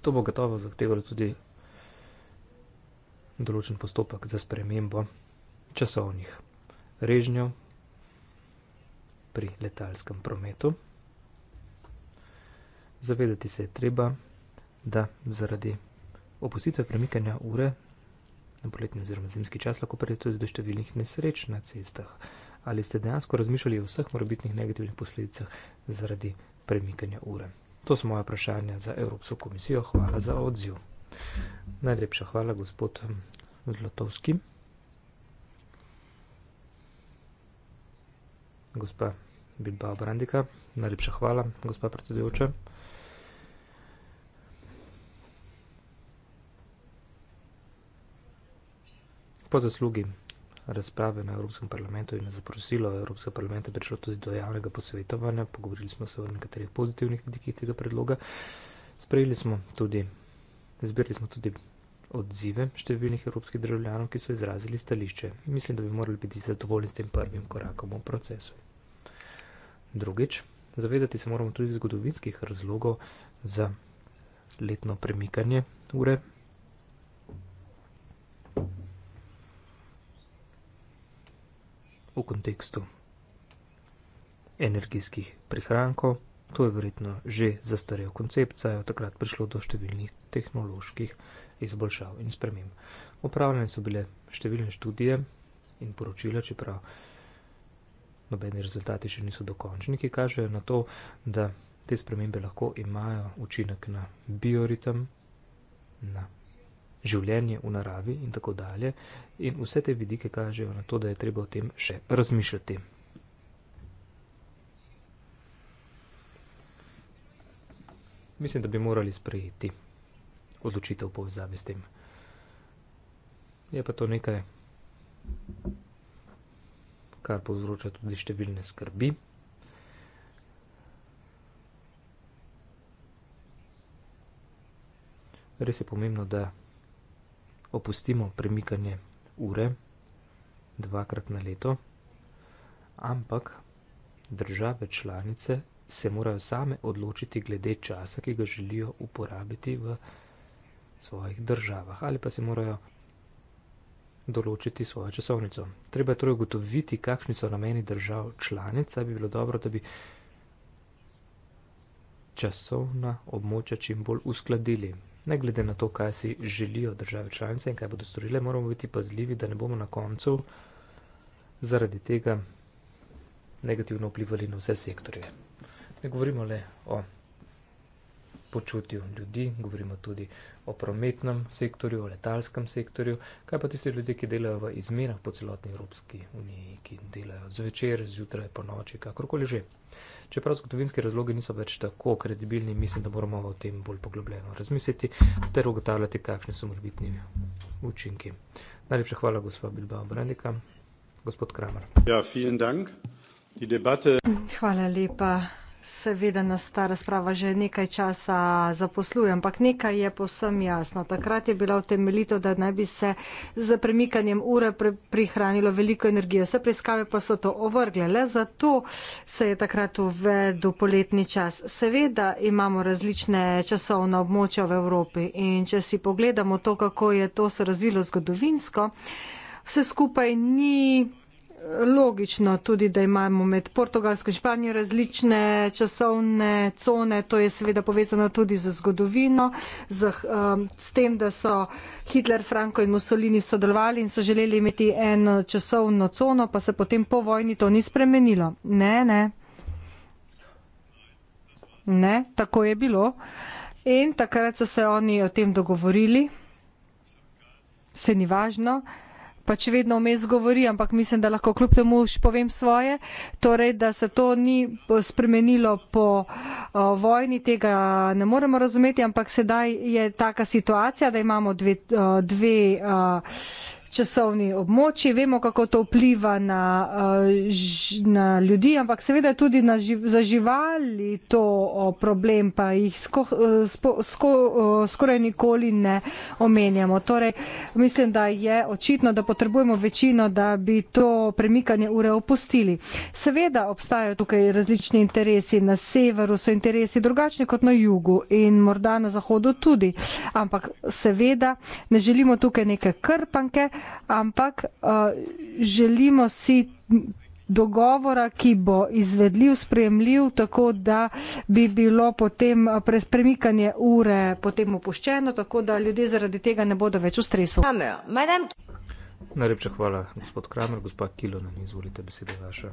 To bo gotovo zahtevalo tudi določen postopek za spremembo časovnih režnjev pri letalskem prometu. Zavedati se je treba, da zaradi opustitve premikanja ure na poletni oziroma zimski čas lahko pride tudi do številnih nesreč na cestah. Ali ste dejansko razmišljali o vseh morbitnih negativnih posledicah zaradi premikanja ure? To so moja vprašanja za Evropsko komisijo. Hvala za odziv. Najlepša hvala, gospod hm, Zlotovski. Gospa Bilbao Brandika, najlepša hvala, gospa predsedujoča. po zaslugi razprave na Evropskem parlamentu in na zaprosilo Evropskega parlamenta prišlo tudi do javnega posvetovanja. Pogovorili smo se o nekaterih pozitivnih vidikih tega predloga. Sprejeli smo tudi, zbirali smo tudi odzive številnih evropskih državljanov, ki so izrazili stališče. Mislim, da bi morali biti zadovoljni s tem prvim korakom v procesu. Drugič, zavedati se moramo tudi zgodovinskih razlogov za letno premikanje ure v kontekstu energijskih prihrankov. To je verjetno že zastarel koncept, saj je od takrat prišlo do številnih tehnoloških izboljšav in sprememb. Upravljene so bile številne študije in poročila, čeprav nobeni rezultati še niso dokončni, ki kažejo na to, da te spremembe lahko imajo učinek na bioritem, na življenje v naravi in tako dalje. In vse te vidike kažejo na to, da je treba o tem še razmišljati. Mislim, da bi morali sprejeti odločitev v povezavi s tem. Je pa to nekaj, kar povzroča tudi številne skrbi. Res je pomembno, da opustimo premikanje ure dvakrat na leto, ampak države članice se morajo same odločiti glede časa, ki ga želijo uporabiti v svojih državah ali pa se morajo določiti svojo časovnico. Treba je torej ugotoviti, kakšni so nameni držav članic, saj bi bilo dobro, da bi časovna območja čim bolj uskladili. Ne glede na to, kaj si želijo države članice in kaj bodo storile, moramo biti pazljivi, da ne bomo na koncu zaradi tega negativno vplivali na vse sektorje. Ne govorimo le o počutju ljudi, govorimo tudi o prometnem sektorju, o letalskem sektorju, kaj pa tisti ljudje, ki delajo v izmerah po celotni Evropski uniji, ki delajo zvečer, zjutraj, po noči, kakorkoli že. Čeprav zgodovinski razlogi niso več tako kredibilni, mislim, da moramo o tem bolj poglobljeno razmisliti ter ugotavljati, kakšni so morbitni učinki. Najlepša hvala, gospa Bilbao Brendika. Gospod Kramer. Ja, vielen Dank. Die Debatte. Hvala lepa seveda nas ta razprava že nekaj časa zaposluje, ampak nekaj je posem jasno. Takrat je bila utemeljitev, da naj bi se z premikanjem ure prihranilo veliko energije. Vse preiskave pa so to ovrgle, le zato se je takrat uvedel poletni čas. Seveda imamo različne časovna območja v Evropi in če si pogledamo to, kako je to se razvilo zgodovinsko, vse skupaj ni logično tudi, da imamo med Portugalsko in Španijo različne časovne cone, to je seveda povezano tudi z zgodovino, z, um, s tem, da so Hitler, Franco in Mussolini sodelovali in so želeli imeti eno časovno cono, pa se potem po vojni to ni spremenilo. Ne, ne. Ne, tako je bilo. In takrat so se oni o tem dogovorili. Se ni važno pač vedno vmes govori, ampak mislim, da lahko kljub temu še povem svoje. Torej, da se to ni spremenilo po o, vojni, tega ne moremo razumeti, ampak sedaj je taka situacija, da imamo dve. O, dve o, časovni območji. Vemo, kako to vpliva na, eh, na ljudi, ampak seveda tudi na, za živali to problem, pa jih sko, eh, spo, sko, eh, skoraj nikoli ne omenjamo. Torej, mislim, da je očitno, da potrebujemo večino, da bi to premikanje ure opustili. Seveda obstajajo tukaj različni interesi. Na severu so interesi drugačni kot na jugu in morda na zahodu tudi. Ampak seveda ne želimo tukaj neke krpanke ampak uh, želimo si dogovora, ki bo izvedljiv, sprejemljiv, tako da bi bilo potem eh, premikanje ure potem opuščeno, tako da ljudje zaradi tega ne bodo več v stresu. Najlepša hvala, gospod Kramer. Gospa Kilona, izvolite besede vaše.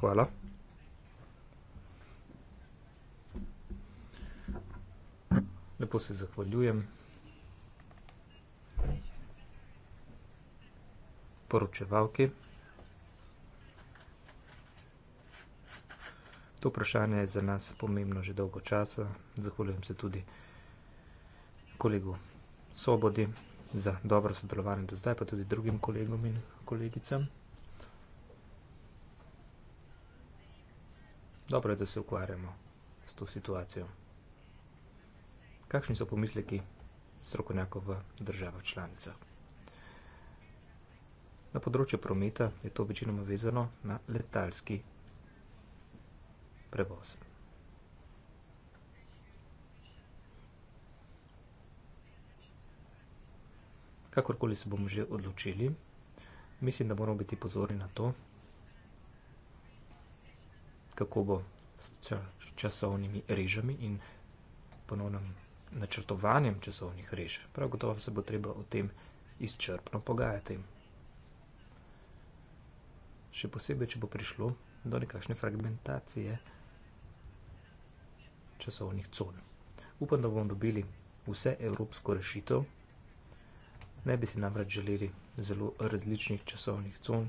Hvala. Lepo se zahvaljujem. Poročevalki. To vprašanje je za nas pomembno že dolgo časa. Zahvaljujem se tudi kolegu Sobodi za dobro sodelovanje do zdaj, pa tudi drugim kolegom in kolegicam. Dobro je, da se ukvarjamo s to situacijo kakšni so pomisleki strokovnjakov v državah članicah. Na področju prometa je to večinoma vezano na letalski prevoz. Kakorkoli se bomo že odločili, mislim, da moramo biti pozorni na to, kako bo s časovnimi režami in ponovnem vzporedom načrtovanjem časovnih rež. Prav gotovo se bo treba o tem izčrpno pogajati. Še posebej, če bo prišlo do nekakšne fragmentacije časovnih con. Upam, da bomo dobili vse evropsko rešitev. Ne bi si namreč želeli zelo različnih časovnih con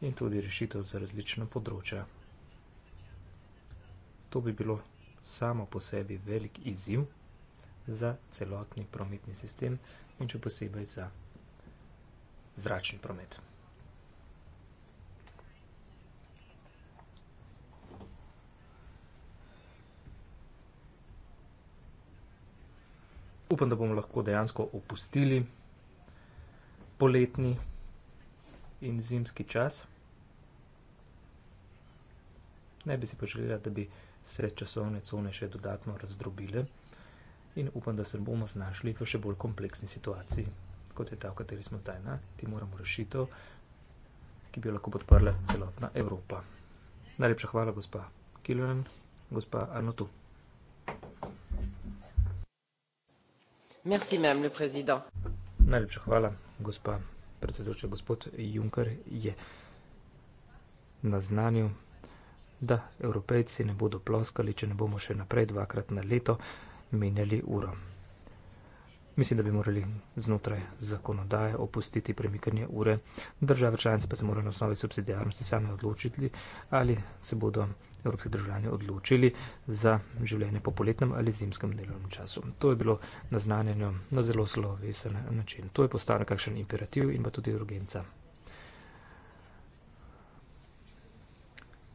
in tudi rešitev za različna področja. To bi bilo samo po sebi velik izziv za celotni prometni sistem in če posebej za zračni promet. Upam, da bomo lahko dejansko opustili poletni in zimski čas. Ne bi si poželjela, da bi se časovne cone še dodatno razdrobile in upam, da se bomo znašli v še bolj kompleksni situaciji, kot je ta, v kateri smo zdaj na, ti moramo rešitev, ki bi jo lahko podprla celotna Evropa. Najlepša hvala, gospa Kiljan, gospa Arnotu. Merci, mem, Najlepša hvala, gospa predsedujoča. Gospod Juncker je na znanju, da evropejci ne bodo ploskali, če ne bomo še naprej dvakrat na leto menjali uro. Mislim, da bi morali znotraj zakonodaje opustiti premikanje ure, države članice pa se morajo na osnovi subsidijarnosti same odločiti, ali se bodo evropski državljani odločili za življenje po poletnem ali zimskem delovnem času. To je bilo naznanjeno na zelo slovesen način. To je postalo nekakšen imperativ in pa tudi urgenca.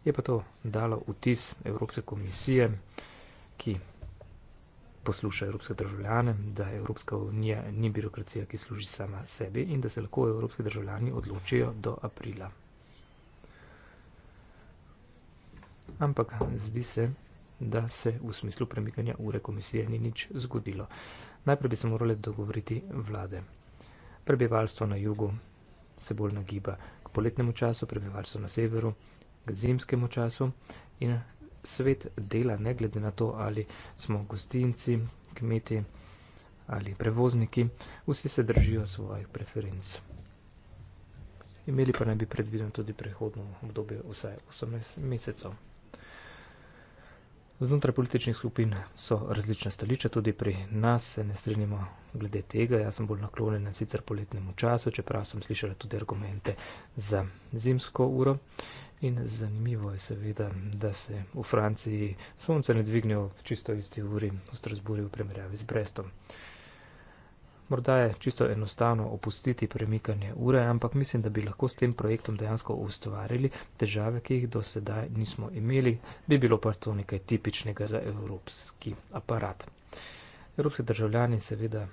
Je pa to dalo vtis Evropske komisije, ki posluša evropske državljane, da Evropska unija ni birokracija, ki služi sama sebi in da se lahko evropski državljani odločijo do aprila. Ampak zdi se, da se v smislu premikanja ure komisije ni nič zgodilo. Najprej bi se morale dogovoriti vlade. Prebivalstvo na jugu se bolj nagiba k poletnemu času, prebivalstvo na severu k zimskemu času in svet dela, ne glede na to, ali smo gostinci, kmeti ali prevozniki, vsi se držijo svojih preferenc. Imeli pa naj bi predvideno tudi prehodno obdobje vsaj 18 mesecev. Znotraj političnih skupin so različna stališča, tudi pri nas se ne strinjamo glede tega. Jaz sem bolj naklonjen na sicer poletnemu času, čeprav sem slišala tudi argumente za zimsko uro. In zanimivo je seveda, da se v Franciji sonce ne dvigne ob čisto isti uri v Strasburju v primerjavi z Brestom. Morda je čisto enostavno opustiti premikanje ure, ampak mislim, da bi lahko s tem projektom dejansko ustvarili težave, ki jih do sedaj nismo imeli, bi bilo pa to nekaj tipičnega za evropski aparat. Evropski državljani seveda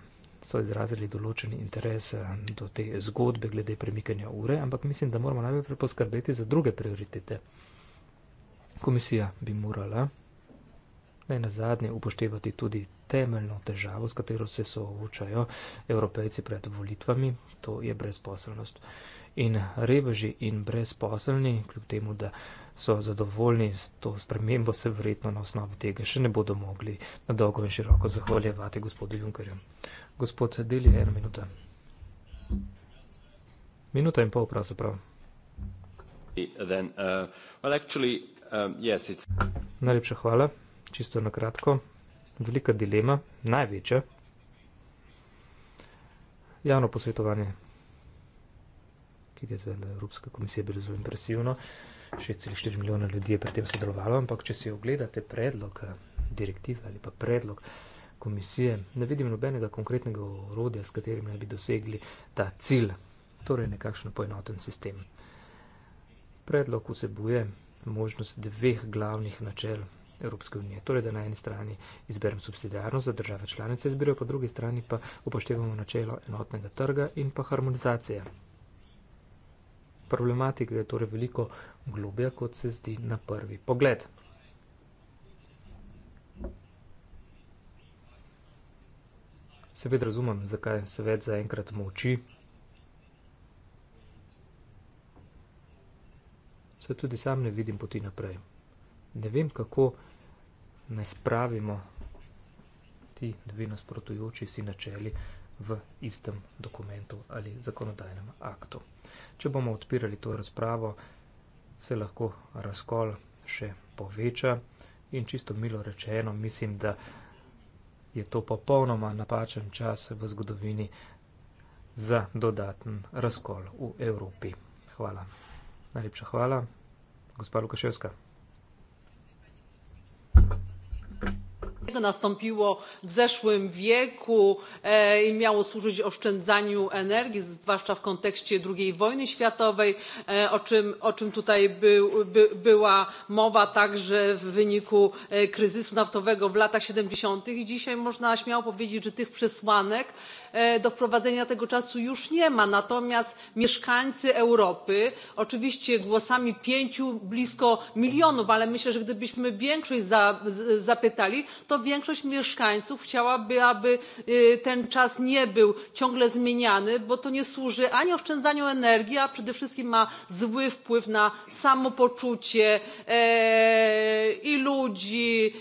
so izrazili določeni interes eh, do te zgodbe glede premikanja ure, ampak mislim, da moramo najprej poskrbeti za druge prioritete. Komisija bi morala naj na zadnje upoštevati tudi temeljno težavo, s katero se soočajo evropejci pred volitvami, to je brezposelnost. In reveži in brezposelni, kljub temu, da so zadovoljni s to spremembo, se verjetno na osnovi tega še ne bodo mogli na dolgo in široko zahvaljevati gospodu Junkerju. Gospod Deli, ena minuta. Minuta in pol, pravzaprav. Then, uh, well, actually, um, yes, Najlepša hvala. Čisto na kratko. Velika dilema, največja. Javno posvetovanje, ki je zvedela Evropska komisija, je bilo zelo impresivno. Uh, 6,4 milijona ljudi je pri tem sodelovalo, ampak če si ogledate predlog eh, direktive ali pa predlog komisije, ne vidim nobenega konkretnega orodja, s katerim naj bi dosegli ta cilj, torej nekakšen poenoten sistem. Predlog vsebuje možnost dveh glavnih načel Evropske unije, torej da na eni strani izberem subsidijarnost za države članice, izberem po drugi strani pa upoštevamo načelo enotnega trga in pa harmonizacije problematika je torej veliko globja, kot se zdi na prvi pogled. Seveda razumem, zakaj svet zaenkrat moči. Se tudi sam ne vidim poti naprej. Ne vem, kako naj spravimo ti dve nasprotujoči si načeli v istem dokumentu ali zakonodajnem aktu. Če bomo odpirali to razpravo, se lahko razkol še poveča in čisto milo rečeno mislim, da je to popolnoma napačen čas v zgodovini za dodaten razkol v Evropi. Hvala. Najlepša hvala. Gospa Lukaševska. wojny nastąpiło w zeszłym wieku e, i miało służyć oszczędzaniu energii zwłaszcza w kontekście ii wojny światowej e, o czym tutaj była mowa także w wyniku e, kryzysu naftowego w latach siedemdziesiątych i dzisiaj można śmiało powiedzieć że tych przesłanek nie ma. E, do wprowadzenia tego czasu już nie ma natomiast mieszkańcy europy oczywiście głosami pięciu blisko milionów ale myślę że gdybyśmy większość zapytali to większość mieszkańców chciałaby aby ten czas nie był ciągle zmieniany bo to nie służy ani oszczędzaniu energii a przede wszystkim ma zły wpływ na samopoczucie e, i ludzi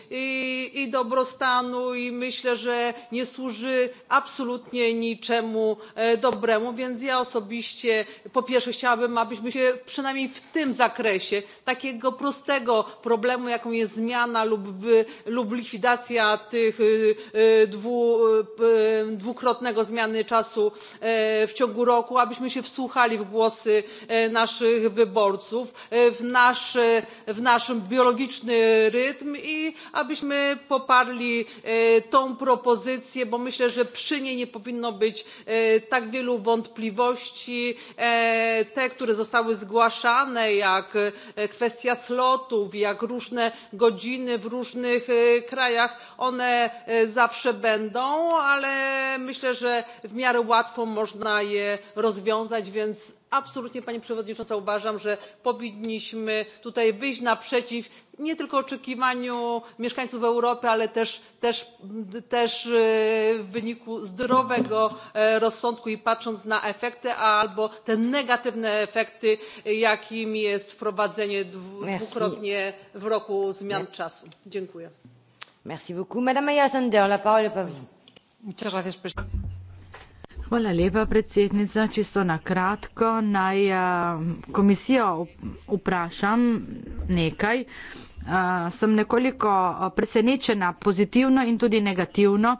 i dobrostanu i myślę że nie służy absolutnie zupełnie niczemu e, dobremu więc ja osobiście po pierwsze chciałabym abyśmy się przynajmniej w tym zakresie takiego prostego problemu jakim jest zmiana lub likwidacja tych e, e, dwukrotnego zmiany czasu w ciągu roku abyśmy się wsłuchali w głosy naszych wyborców w nasz biologiczny rytm i abyśmy poparli tą propozycję bo myślę że przy niej nie powinno powinno być e, tak wielu wątpliwości e, te które zostały zgłaszane jak e, kwestia slotów jak różne godziny w różnych krajach one zawsze będą ale myślę że w miarę łatwo można je rozwiązać więc absolutnie pani przewodnicząca uważam że powinniśmy tutaj wyjść naprzeciw nie tylko oczekiwaniom mieszkańców europy ale też e, w wyniku zdrowego e, rozsądku i patrząc na efekty albo te negatywne efekty jakimi jest wprowadzenie dwukrotnie w roku zmian czasu. dziękuję. Hvala lepa, predsednica. Čisto na kratko naj uh, komisijo vprašam nekaj. Uh, sem nekoliko eh, presenečena pozitivno in tudi negativno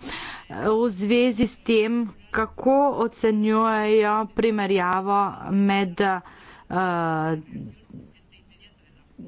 v zvezi s tem, kako ocenjujejo primerjavo med uh,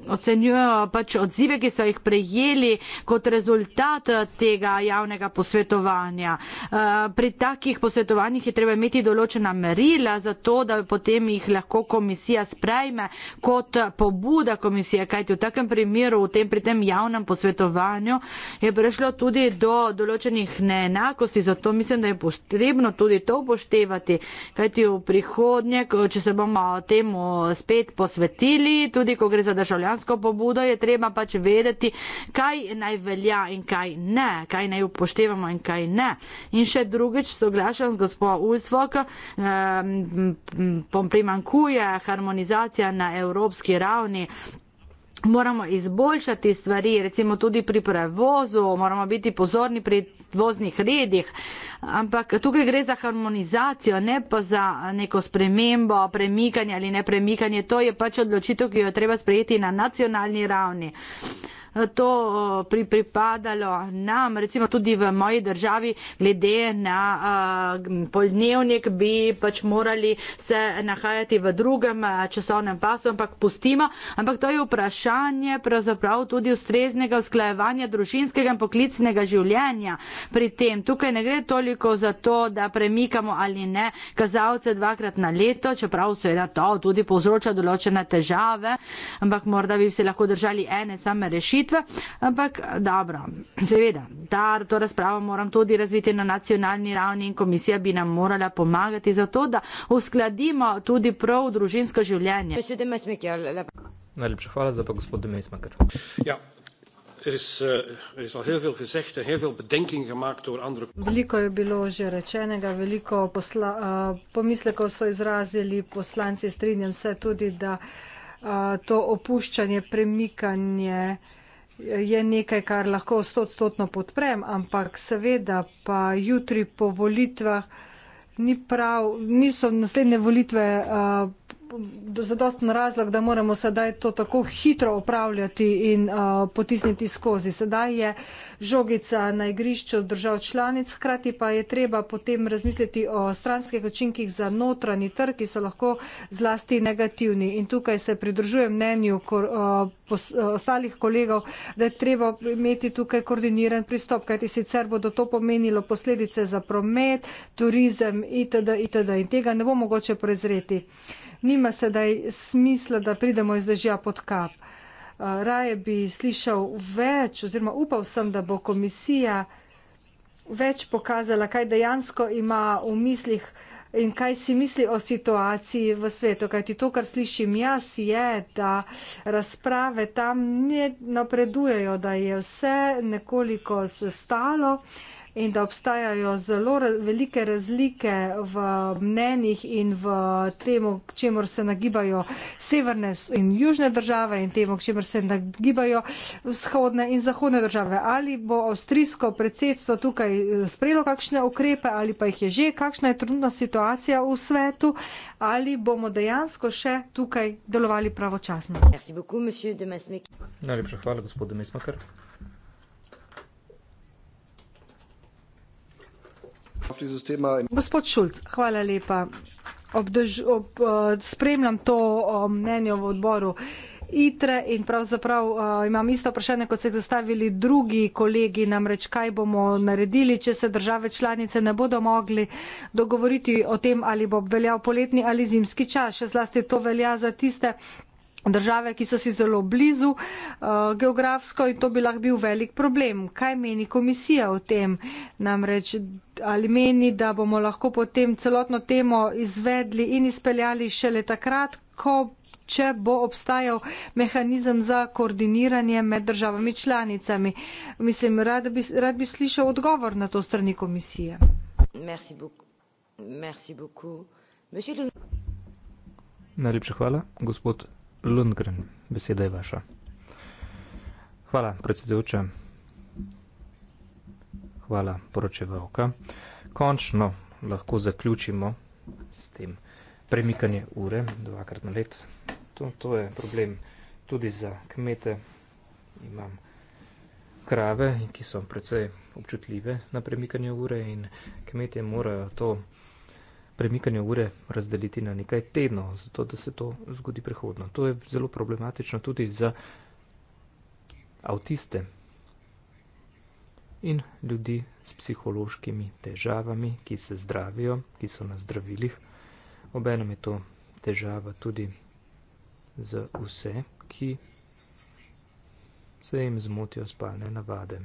ocenjujejo pač odzive, ki so jih prejeli kot rezultat tega javnega posvetovanja. Eh, pri takih posvetovanjih je treba imeti določena merila za to, da potem jih lahko komisija sprejme kot pobuda komisije, kajti v takem primeru, v tem, pri tem javnem posvetovanju je prišlo tudi do določenih neenakosti, zato mislim, da je potrebno tudi to upoštevati, kajti v prihodnje, če se bomo temu spet posvetili, tudi ko gre za državljanje, državljansko pobudo, je treba pač vedeti, kaj naj velja in kaj ne, kaj naj upoštevamo in kaj ne. In še drugič soglašam z gospod Ulfok, pomprimankuje ehm, harmonizacija na evropski ravni moramo izboljšati stvari, recimo tudi pri prevozu, moramo biti pozorni pri voznih redih, ampak tukaj gre za harmonizacijo, ne pa za neko spremembo, premikanje ali ne premikanje. To je pač odločitev, ki jo treba sprejeti na nacionalni ravni. Uh, to pri, pripadalo nam, recimo tudi v moji državi, glede na a, poldnevnik bi pač morali se nahajati v drugem a, časovnem pasu, ampak pustimo. Ampak to je vprašanje pravzaprav tudi ustreznega usklajevanja družinskega in poklicnega življenja. Pri tem tukaj ne gre toliko za to, da premikamo ali ne kazalce dvakrat na leto, čeprav seveda to tudi povzroča določene težave, ampak morda bi se lahko držali ene same rešitve volitve, ampak dobro, seveda, da to razpravo moram tudi razviti na nacionalni ravni in komisija bi nam morala pomagati za to, da uskladimo tudi prav družinsko življenje. Najlepša hvala za pa gospod Demesmaker. Ja. Er eh, er veliko je bilo že rečenega, veliko posla, eh, pomislekov so izrazili poslanci. Strinjam se tudi, da eh, to opuščanje, premikanje je nekaj, kar lahko stotstotno podprem, ampak seveda pa jutri po volitvah ni prav, niso naslednje volitve. Uh, zadosten razlog, da moramo sedaj to tako hitro upravljati in uh, potisniti skozi. Sedaj je žogica na igrišču držav članic, hkrati pa je treba potem razmisliti o stranskih očinkih za notranji trg, ki so lahko zlasti negativni. In tukaj se pridružujem mnenju kor, uh, pos, uh, ostalih kolegov, da je treba imeti tukaj koordiniran pristop, kajti sicer bodo to pomenilo posledice za promet, turizem itd. itd. in tega ne bo mogoče prezreti nima sedaj smisla, da pridemo iz dežja pod kap. Uh, raje bi slišal več, oziroma upal sem, da bo komisija več pokazala, kaj dejansko ima v mislih in kaj si misli o situaciji v svetu. Kajti to, kar slišim jaz, je, da razprave tam ne napredujejo, da je vse nekoliko stalo. Uh, in da obstajajo zelo velike razlike v mnenjih in v temu, k čemor se nagibajo severne in južne države in temu, k čemor se nagibajo vzhodne in zahodne države. Ali bo avstrijsko predsedstvo tukaj eh, sprejelo kakšne ukrepe ali pa jih je že, kakšna je trenutna situacija v svetu ali bomo dejansko še tukaj delovali pravočasno. Najlepša hvala, gospod Demesmaker. Gospod Šulc, hvala lepa. Obdrž, ob, uh, spremljam to uh, mnenje v odboru. ITRE in pravzaprav uh, imam isto vprašanje, kot se je zastavili drugi kolegi, namreč kaj bomo naredili, če se države članice ne bodo mogli dogovoriti o tem, ali bo veljal poletni ali zimski čas. Še zlasti to velja za tiste, države, ki so si zelo blizu uh, geografsko in to bi lahko bil velik problem. Kaj meni komisija o tem? Namreč ali meni, da bomo lahko potem celotno temo izvedli in izpeljali šele takrat, ko, če bo obstajal mehanizem za koordiniranje med državami članicami. Mislim, rad bi, rad bi slišal odgovor na to strani komisije. Merci beaucoup. Merci beaucoup. Monsieur... Najlepša hvala. Gospod Lundgren, beseda je vaša. Hvala, predsedujoča. Hvala, poročevalka. Končno lahko zaključimo s tem premikanje ure dvakrat na let. To, to je problem tudi za kmete. Imam krave, ki so precej občutljive na premikanje ure in kmetje morajo to premikanje ure razdeliti na nekaj tednov, zato da se to zgodi prihodno. To je zelo problematično tudi za avtiste in ljudi s psihološkimi težavami, ki se zdravijo, ki so na zdravilih. Obenem je to težava tudi za vse, ki se jim zmotijo spalne navade.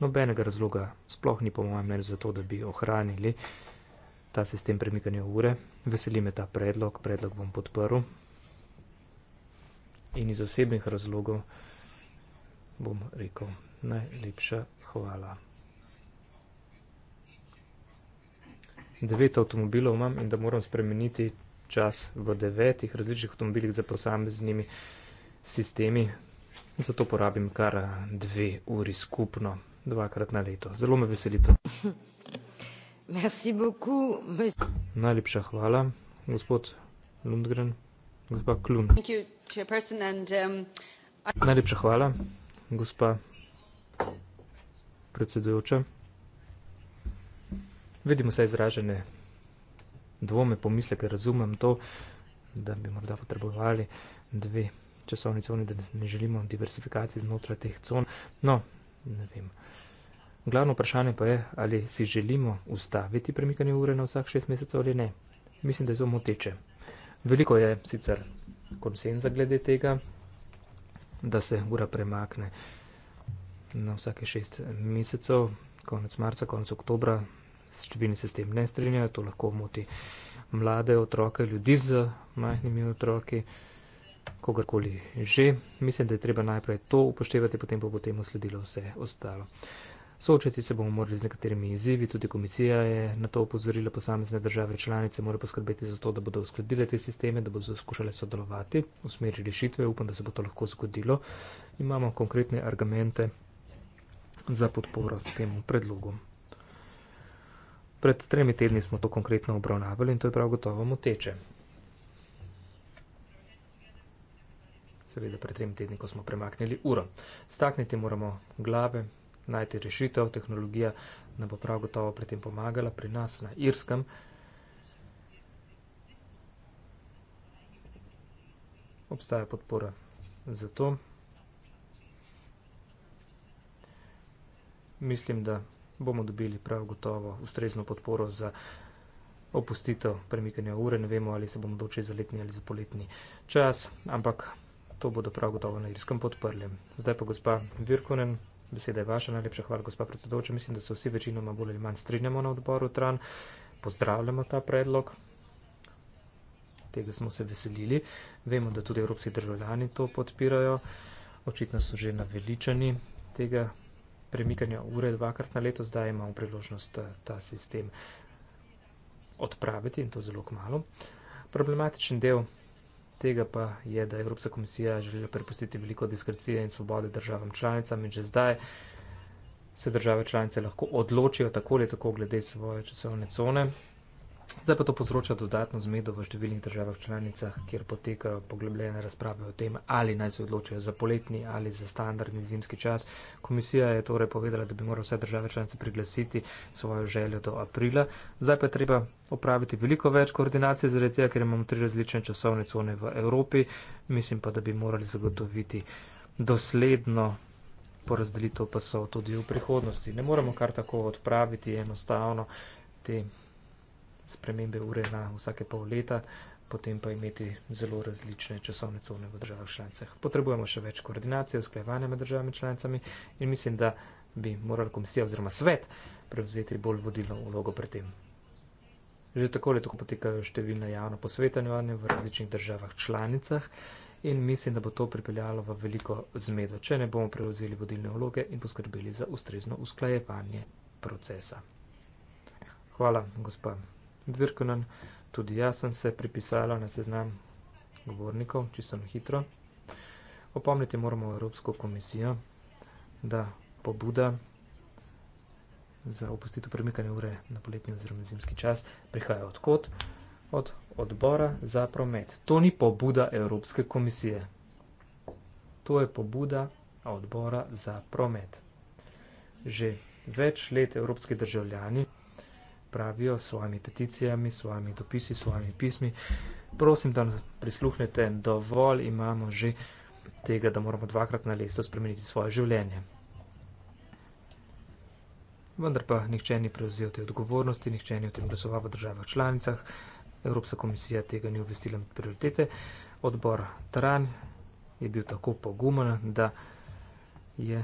Nobenega razloga sploh ni po mojem mnenju za to, da bi ohranili uh, ta sistem premikanja ure. Veseli me ta predlog, predlog bom podprl. In iz osebnih razlogov bom rekel najlepša hvala. Devet avtomobilov imam in da moram spremeniti čas v devetih različnih avtomobilih za posameznimi sistemi. Zato porabim kar dve uri skupno, dvakrat na leto. Zelo me veseli to. Merci beaucoup, mes... Najlepša hvala, gospod Lundgren. Gospa Klun. Thank you, chairperson, and, um, I... Najlepša hvala, gospa predsedujoča. Vidimo se izražene dvome, pomisleke, razumem to, da bi morda potrebovali dve časovnice, da ne želimo diversifikacije znotraj teh con. No, ne vem. Glavno vprašanje pa je, ali si želimo ustaviti premikanje ure na vsak šest mesecev ali ne. Mislim, da je zelo moteče. Veliko je sicer konsenza glede tega, da se ura premakne na vsake šest mesecev, konec marca, konec oktobra. Številni se s tem ne strinjajo, to lahko moti mlade otroke, ljudi z majhnimi otroki, kogarkoli že. Mislim, da je treba najprej to upoštevati, potem pa bo temu sledilo vse ostalo. Soočati se bomo morali z nekaterimi izzivi, tudi komisija je na to upozorila, posamezne države članice morajo poskrbeti za to, da bodo uskladile te sisteme, da bodo skušale sodelovati v smeri rešitve. Upam, da se bo to lahko zgodilo. Imamo konkretne argumente za podporo temu predlogu. Pred tremi tedni smo to konkretno obravnavali in to je prav gotovo moteče. Seveda pred tremi tedni, ko smo premaknili uro. Stakniti moramo glave najti rešitev, tehnologija nam bo prav gotovo pri tem pomagala, pri nas na Irskem. Obstaja podpora za to. Mislim, da bomo dobili prav gotovo ustrezno podporo za opustito premikanja ure. Ne vemo, ali se bomo doči za letni ali za poletni čas, ampak to bodo prav gotovo na irskem podprli. Zdaj pa gospa Virkonen. Beseda je vaša, najlepša hvala, gospod predsedoča. Mislim, da se vsi večinoma bolj ali manj strinjamo na odboru Tran. Pozdravljamo ta predlog. Tega smo se veselili. Vemo, da tudi evropski državljani to podpirajo. Očitno so že naveličani tega premikanja ure dvakrat na leto. Zdaj imamo priložnost ta sistem odpraviti in to zelo k malu. Problematičen del tega pa je, da je Evropska komisija želela prepustiti veliko diskrecije in svobode državam članicam in že zdaj se države članice lahko odločijo tako ali tako glede svoje časovne cone. Zdaj pa to povzroča dodatno zmedo v številnih državah članicah, kjer potekajo poglobljene razprave o tem, ali naj se odločijo za poletni ali za standardni zimski čas. Komisija je torej povedala, da bi morali vse države članice priglasiti svojo željo do aprila. Zdaj pa je treba opraviti veliko več koordinacij, zaradi tega, ker imamo tri različne časovne cone v Evropi. Mislim pa, da bi morali zagotoviti dosledno porazdelitev pa so tudi v prihodnosti. Ne moremo kar tako odpraviti enostavno te spremembe ure na vsake pol leta, potem pa imeti zelo različne časovne cone v državah članicah. Potrebujemo še več koordinacije, usklajevanja med državami članicami in mislim, da bi morala komisija oziroma svet prevzeti bolj vodilno vlogo pri tem. Že tako ali tako potekajo številna javna posvetanja v različnih državah članicah in mislim, da bo to pripeljalo v veliko zmedo, če ne bomo prevzeli vodilne vloge in poskrbeli za ustrezno usklajevanje procesa. Hvala, gospod. Virkonen, tudi jaz sem se pripisala na seznam govornikov, čisto na hitro. Opomniti moramo Evropsko komisijo, da pobuda za opustitev premikanja ure na poletni oziroma zimski čas prihaja odkot? Od odbora za promet. To ni pobuda Evropske komisije. To je pobuda odbora za promet. Že več let evropski državljani pravijo s svojimi peticijami, s svojimi dopisi, s svojimi pismi. Prosim, da nas prisluhnete, dovolj imamo že tega, da moramo dvakrat na lesu spremeniti svoje življenje. Vendar pa nihče ni prevzel te odgovornosti, nihče ni o tem glasoval v državah članicah, Evropska komisija tega ni uvestila med prioritete, odbor Tran je bil tako pogumen, da je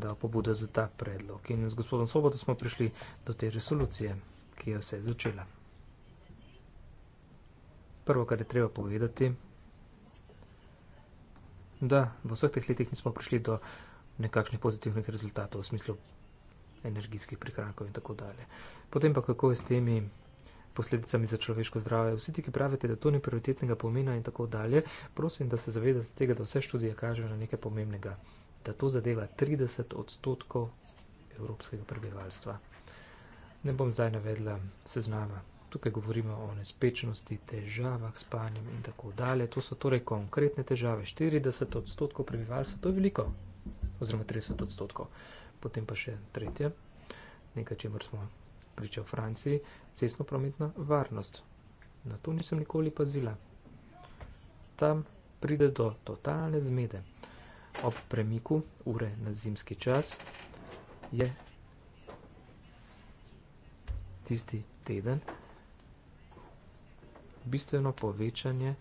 da pobuda za ta predlog. In z gospodom Svobodo smo prišli do te resolucije, ki je vse začela. Prvo, kar je treba povedati, da v vseh teh letih nismo prišli do nekakšnih pozitivnih rezultatov v smislu energijskih prihrankov in tako dalje. Potem pa kako je s temi posledicami za človeško zdravje. Vsi ti, ki pravite, da to ni prioritetnega pomena in tako dalje, prosim, da se zavedate tega, da vse študije kažejo na nekaj pomembnega da to zadeva 30 odstotkov evropskega prebivalstva. Ne bom zdaj navedla seznama. Tukaj govorimo o nespečnosti, težavah s panjem in tako dalje. To so torej konkretne težave. 40 odstotkov prebivalstva, to je veliko, oziroma 30 odstotkov. Potem pa še tretje, nekaj, če smo pričali v Franciji, cestno-prometna varnost. Na to nisem nikoli pazila. Tam pride do totalne zmede ob premiku ure na zimski čas je tisti teden bistveno povečanje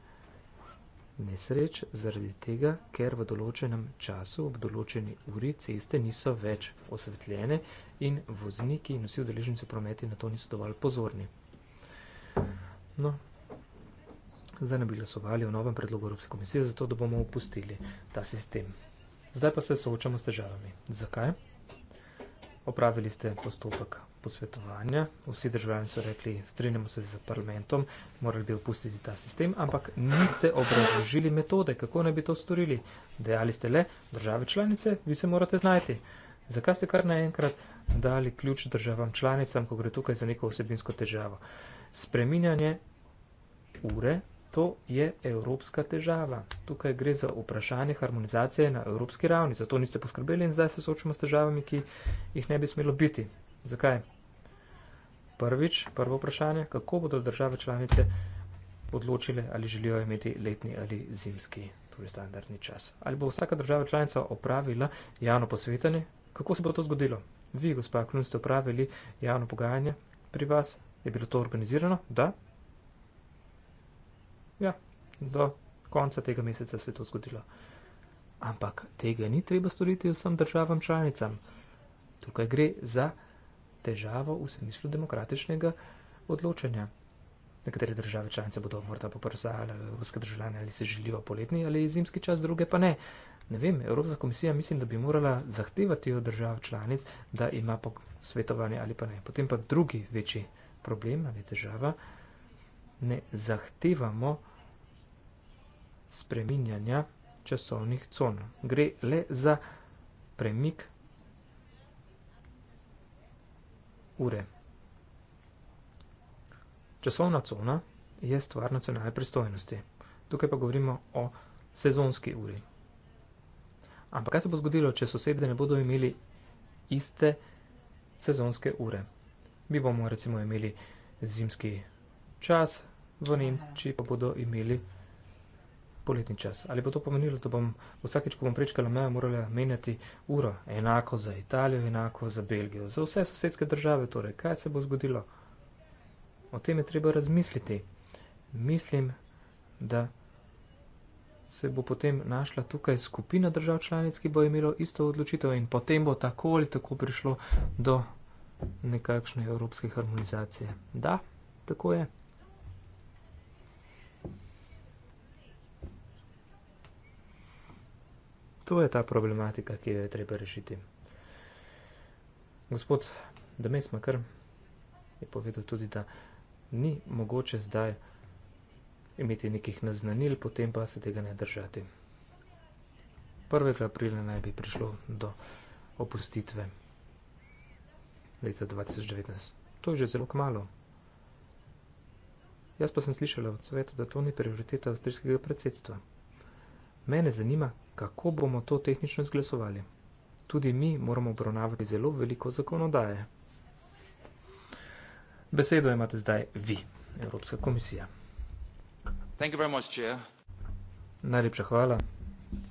nesreč zaradi tega, ker v določenem času ob določeni uri ceste niso več osvetljene in vozniki in vsi udeleženci v prometu na to niso dovolj pozorni. No, zdaj ne bi glasovali o novem predlogu Evropske komisije, zato da bomo opustili ta sistem. Zdaj pa se soočamo s težavami. Zakaj? Opravili ste postopek posvetovanja, vsi državljani so rekli, strinjamo se z parlamentom, morali bi opustiti ta sistem, ampak niste obrazložili metode, kako naj bi to storili. Dejali ste le, države članice, vi se morate znajti. Zakaj ste kar naenkrat dali ključ državam članicam, ko gre tukaj za neko vsebinsko težavo? Spreminjanje ure To je evropska težava. Tukaj gre za vprašanje harmonizacije na evropski ravni. Zato niste poskrbeli in zdaj se soočamo s težavami, ki jih ne bi smelo biti. Zakaj? Prvič, prvo vprašanje, kako bodo države članice odločile, ali želijo imeti letni ali zimski, torej standardni čas. Ali bo vsaka država članica opravila javno posvetanje? Kako se bo to zgodilo? Vi, gospa Klun, ste opravili javno pogajanje pri vas? Je bilo to organizirano? Da, Ja, do konca tega meseca se je to zgodilo. Ampak tega ni treba storiti vsem državam članicam. Tukaj gre za težavo v smislu demokratičnega odločanja. Nekatere države članice bodo morda poprosile ruske državljane, ali se želijo poletni ali zimski čas, druge pa ne. Ne vem, Evropska komisija mislim, da bi morala zahtevati od držav članic, da ima svetovanje ali pa ne. Potem pa drugi večji problem ali težava ne zahtevamo spreminjanja časovnih con. Gre le za premik ure. Časovna cona je stvar nacionalne pristojnosti. Tukaj pa govorimo o sezonski uri. Ampak kaj se bo zgodilo, če sosede ne bodo imeli iste sezonske ure? Mi bomo recimo imeli zimski čas, v Nemčiji pa bodo imeli poletni čas. Ali bo to pomenilo, da bom vsakeč, ko bom prečkala mejo, morala menjati uro? Enako za Italijo, enako za Belgijo, za vse sosedske države. Torej, kaj se bo zgodilo? O tem je treba razmisliti. Mislim, da se bo potem našla tukaj skupina držav članic, ki bo imela isto odločitev in potem bo tako ali tako prišlo do nekakšne evropske harmonizacije. Da, tako je. to je ta problematika, ki jo je treba rešiti. Gospod Damej Smakr je povedal tudi, da ni mogoče zdaj imeti nekih naznanil, potem pa se tega ne držati. 1. aprila naj bi prišlo do opustitve leta 2019. To je že zelo kmalo. Jaz pa sem slišala od sveta, da to ni prioriteta avstrijskega predsedstva. Mene zanima, kako bomo to tehnično izglasovali. Tudi mi moramo obravnavati zelo veliko zakonodaje. Besedo imate zdaj vi, Evropska komisija. Much, Najlepša hvala,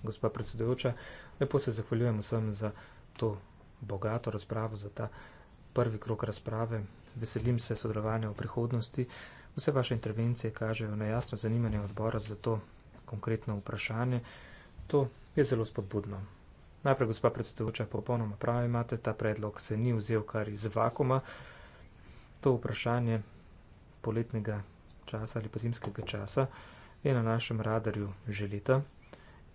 gospa predsedujoča. Lepo se zahvaljujem vsem za to bogato razpravo, za ta prvi krok razprave. Veselim se sodelovanja v prihodnosti. Vse vaše intervencije kažejo na jasno zanimanje odbora za to konkretno vprašanje. To je zelo spodbudno. Najprej, gospa predsedujoča, popolnoma prav imate, ta predlog se ni vzel kar iz vakuma. To vprašanje poletnega časa ali pa zimskega časa je na našem radarju že leta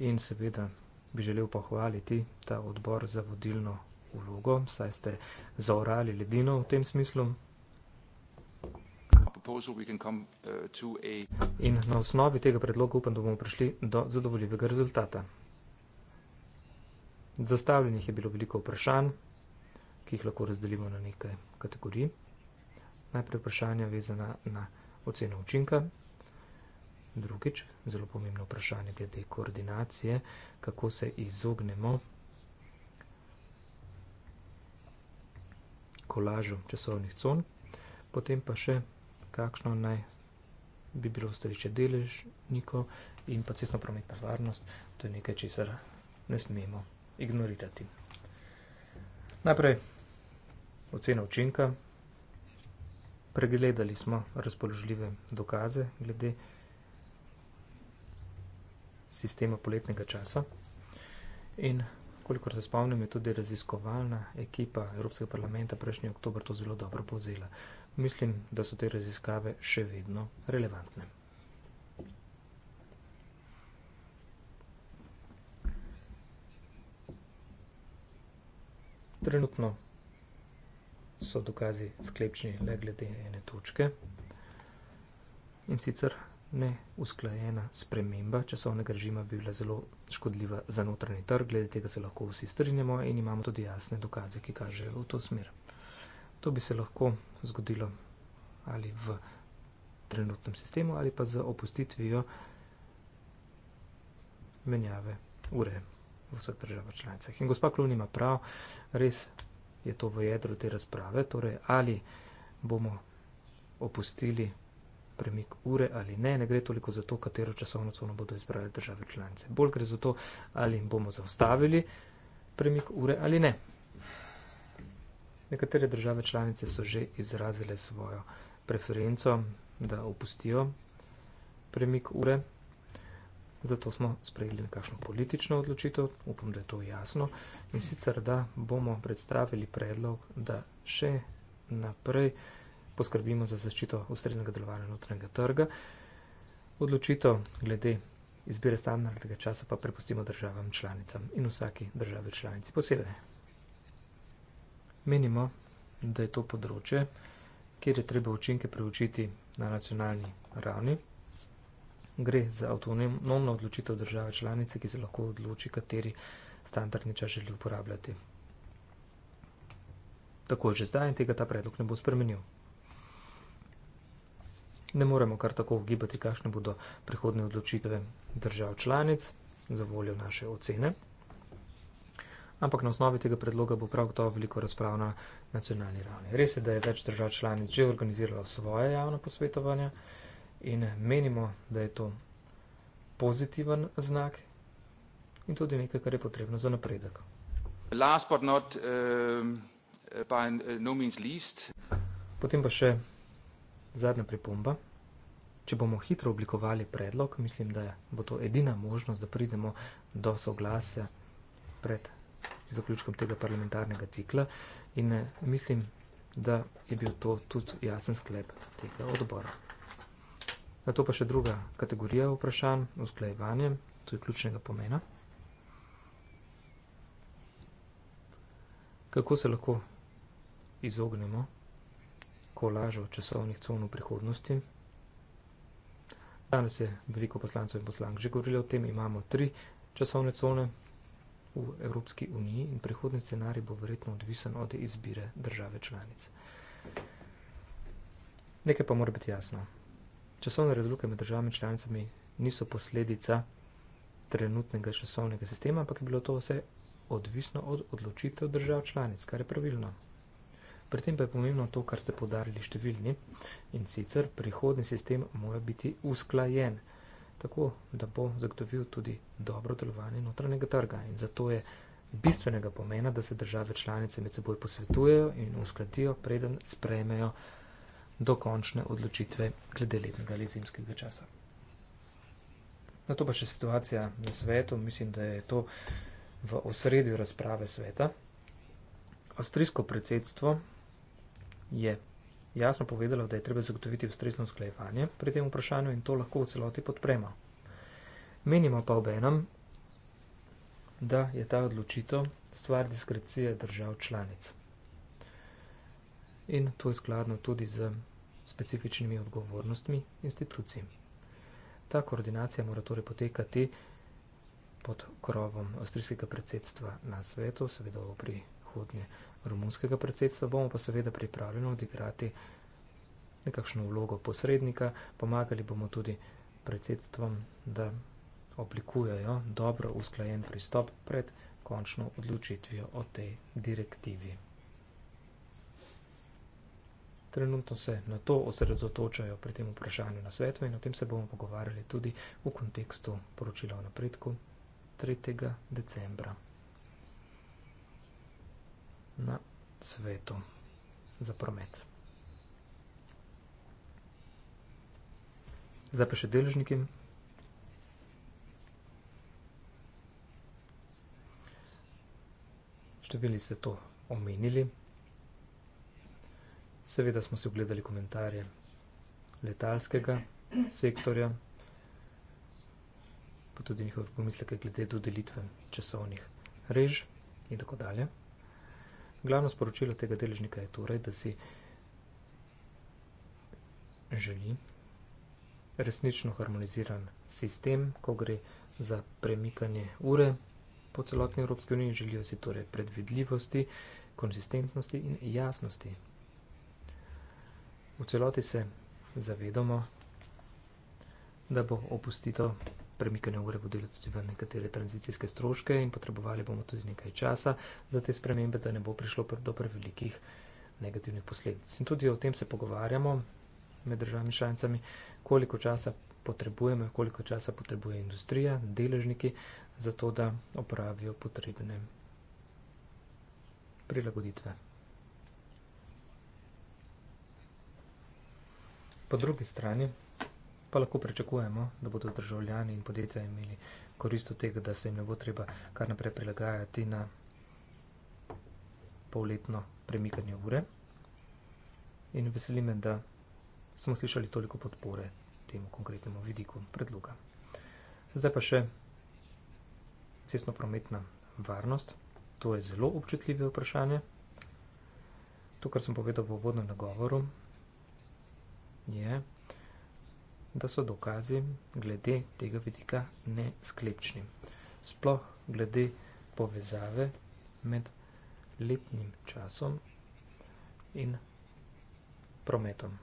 in seveda bi želel pohvaliti ta odbor za vodilno vlogo, saj ste zaurali ledino v tem smislu, Uh, In na osnovi tega predloga upam, da bomo prišli do zadovoljivega rezultata. Zastavljenih je bilo veliko vprašanj, ki jih lahko razdelimo na nekaj kategorij. Najprej vprašanja vezana na oceno učinka. Drugič, zelo pomembno vprašanje glede koordinacije, kako se izognemo kolažu časovnih con. Potem pa še kakšno naj bi bilo stališče deležnikov in pa cestno prometna varnost, to je nekaj, česar ne smemo ignorirati. Najprej ocena učinka. Pregledali smo razpoložljive dokaze glede sistema poletnega časa in Kolikor se spomnim, je tudi raziskovalna ekipa Evropskega parlamenta prejšnji oktober to zelo dobro povzela. Mislim, da so te raziskave še vedno relevantne. Trenutno so dokazi sklepčni le glede ene točke in sicer neusklajena sprememba časovnega režima bi bila zelo škodljiva za notranji trg, glede tega se lahko vsi strinjamo in imamo tudi jasne dokaze, ki kažejo v to smer. To bi se lahko zgodilo ali v trenutnem sistemu ali pa z opustitvijo menjave ure v vseh državah članicah. In gospa Klun ima prav, res je to v jedru te razprave, torej ali bomo opustili premik ure ali ne, ne gre toliko za to, katero časovno cono bodo izbrali države članice. Bolj gre za to, ali jim bomo zaustavili premik ure ali ne. Nekatere države članice so že izrazile svojo preferenco, da opustijo premik ure. Zato smo sprejeli nekakšno politično odločitev, upam, da je to jasno, in sicer, da bomo predstavili predlog, da še naprej poskrbimo za zaščito ustreznega delovanja notranjega trga. Odločitev glede izbire standardnega časa pa prepustimo državam članicam in vsaki državi članici posebej. Menimo, da je to področje, kjer je treba učinke preučiti na nacionalni ravni. Gre za avtonomno odločitev države članice, ki se lahko odloči, kateri standardni čas želi uporabljati. Tako je že zdaj in tega ta predlog ne bo spremenil ne moremo kar tako ugibati, kakšne bodo prihodne odločitve držav članic za voljo naše ocene. Ampak na osnovi tega predloga bo prav gotovo veliko razprav na nacionalni ravni. Res je, da je več držav članic že organiziralo svoje javno posvetovanje in menimo, da je to pozitiven znak in tudi nekaj, kar je potrebno za napredek. Last but not, uh, by no means least. Potem pa še zadnja pripomba. Če bomo hitro oblikovali predlog, mislim, da bo to edina možnost, da pridemo do soglasja pred zaključkom tega parlamentarnega cikla. In eh, mislim, da je bil to tudi jasen sklep tega odbora. Zato pa še druga kategorija vprašanj, usklajevanje, to je ključnega pomena. Kako se lahko izognemo lahko lažo časovnih con v prihodnosti. Danes je veliko poslancev in poslank že govorilo o tem, imamo tri časovne cone v Evropski uniji in prihodni scenarij bo verjetno odvisen od izbire države članice. Nekaj pa mora biti jasno. Časovne razlike med državami članicami niso posledica trenutnega časovnega sistema, ampak je bilo to vse odvisno od odločitev držav članic, kar je pravilno. Pri tem pa je pomembno to, kar ste podarili številni in sicer prihodni sistem mora biti usklajen, tako da bo zagotovil tudi dobro delovanje notranjega trga in zato je bistvenega pomena, da se države članice med seboj posvetujejo in uskladijo, preden spremejo dokončne odločitve glede letnega ali zimskega časa. Na to pa še situacija na svetu, mislim, da je to v osredju razprave sveta. Avstrijsko predsedstvo je jasno povedala, da je treba zagotoviti ustrezno sklajevanje pri tem vprašanju in to lahko v celoti podprema. Menimo pa obenem, da je ta odločitev stvar diskrecije držav članic. In to je skladno tudi z specifičnimi odgovornostmi institucij. Ta koordinacija mora torej potekati pod krovom avstrijskega predsedstva na svetu, seveda pri prihodnje romunskega predsedstva, bomo pa seveda pripravljeni odigrati nekakšno vlogo posrednika, pomagali bomo tudi predsedstvom, da oblikujejo dobro usklajen pristop pred končno odločitvijo o tej direktivi. Trenutno se na to osredotočajo pri tem vprašanju na svetu in o tem se bomo pogovarjali tudi v kontekstu poročila o napredku 3. decembra на цвето за промет. Запиши дележники. Ще били се то оминили. Seveda smo si ogledali komentarje letalskega sektorja, pa tudi njihove pomisleke glede dodelitve časovnih rež in tako dalje. Glavno sporočilo tega deležnika je torej, da si želi resnično harmoniziran sistem, ko gre za premikanje ure po celotni Evropski uniji, želijo si torej predvidljivosti, konsistentnosti in jasnosti. V celoti se zavedamo, da bo opustito premikanje ure vodilo tudi v nekatere tranzicijske stroške in potrebovali bomo tudi nekaj časa za te spremembe, da ne bo prišlo do prevelikih negativnih posledic. In tudi o tem se pogovarjamo med državami članicami, koliko časa potrebujemo, koliko časa potrebuje industrija, deležniki, za to, da opravijo potrebne prilagoditve. Po drugi strani pa lahko pričakujemo, da bodo državljani in podjetja imeli korist od tega, da se jim ne bo treba kar naprej prilagajati na polletno premikanje ure. In veseli me, da smo slišali toliko podpore temu konkretnemu vidiku predloga. Zdaj pa še cestno-prometna varnost. To je zelo občutljive vprašanje. To, kar sem povedal v uvodnem nagovoru, je, da da so dokazi glede tega vidika nesklepčni. Sploh glede povezave med letnim časom in prometom.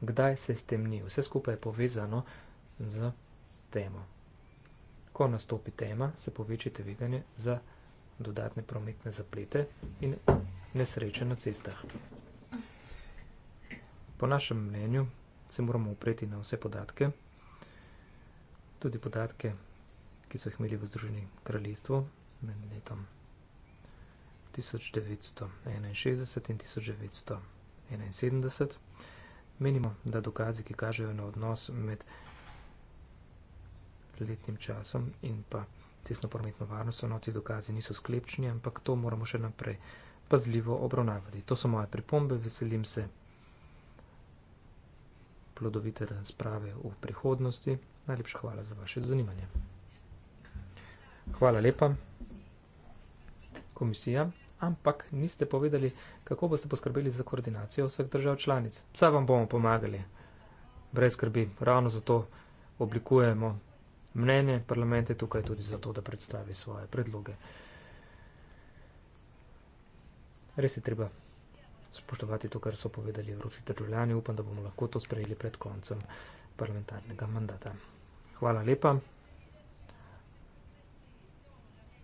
Kdaj se stemni? Vse skupaj je povezano z temo. Ko nastopi tema, se poveči tveganje za dodatne prometne zaplete in nesreče na cestah. Po našem mnenju se moramo upreti na vse podatke, tudi podatke, ki so jih imeli v Združenem kraljestvu med letom 1961 in 1971. Menimo, da dokazi, ki kažejo na odnos med letnim časom in pa cestno prometno varnostjo, no ti dokazi niso sklepčni, ampak to moramo še naprej pazljivo obravnavati. To so moje pripombe, veselim se plodovite razprave v prihodnosti. Najlepša hvala za vaše zanimanje. Hvala lepa, komisija. Ampak niste povedali, kako boste poskrbeli za koordinacijo vseh držav članic. Vse vam bomo pomagali, brez skrbi. Ravno zato oblikujemo mnenje. Parlament je tukaj tudi zato, da predstavi svoje predloge. Res je treba spoštovati to, kar so povedali evropski državljani. Upam, da bomo lahko to sprejeli pred koncem parlamentarnega mandata. Hvala lepa.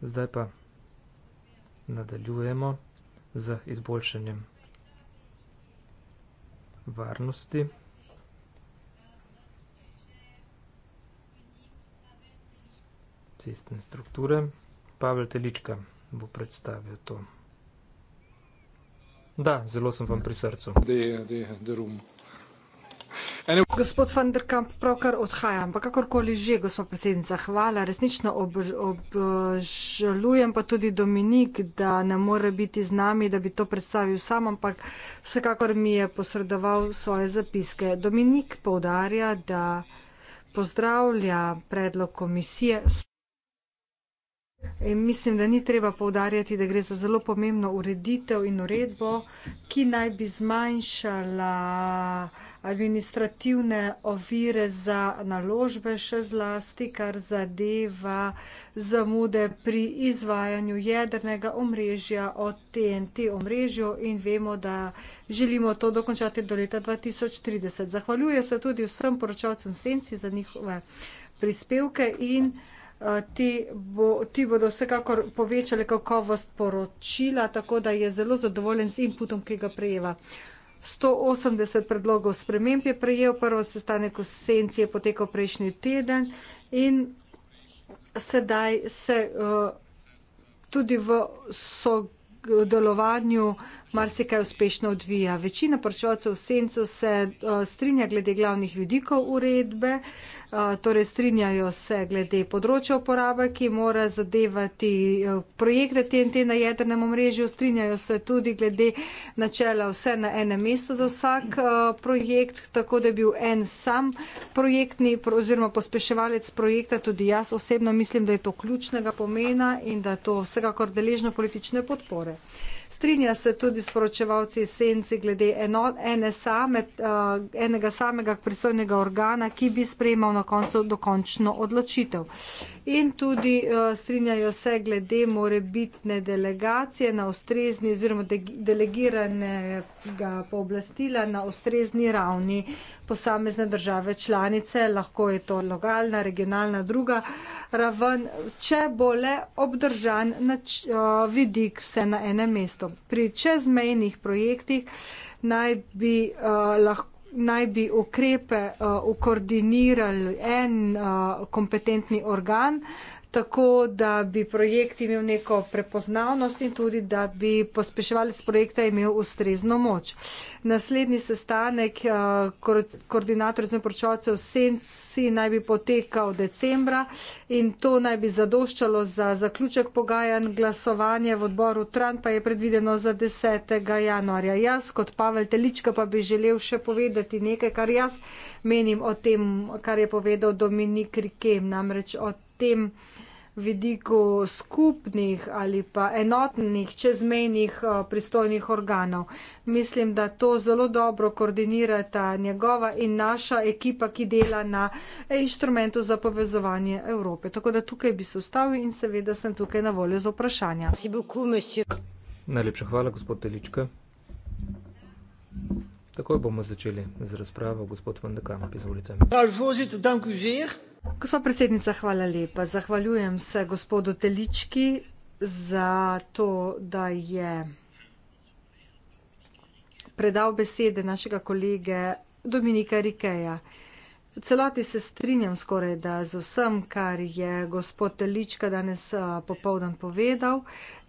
Zdaj pa nadaljujemo z izboljšanjem varnosti. Cestne strukture. Pavel Telička bo predstavil to. Da, zelo sem vam pri srcu. Deja, deja, derum. Ene... Gospod van der Kamp, pravkar odhajam, pa kakorkoli že, gospod predsednica, hvala, resnično obžalujem ob, pa tudi Dominik, da ne more biti z nami, da bi to predstavil sam, ampak vsekakor mi je posredoval svoje zapiske. Dominik povdarja, da pozdravlja predlog komisije. In mislim, da ni treba povdarjati, da gre za zelo pomembno ureditev in uredbo, ki naj bi zmanjšala administrativne ovire za naložbe, še zlasti, kar zadeva zamude pri izvajanju jedrnega omrežja od TNT omrežju in vemo, da želimo to dokončati do leta 2030. Zahvaljuje se tudi vsem poročavcem senci za njihove prispevke in. Eh, ti, bo, ti bodo vsekakor povečali kakovost poročila, tako da je zelo zadovoljen z inputom, ki ga prejeva. 180 predlogov sprememb je prejel, prvo sestanek v senci je potekal prejšnji teden in sedaj se uh, tudi v sodelovanju marsikaj uspešno odvija. Večina poročevalcev v sencu se uh, strinja glede glavnih vidikov uredbe. Uh, torej strinjajo se glede področja uporabe, ki mora zadevati e, projekte TNT na jedrnem omrežju, strinjajo se tudi glede načela vse na enem mestu za vsak e, projekt, tako da je bil en sam projektni oziroma pospeševalec projekta, tudi jaz osebno mislim, da je to ključnega pomena in da je to vsekakor deležno politične podpore strinja se tudi s poročevalci esenci glede eno, ene same, uh, enega samega pristojnega organa, ki bi sprejemal na koncu dokončno odločitev in tudi eh, strinjajo se glede morebitne delegacije na ustrezni oziroma delegiranega pooblastila na ustrezni ravni posamezne države članice, lahko je to lokalna, regionalna, druga raven, če bo le obdržan nač, eh, vidik vse na enem mestu. Pri čezmejnih projektih naj bi uh, lahko naj bi ukrepe ukoordinirali eh, en eh, kompetentni organ, tako da bi projekt imel neko prepoznavnost in tudi, da bi pospeševalec projekta imel ustrezno moč. Naslednji sestanek eh, koordinatorjev in poročevalcev Senci naj bi potekal decembra in to naj bi zadoščalo za zaključek pogajanj glasovanja v odboru Tran, pa je predvideno za 10. januarja. Jaz kot Pavel Telička pa bi želel še povedati nekaj, kar jaz menim o tem, kar je povedal Dominik Rikem, namreč o tem, vidiku skupnih ali pa enotnih čezmejnih eh, pristojnih organov. Mislim, da to zelo dobro koordinirata njegova in naša ekipa, ki dela na eh, inštrumentu za povezovanje Evrope. Tako da tukaj bi se ustavil in seveda sem tukaj na voljo za vprašanja. Najlepša hvala, gospod Telička. Thank you. Takoj bomo začeli z razpravo, gospod Vandekam, izvolite. Gospa predsednica, hvala lepa. Zahvaljujem se gospodu Telički za to, da je predal besede našega kolege Dominika Rikeja. V celoti se strinjam skoraj da z vsem, kar je gospod Telička danes popovdan povedal.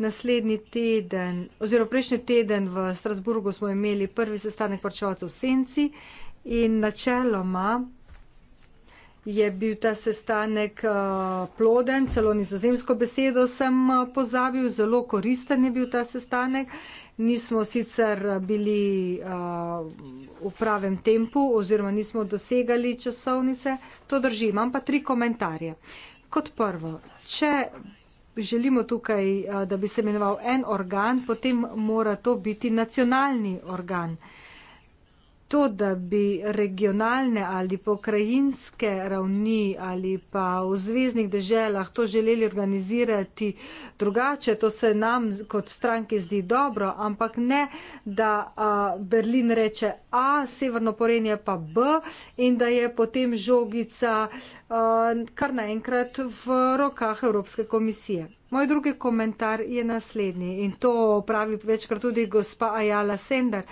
Naslednji teden, oziroma prejšnji teden v Strasburgu smo imeli prvi sestanek parčevalcev v Senci in načeloma je bil ta sestanek ploden, celo nizozemsko besedo sem pozabil, zelo koristen je bil ta sestanek nismo sicer bili uh, v pravem tempu oziroma nismo dosegali časovnice. To drži, imam pa tri komentarje. Kot prvo, če želimo tukaj, uh, da bi se imenoval en organ, potem mora to biti nacionalni organ. Uh, to, da bi regionalne ali pokrajinske ravni ali pa v zveznih deželah to želeli organizirati drugače, to se nam kot stranki zdi dobro, ampak ne, da a, Berlin reče A, Severno Porenje pa B in da je potem žogica a, kar naenkrat v rokah Evropske komisije. Moj drugi komentar je naslednji in to pravi večkrat tudi gospa Ajala Sender,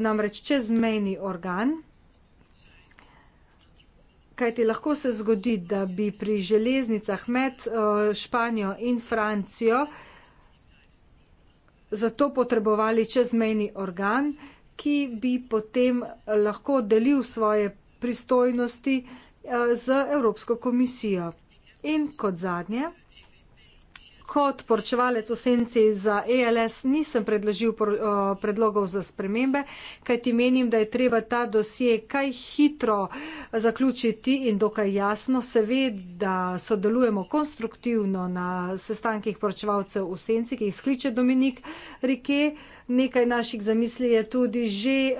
namreč čezmejni organ. Kaj ti lahko se zgodi, da bi pri železnicah med eh, Španijo in Francijo zato potrebovali čezmejni organ, ki bi potem eh, lahko delil svoje pristojnosti eh, z Evropsko komisijo. In kot zadnje, kot poročevalec v senci za ELS nisem predložil predlogov za spremembe, kajti menim, da je treba ta dosje kaj hitro zaključiti in dokaj jasno. Seveda sodelujemo konstruktivno na sestankih poročevalcev v senci, ki jih skliče Dominik Rike. Nekaj naših zamisli je tudi že eh,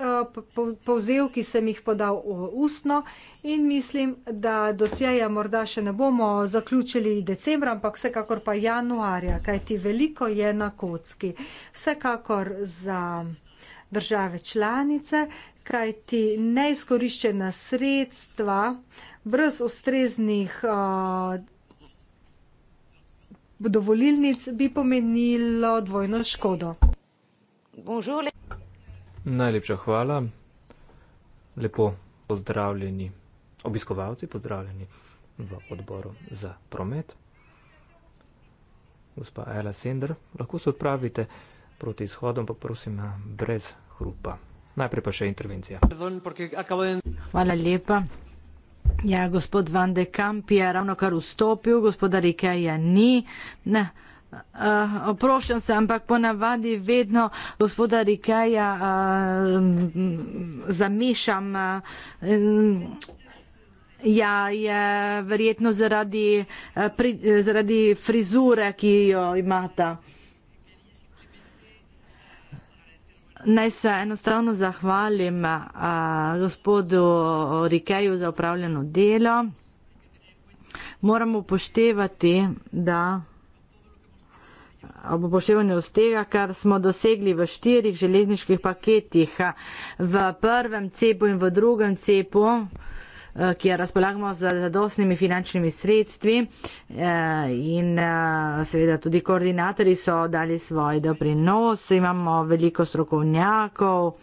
povzel, ki sem jih podal ustno in mislim, da dosjeja morda še ne bomo zaključili decembra, ampak vsekakor pa januarja, kajti veliko je na kocki. Vsekakor za države članice, kajti neizkoriščena sredstva brez ustreznih eh, dovolilnic bi pomenilo dvojno škodo. Najlepša hvala. Lepo pozdravljeni obiskovalci, pozdravljeni v odboru za promet. Gospa Ela Sender, lahko se odpravite proti izhodom, pa prosim brez hrupa. Najprej pa še intervencija. Hvala lepa. Ja, gospod Van de Kamp je ravno kar vstopil, gospoda Rikeja ni. Ne. Uh, oproščam se, ampak ponavadi vedno gospoda Rikeja uh, eh, zamišam. Uh, eh, ja, je verjetno zaradi, uh, pri, zaradi frizure, ki jo imata. Naj se enostavno zahvalim uh, gospodu Rikeju za upravljeno delo. Moramo poštevati, da ob upoštevanju z tega, kar smo dosegli v štirih železniških paketih, v prvem cepu in v drugem cepu, eh, ki je razpolagamo z zadostnimi finančnimi sredstvi eh, in eh, seveda tudi koordinatorji so dali svoj doprinos, imamo veliko strokovnjakov,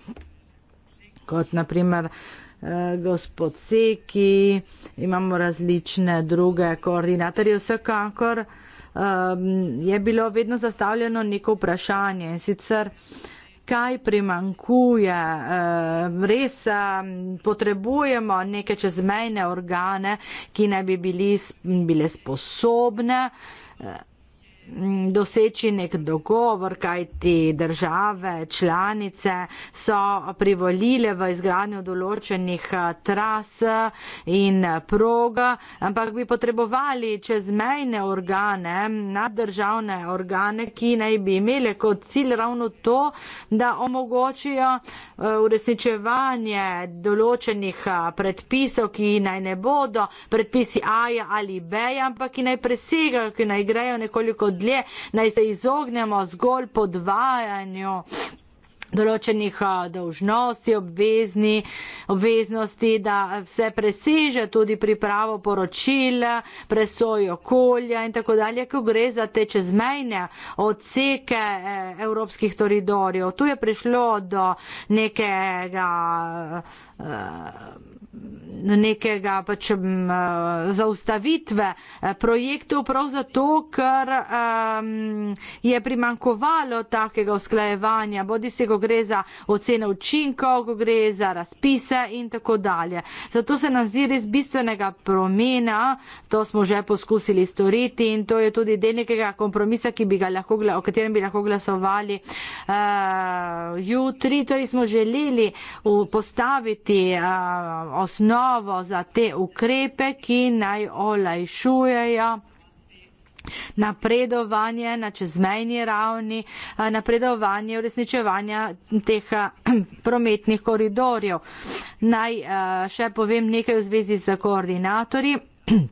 kot naprimer gospod Seki, imamo različne druge koordinatorje vsekakor, um, je bilo vedno zastavljeno neko vprašanje in sicer kaj primankuje, res potrebujemo neke čezmejne organe, ki ne bi bili, bile sposobne doseči nek dogovor, kaj ti države, članice so privolile v izgradnjo določenih eh, tras in prog, ampak bi potrebovali čezmejne organe, naddržavne organe, ki naj bi imele kot cilj ravno to, da omogočijo eh, uresničevanje določenih eh, predpisov, ki naj ne bodo predpisi A ali B, ampak ki naj presegajo, ki naj grejo nekoliko dlje, naj se izognemo zgolj podvajanju. Določenih dolžnosti, obvezni, obveznosti, da vse preseže tudi pripravo poročil, presojo okolja in tako dalje, ko gre za te čezmejne odseke e, evropskih koridorjev. Tu je prišlo do nekega. Uh, nekega pač zaustavitve eh, projektov, prav zato, ker um, je primankovalo takega usklajevanja, bodi se, ko gre za oceno učinkov, ko gre za razpise in tako dalje. Zato se nam zdi res bistvenega promena, to smo že poskusili storiti in to je tudi del nekega kompromisa, lahko, o katerem bi lahko glasovali uh, jutri. Torej smo želeli postaviti uh, osnovo za te ukrepe, ki naj olajšujejo napredovanje na čezmejni ravni, eh, napredovanje uresničevanja teh eh, [CLEARS THROAT] prometnih koridorjev. Naj eh, še povem nekaj v zvezi z koordinatorji. [CLEARS THROAT]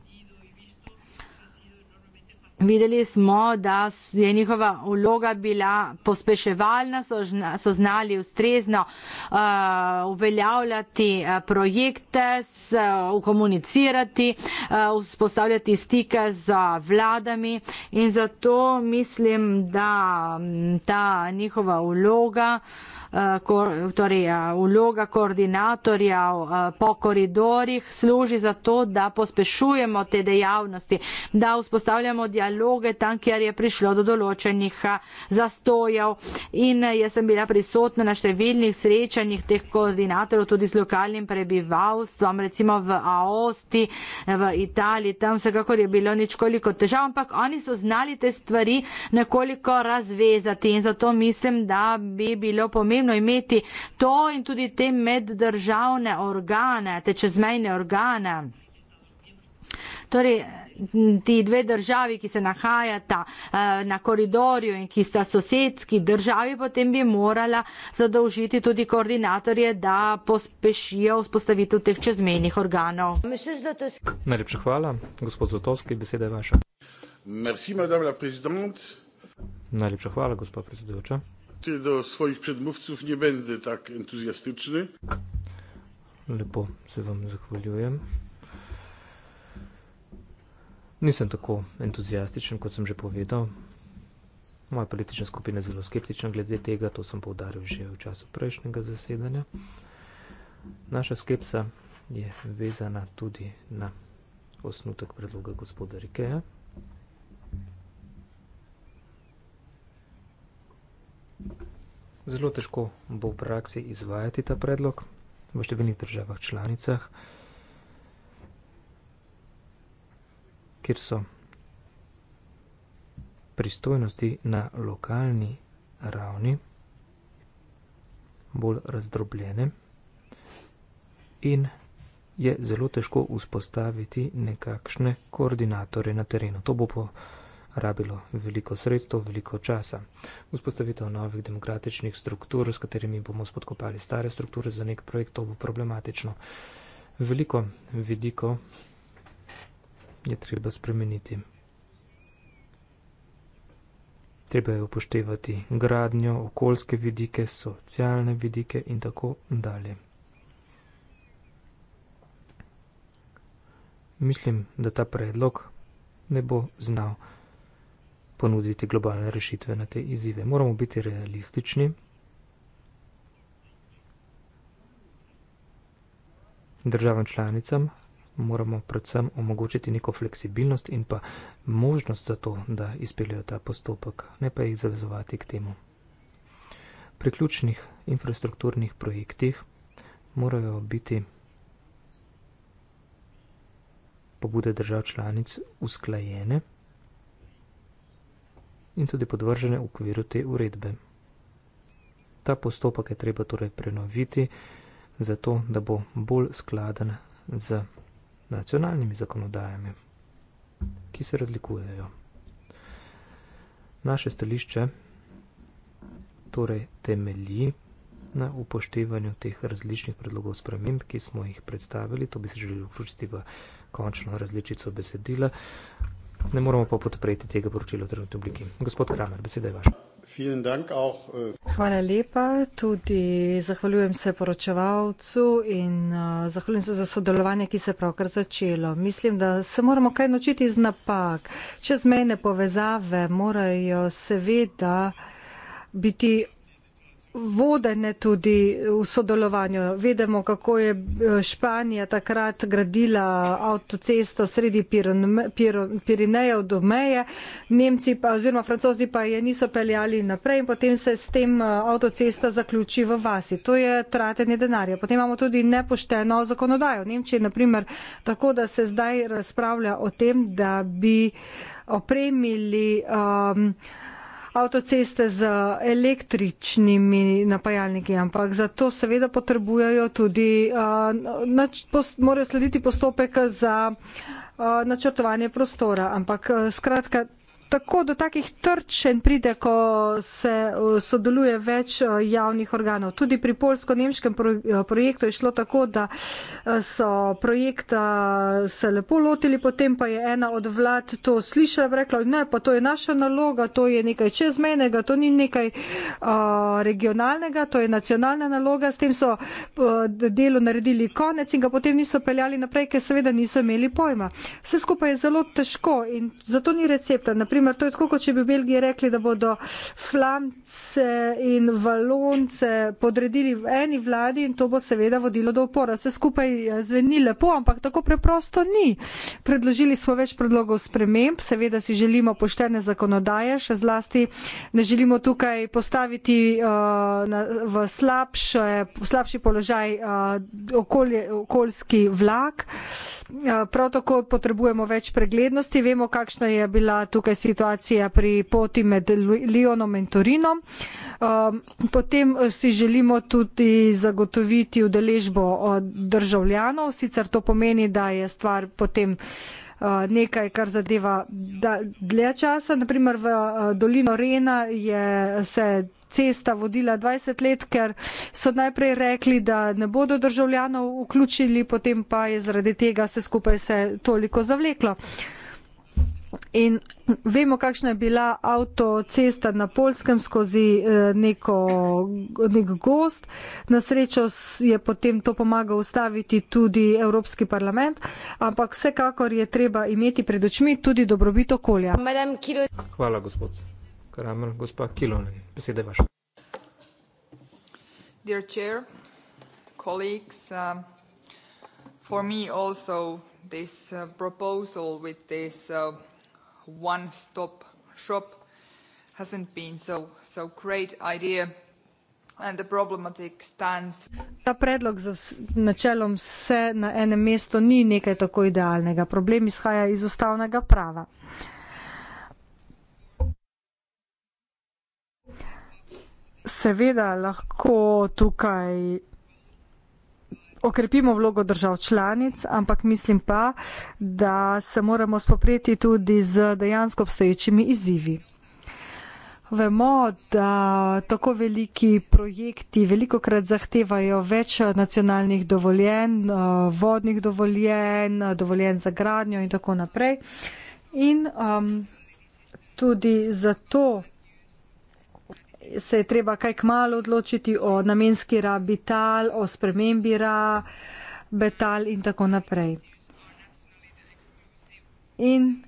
Videli smo, da je njihova vloga bila pospeševalna, so, žna, so znali ustrezno uh, uveljavljati uh, projekte, s, uh, komunicirati, uh, vzpostavljati stike z vladami in zato mislim, da mm, ta njihova vloga uh, Eh, torej eh, vloga koordinatorja eh, po koridorjih služi za to, da pospešujemo te dejavnosti, da vzpostavljamo dialoge tam, kjer je prišlo do določenih zastojev in jaz sem bila prisotna na številnih srečanjih teh koordinatorjev tudi z lokalnim prebivalstvom, recimo v Aosti, v Italiji, tam vsekakor je bilo ničkoliko težav, ampak oni so znali te stvari nekoliko razvezati in zato mislim, da bi bilo pomembno, potrebno imeti to in tudi te meddržavne organe, te čezmejne organe. Torej, ti dve državi, ki se nahajata uh, na koridorju in ki sta sosedski državi, potem bi morala zadolžiti tudi koordinatorje, da pospešijo vzpostavitev teh čezmejnih organov. Najlepša hvala, gospod Zotovski, beseda je vaša. Merci, Najlepša hvala, gospod predsedujoča ty do swoich przedmówców nie będę tak entuzjastyczny. Lepo se vam zahvaljujem. Nisem tako entuzijastičen, kot sem že povedal. Moja politična skupina je zelo skeptična glede tega, to sem povdaril že v času prejšnjega zasedanja. Naša skepsa je vezana tudi na osnutek predloga gospoda Rikeja. Zelo težko bo v praksi izvajati ta predlog v številnih državah članicah, kjer so pristojnosti na lokalni ravni bolj razdrobljene in je zelo težko vzpostaviti nekakšne koordinatore na terenu. To bo po rabilo veliko sredstev, veliko časa. Vzpostavitev novih demokratičnih struktur, s katerimi bomo spodkopali stare strukture za nek projekt, to bo problematično. Veliko vidiko je treba spremeniti. Treba je upoštevati gradnjo, okoljske vidike, socialne vidike in tako dalje. Mislim, da ta predlog ne bo znal ponuditi globalne rešitve na te izzive. Moramo biti realistični, državam članicam moramo predvsem omogočiti neko fleksibilnost in pa možnost za to, da izpeljajo ta postopek, ne pa jih zavezovati k temu. Pri ključnih infrastrukturnih projektih morajo biti pobude držav članic usklajene in tudi podvržene v okviru te uredbe. Ta postopek je treba torej prenoviti, zato da bo bolj skladen z nacionalnimi zakonodajami, ki se razlikujejo. Naše stališče torej temelji na upoštevanju teh različnih predlogov sprememb, ki smo jih predstavili, to bi se želeli vključiti v končno različico besedila, ne moremo pa podpreti tega poročila v trenutni obliki. Gospod Kramer, beseda je vaša. Äh, Hvala lepa, tudi zahvaljujem se poročevalcu in uh, zahvaljujem se za sodelovanje, ki se je pravkar začelo. Mislim, da se moramo kaj naučiti iz napak. Čezmejne povezave morajo seveda biti vodene tudi v sodelovanju. Vedemo, kako je eh, Španija takrat gradila avtocesto sredi Pirinejev do meje, Nemci pa, oziroma Francozi pa je niso peljali naprej in potem se s tem eh, avtocesta zaključi v vasi. To je tratenje denarja. Potem imamo tudi nepošteno zakonodajo. Nemčija je naprimer tako, da se zdaj razpravlja o tem, da bi opremili. Um, avtoceste z električnimi napajalniki, ampak za to seveda potrebujejo tudi, uh, nač, post, morajo slediti postopek za uh, načrtovanje prostora. Ampak uh, skratka, tako do takih trčen pride, ko se eh, sodeluje več eh, javnih organov. Tudi pri polsko-nemškem eh, projektu je šlo tako, da so projekta se lepo lotili, potem pa je ena od vlad to slišala, rekla, ne, pa to je naša naloga, to je nekaj čezmejnega, to ni nekaj regionalnega, to je nacionalna naloga, s tem so delo naredili konec in ga potem niso peljali naprej, ker seveda niso imeli pojma. Vse skupaj je zelo težko in zato ni recepta. Naprimer, primer, to je tako, kot če bi v Belgiji rekli, da bodo Flamce in Valonce podredili v eni vladi in to bo seveda vodilo do upora. Vse skupaj eh, zveni lepo, ampak tako preprosto ni. Predložili smo več predlogov sprememb, seveda si želimo poštene zakonodaje, še zlasti ne želimo tukaj postaviti uh, na, v slabše, slabši položaj uh, okolje, okoljski vlak. Uh, prav tako potrebujemo več preglednosti. Vemo, kakšna je bila tukaj situacija pri poti med Lionom in Torinom. Um, potem eh, si želimo tudi zagotoviti udeležbo eh, državljanov, sicer to pomeni, da je stvar potem eh, nekaj, kar zadeva dlje časa. Naprimer v dolino Rena je se cesta vodila 20 let, ker so najprej rekli, da ne bodo državljanov vključili, potem pa je zaradi tega se skupaj se toliko zavleklo. Uh, In vemo, kakšna je bila avtocesta na Polskem skozi eh, neko, nek gost. Na srečo je potem to pomagal ustaviti tudi Evropski parlament, ampak vsekakor je treba imeti pred očmi tudi dobrobit okolja. Hvala, gospod Kramer. Gospa Kilonen, beseda je vaša. Dear chair, colleagues, um, for me also this uh, proposal with this uh, one stop shop hasn't been so, so great idea. Ta predlog z načelom vse na enem mestu ni nekaj tako idealnega. Problem izhaja iz ustavnega prava. Seveda lahko tukaj okrepimo vlogo držav članic, ampak mislim pa, da se moramo spopreti tudi z dejansko obstoječimi izzivi. Vemo, da tako veliki projekti veliko krat zahtevajo več nacionalnih dovoljenj, vodnih dovoljenj, dovoljenj za gradnjo in tako naprej. In um, tudi zato se je treba kaj k malu odločiti o namenski rabi tal, o spremembi rabe tal in tako naprej. In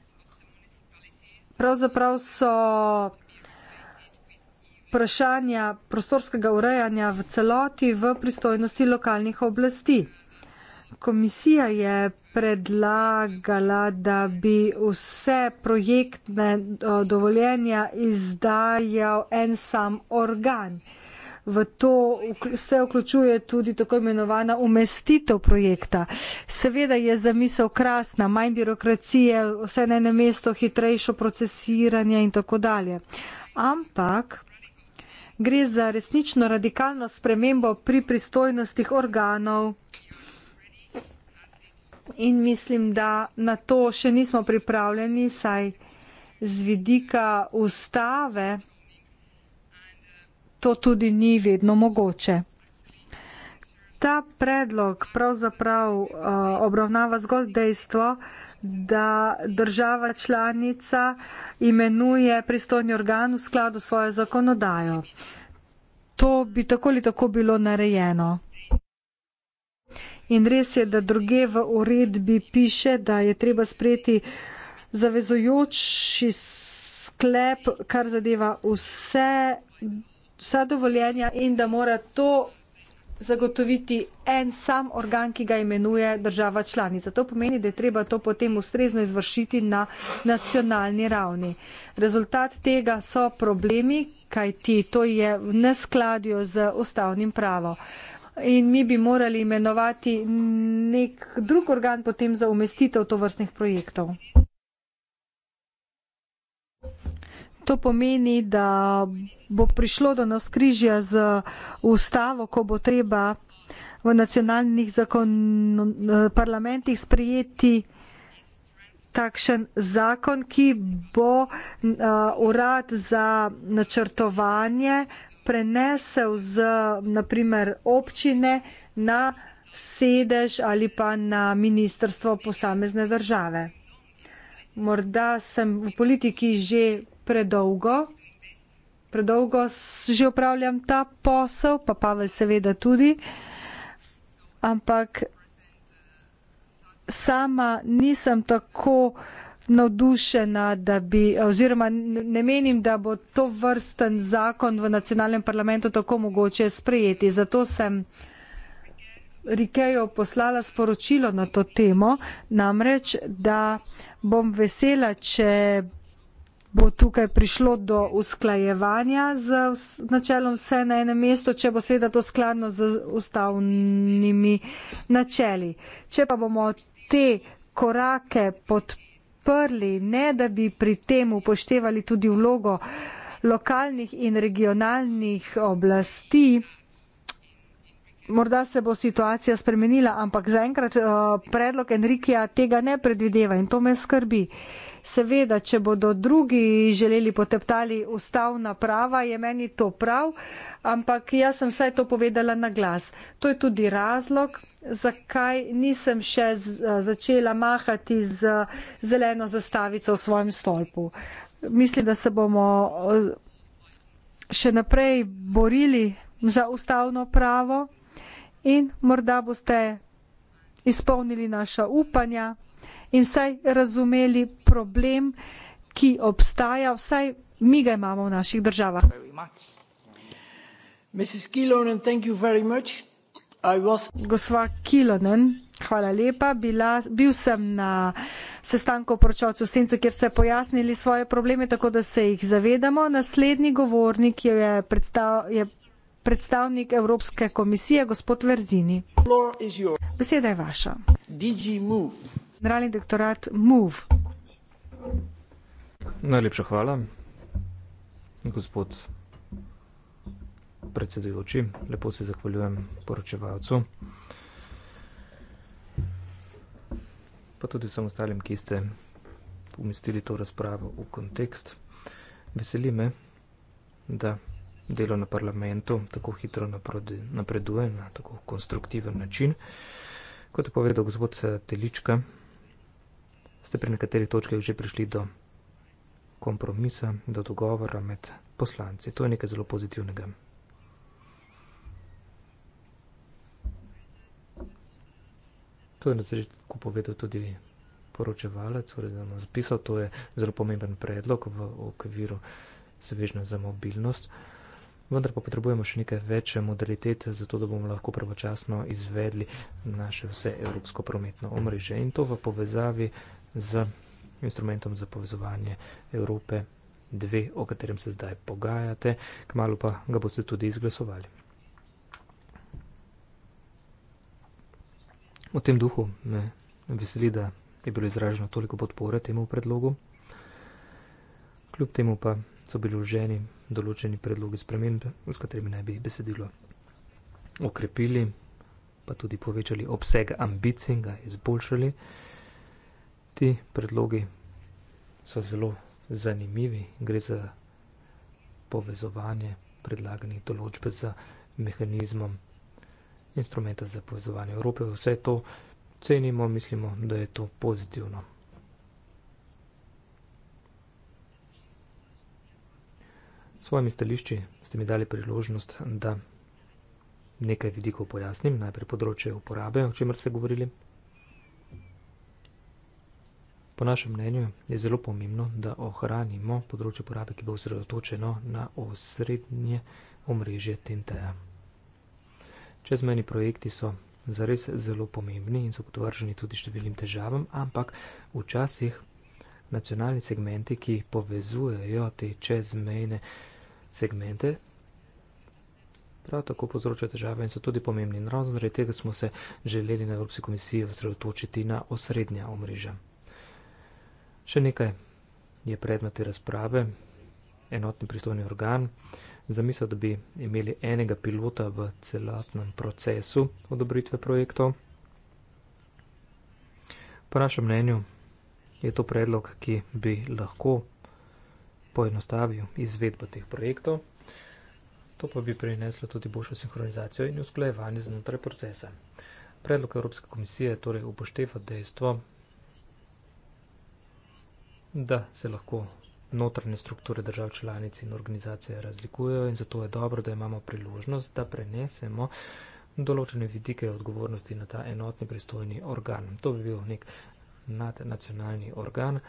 pravzaprav so vprašanja prostorskega urejanja v celoti v pristojnosti lokalnih oblasti. Komisija je predlagala, da bi vse projektne dovoljenja izdajal en sam organ. V to se vključuje tudi tako imenovana umestitev projekta. Seveda je zamisel krasna, manj birokracije, vse na enem mestu, hitrejšo procesiranje in tako dalje. Ampak gre za resnično radikalno spremembo pri pristojnostih organov in mislim, da na to še nismo pripravljeni, saj z vidika ustave to tudi ni vedno mogoče. Ta predlog pravzaprav eh, obravnava zgolj dejstvo, da država članica imenuje pristojni organ v skladu svojo zakonodajo. To bi takoli tako bilo narejeno. In res je, da druge v uredbi piše, da je treba sprejeti zavezojoči sklep, kar zadeva vse, vsa dovoljenja in da mora to zagotoviti en sam organ, ki ga imenuje država članica. To pomeni, da je treba to potem ustrezno izvršiti na nacionalni ravni. Rezultat tega so problemi, kaj ti to je v neskladju z ustavnim pravom in mi bi morali imenovati nek drug organ potem za umestitev to vrstnih projektov. To pomeni, da bo prišlo do navskrižja z ustavo, ko bo treba v nacionalnih zakon, parlamentih sprijeti takšen zakon, ki bo uh, urad za načrtovanje prenesel z naprimer občine na sedež ali pa na ministrstvo posamezne države. Morda sem v politiki že predolgo, predolgo že upravljam ta posel, pa Pavel seveda tudi, ampak sama nisem tako uh, navdušena, da bi, oziroma ne menim, da bo to vrsten zakon v nacionalnem parlamentu tako mogoče sprejeti. Zato sem Rikejo poslala sporočilo na to temo, namreč, da bom vesela, če bo tukaj prišlo do usklajevanja z načelom vse na enem mestu, če bo seveda to skladno z ustavnimi načeli. Če pa bomo te korake podprli, podprli, ne da bi pri tem upoštevali tudi vlogo lokalnih in regionalnih oblasti. Morda se bo situacija spremenila, ampak zaenkrat uh, predlog Enrikija tega ne predvideva in to me skrbi. Uh, Seveda, če bodo drugi želeli poteptali ustavna prava, je meni to prav, ampak jaz sem vsaj to povedala na glas. To je tudi razlog, zakaj nisem še eh, začela mahati z eh, zeleno zastavico v svojem stolpu. Mislim, da se bomo eh, še naprej borili za ustavno pravo in morda boste izpolnili naša upanja in vsaj razumeli problem, ki obstaja, vsaj mi ga imamo v naših državah. Gospa Kilonen, hvala lepa. Bila, bil sem na sestanku poročalcev v Sencu, kjer ste pojasnili svoje probleme, tako da se jih zavedamo. Naslednji govornik je, predstav, je predstavnik Evropske komisije, gospod Verzini. Beseda je vaša. DG Move generalni direktorat MOV. Najlepša hvala, gospod predsedujoči. Lepo se zahvaljujem poročevalcu, pa tudi vsem ostalim, ki ste umestili to razpravo v kontekst. Veseli me, da delo na parlamentu tako hitro napreduje na tako konstruktiven način. Kot je povedal gospod Telička, ste pri nekaterih točkah že prišli do kompromisa, do dogovora med poslanci. To je nekaj zelo pozitivnega. To je na začetku povedal tudi poročevalec, oziroma torej, zapisal, to je zelo pomemben predlog v okviru svežne za mobilnost. Vendar pa potrebujemo še nekaj večje modalitete, zato da bomo lahko pravočasno izvedli naše vse evropsko prometno omrežje in to v povezavi z instrumentom za povezovanje Evrope 2, o katerem se zdaj pogajate, kmalo pa ga boste tudi izglasovali. V tem duhu me veseli, da je bilo izraženo toliko podpore temu predlogu. Kljub temu pa so bili vloženi določeni predlogi sprememb, s katerimi naj bi besedilo okrepili, pa tudi povečali obseg ambicij in ga izboljšali ti predlogi so zelo zanimivi. Gre za povezovanje predlaganih določb z mehanizmom instrumenta za povezovanje Evrope. Vse to cenimo, mislimo, da je to pozitivno. S svojimi stališči ste mi dali priložnost, da nekaj vidikov pojasnim, najprej področje uporabe, o čemer ste govorili. Po našem mnenju je zelo pomembno, da ohranimo področje porabe, ki bo osredotočeno na osrednje omrežje TNT-ja. Čezmejni projekti so zares zelo pomembni in so podvrženi tudi številnim težavam, ampak včasih nacionalni segmenti, ki povezujejo te čezmejne segmente, prav tako povzročajo težave in so tudi pomembni. In ravno zaradi tega smo se želeli na Evropski komisiji osredotočiti na osrednja omrežja. Še nekaj je predmet te razprave, enotni pristojni organ, zamisel, da bi imeli enega pilota v celotnem procesu odobritve projektov. Po našem mnenju je to predlog, ki bi lahko poenostavil izvedbo teh projektov. To pa bi prineslo tudi boljšo sinhronizacijo in usklajevanje znotraj procesa. Predlog Evropske komisije torej upošteva dejstvo, da se lahko notranje strukture držav članic in organizacije razlikujejo in zato je dobro, da imamo priložnost, da prenesemo določene vidike odgovornosti na ta enotni pristojni organ. To bi bil nek nadnacionalni organ,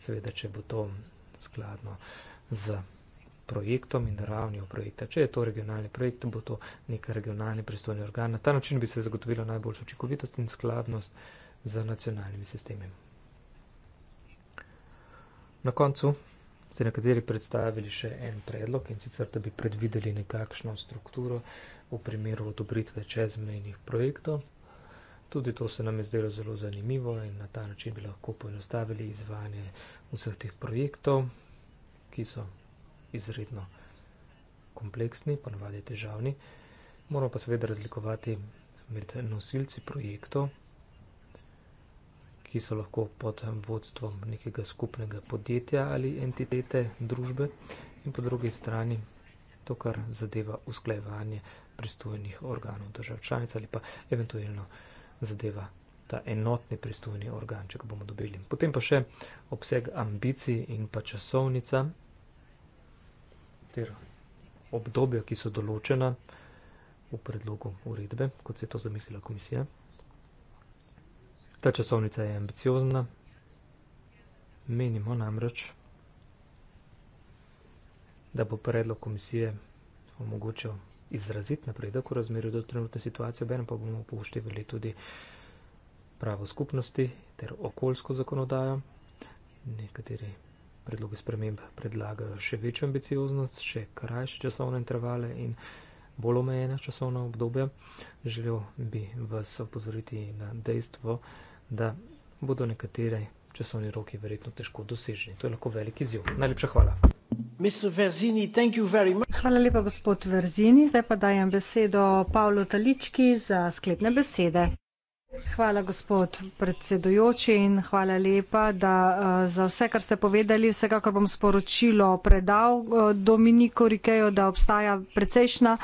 seveda, če bo to skladno z projektom in ravnjo projekta. Če je to regionalni projekt, bo to nek regionalni pristojni organ. Na ta način bi se zagotovilo najboljšo očikovitost in skladnost z nacionalnimi sistemi. Na koncu ste nekateri predstavili še en predlog in sicer, da bi predvideli nekakšno strukturo v primeru odobritve čezmejnih projektov. Tudi to se nam je zdelo zelo zanimivo in na ta način bi lahko poenostavili izvajanje vseh teh projektov, ki so izredno kompleksni, ponavadi težavni. Moramo pa seveda razlikovati med nosilci projektov ki so lahko pod vodstvom nekega skupnega podjetja ali entitete družbe in po drugi strani to, kar zadeva usklajevanje pristojnih organov držav članic ali pa eventualno zadeva ta enotni pristojni organ, če ga bomo dobili. Potem pa še obseg ambicij in pa časovnica ter obdobja, ki so določena v predlogu uredbe, kot se je to zamislila komisija. Ta časovnica je ambiciozna, menimo namreč, da bo predlog komisije omogočil izrazit napredek v razmerju do trenutne situacije, obenem pa bomo upoštevali tudi pravo skupnosti ter okoljsko zakonodajo. Nekateri predlogi sprememb predlagajo še večjo ambicioznost, še krajše časovne intervale in bolj omejena časovna obdobja. Želel bi vas opozoriti na dejstvo, da je da bodo nekatere časovni roki verjetno težko doseženi. To je lahko veliki izjiv. Najlepša hvala. Verzini, hvala lepa, gospod Verzini. Zdaj pa dajem besedo Pavlu Talički za sklepne besede. Hvala, gospod predsedujoči in hvala lepa, da eh, za vse, kar ste povedali, vsekakor bom sporočilo predal eh, Dominiku Rikejo, da obstaja precejšna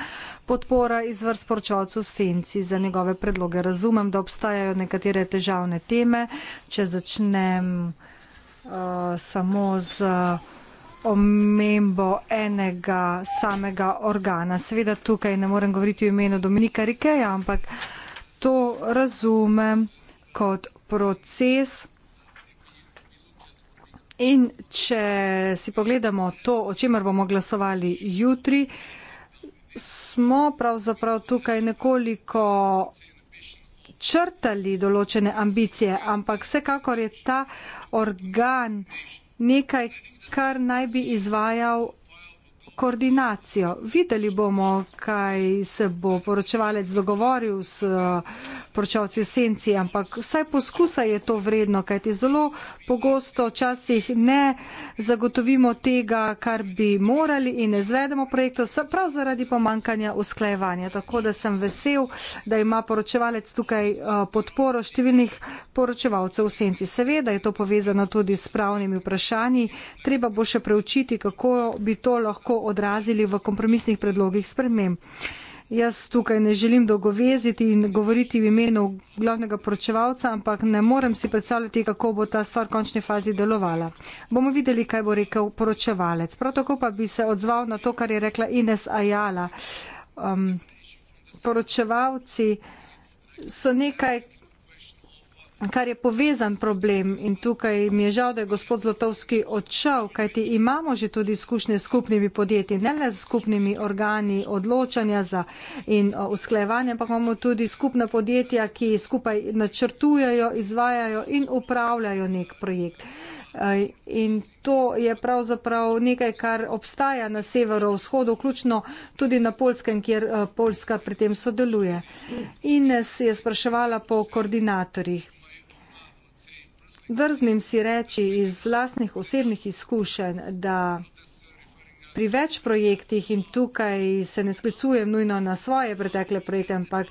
podpora izvrst sporočalcu senci za njegove predloge. Razumem, da obstajajo nekatere težavne teme, če začnem uh, samo z eh, omembo enega samega organa. Seveda tukaj ne morem govoriti o imenu Dominika Rikeja, ampak to razumem kot proces. In če si pogledamo to, o čemer bomo glasovali jutri, uh, smo pravzaprav tukaj nekoliko črtali določene ambicije, ampak vsekakor je ta organ nekaj, kar naj bi izvajal koordinacijo. Videli bomo, kaj se bo poročevalec dogovoril s eh, poročevalci v senci, ampak vsaj poskusa je to vredno, kajti zelo pogosto včasih ne zagotovimo tega, kar bi morali in ne zvedemo projektov, prav zaradi pomankanja usklajevanja. Tako da sem vesel, da ima poročevalec tukaj eh, podporo številnih poročevalcev v senci. Seveda je to povezano tudi s pravnimi vprašanji. Treba bo še preučiti, kako bi to lahko odrazili v kompromisnih predlogih sprememb. Jaz tukaj ne želim dolgoveziti in govoriti v imenu glavnega poročevalca, ampak ne morem si predstavljati, kako bo ta stvar v končni fazi delovala. Bomo videli, kaj bo rekel poročevalec. Prav tako pa bi se odzval na to, kar je rekla Ines Ajala. Um, poročevalci so nekaj, kar je povezan problem in tukaj mi je žal, da je gospod Zlotovski odšel, kajti imamo že tudi izkušnje s skupnimi podjetji, ne le s skupnimi organi odločanja za in usklajevanja, ampak imamo tudi skupna podjetja, ki skupaj načrtujejo, izvajajo in upravljajo nek projekt. In to je pravzaprav nekaj, kar obstaja na severovzhodu, vključno tudi na Polskem, kjer e, Polska pri tem sodeluje. Ines je spraševala po koordinatorjih drznem si reči iz vlastnih osebnih izkušenj, da pri več projektih in tukaj se ne sklicujem nujno na svoje pretekle projekte, ampak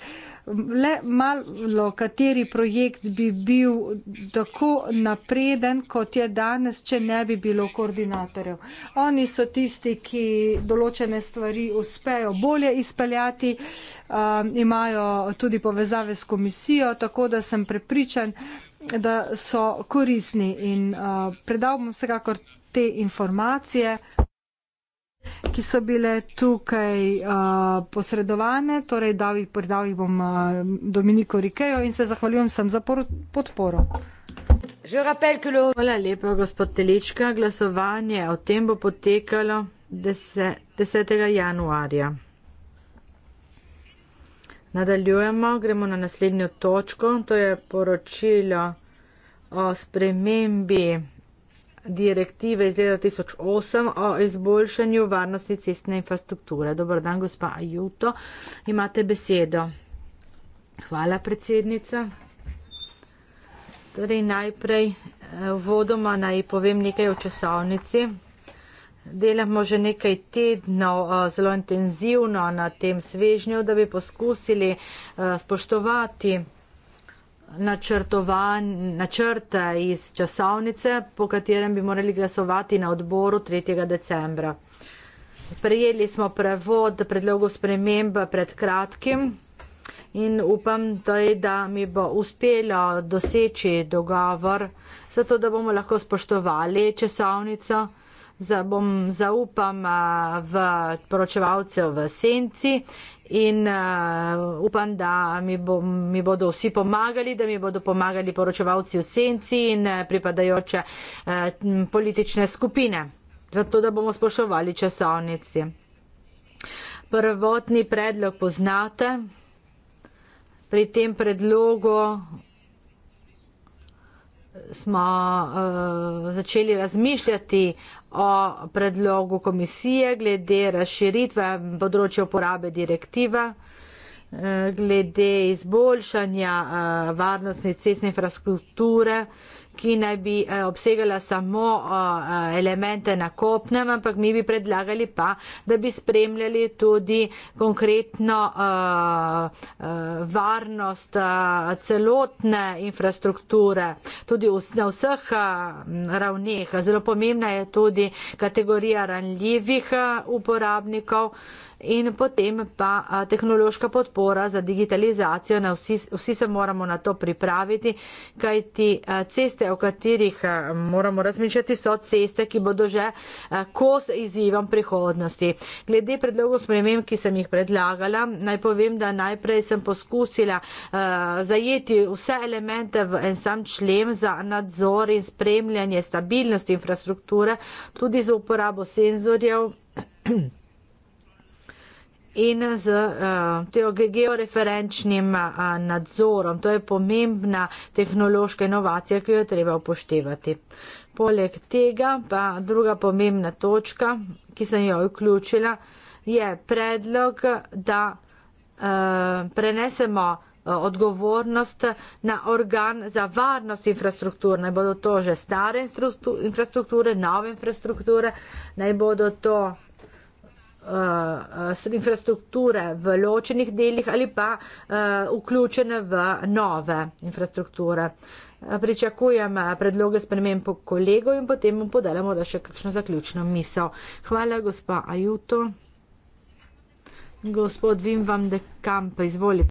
le malo kateri projekt bi bil tako napreden, kot je danes, če ne bi bilo koordinatorjev. Oni so tisti, ki določene stvari uspejo bolje izpeljati, um, imajo tudi povezave s komisijo, tako da sem prepričan, da so korisni in uh, predal bom vsekakor te informacije, ki so bile tukaj uh, posredovane, torej dal jih, predal jih bom uh, Dominiko Rikejo in se zahvaljujem sem za podporo. Hvala lepa, gospod Telička. Glasovanje o tem bo potekalo 10. januarja. Nadaljujemo, gremo na naslednjo točko, to je poročilo o spremembi direktive iz leta 2008 o izboljšanju varnosti cestne infrastrukture. Dobar dan, gospa Ajuto, imate besedo. Hvala, predsednica. Torej najprej eh, vodoma naj povem nekaj o časovnici. Delamo že nekaj tednov eh, zelo intenzivno na tem svežnju, da bi poskusili eh, spoštovati načrte iz časovnice, po katerem bi morali glasovati na odboru 3. decembra. Prejeli smo prevod predlogov sprememb pred kratkim in upam, torej, da mi bo uspelo doseči dogovor, zato da bomo lahko spoštovali časovnico za, bom zaupam a, v poročevalce v senci in a, upam, da mi, bo, mi bodo vsi pomagali, da mi bodo pomagali poročevalci v senci in a, pripadajoče a, politične skupine, zato da bomo spoštovali časovnici. Prvotni predlog poznate. Pri tem predlogu smo uh, začeli razmišljati o predlogu komisije glede razširitve področja uporabe direktiva, uh, glede izboljšanja uh, varnostne cestne infrastrukture, uh, ki naj bi eh, obsegala samo eh, eh, elemente na kopnem, ampak mi bi predlagali pa, da bi spremljali tudi konkretno varnost celotne infrastrukture, tudi na vseh ravneh. Zelo pomembna je tudi kategorija ranljivih uporabnikov in potem pa tehnološka podpora za digitalizacijo. Vsi, vsi se moramo na to pripraviti, kajti ceste, o katerih moramo razmišljati, so ceste, ki bodo že kos izzivom prihodnosti. Glede predlogov sprememb, ki sem jih predlagala, naj povem, da najprej sem poskusila zajeti vse elemente v en sam člen za nadzor in spremljanje stabilnosti infrastrukture, tudi za uporabo senzorjev in z uh, georeferenčnim uh, nadzorom. To je pomembna tehnološka inovacija, ki jo je treba upoštevati. Poleg tega pa druga pomembna točka, ki sem jo vključila, je predlog, da uh, prenesemo odgovornost na organ za varnost infrastrukture. Naj bodo to že stare infrastrukture, nove infrastrukture, naj bodo to uh, infrastrukture v ločenih delih ali pa uh, vključene v nove infrastrukture. Pričakujem predloge sprememb po kolego in potem mu podelamo da še kakšno zaključno misel. Hvala, gospa Ajuto. Gospod Vim vam de Kampa, izvolite.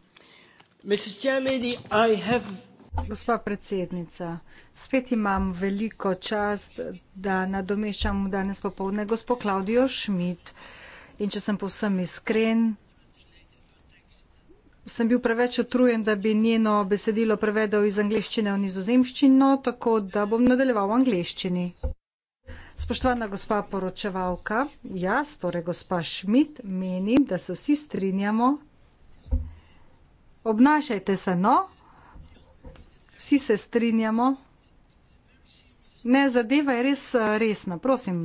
Chairman, have... Gospa predsednica, spet imam veliko čast, da nadomešam danes popovdne gospod Klaudijo Šmit. In če sem povsem iskren, sem bil preveč otrujen, da bi njeno besedilo prevedel iz angliščine v nizozemščino, tako da bom nadaljeval v angliščini. Spoštovana gospa poročevalka, jaz, torej gospa Schmidt, menim, da se vsi strinjamo. Obnašajte se, no? Vsi se strinjamo. Ne, zadeva je res eh, resna. Prosim,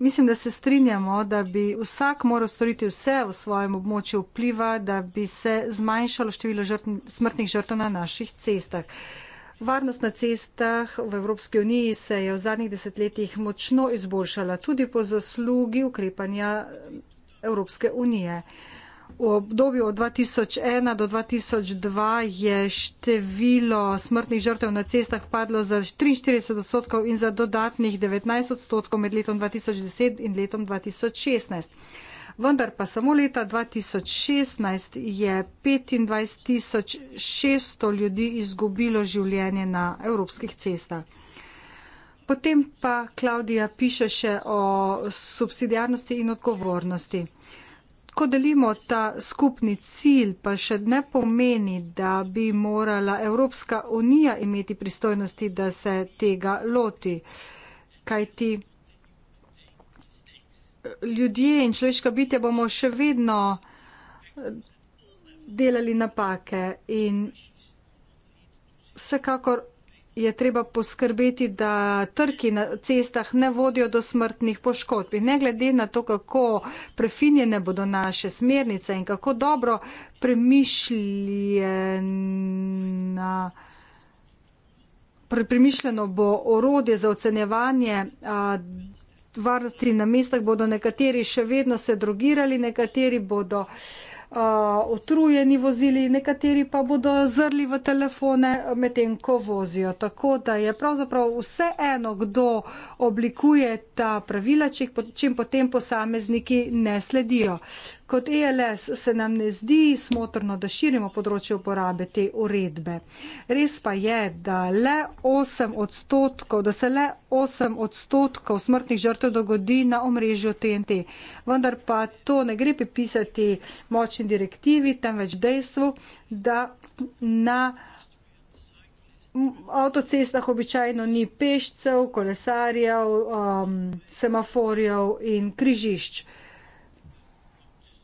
Mislim, da se strinjamo, da bi vsak moral storiti vse v svojem območju vpliva, da bi se zmanjšalo število žrt, smrtnih žrtev na naših cestah. Varnost na cestah v Evropski uniji se je v zadnjih desetletjih močno izboljšala, tudi po zaslugi ukrepanja Evropske unije. Uh, V obdobju od 2001 do 2002 je število smrtnih žrtev na cestah padlo za 43 odstotkov in za dodatnih 19 odstotkov med letom 2010 in letom 2016. Vendar pa samo leta 2016 je 25.600 ljudi izgubilo življenje na evropskih cestah. Potem pa Klaudija piše še o subsidijarnosti in odgovornosti. Uh, ko delimo ta skupni cilj, pa še ne pomeni, da bi morala Evropska unija imeti pristojnosti, da se tega loti. Kaj ti ljudje in človeška bitja bomo še vedno eh, delali napake in vsekakor je treba poskrbeti, da trki na cestah ne vodijo do smrtnih poškodb. In ne glede na to, kako prefinjene bodo naše smernice in kako dobro premišljena. Premišljeno bo orodje za ocenjevanje varnosti na mestah, bodo nekateri še vedno se drogirali, nekateri bodo uh, otrujeni vozili, nekateri pa bodo zrli v telefone medtem, ko vozijo. Tako da je pravzaprav vse eno, kdo oblikuje ta pravila, če jih potem posamezniki ne sledijo. Kot ELS se nam ne zdi smotrno, da širimo področje uporabe te uredbe. Res pa je, da, da se le 8 odstotkov smrtnih žrtev dogodi na omrežju TNT. Vendar pa to ne gre pripisati močni direktivi, temveč dejstvu, da na. V avtocestah običajno ni pešcev, kolesarjev, um, semaforjev in križišč.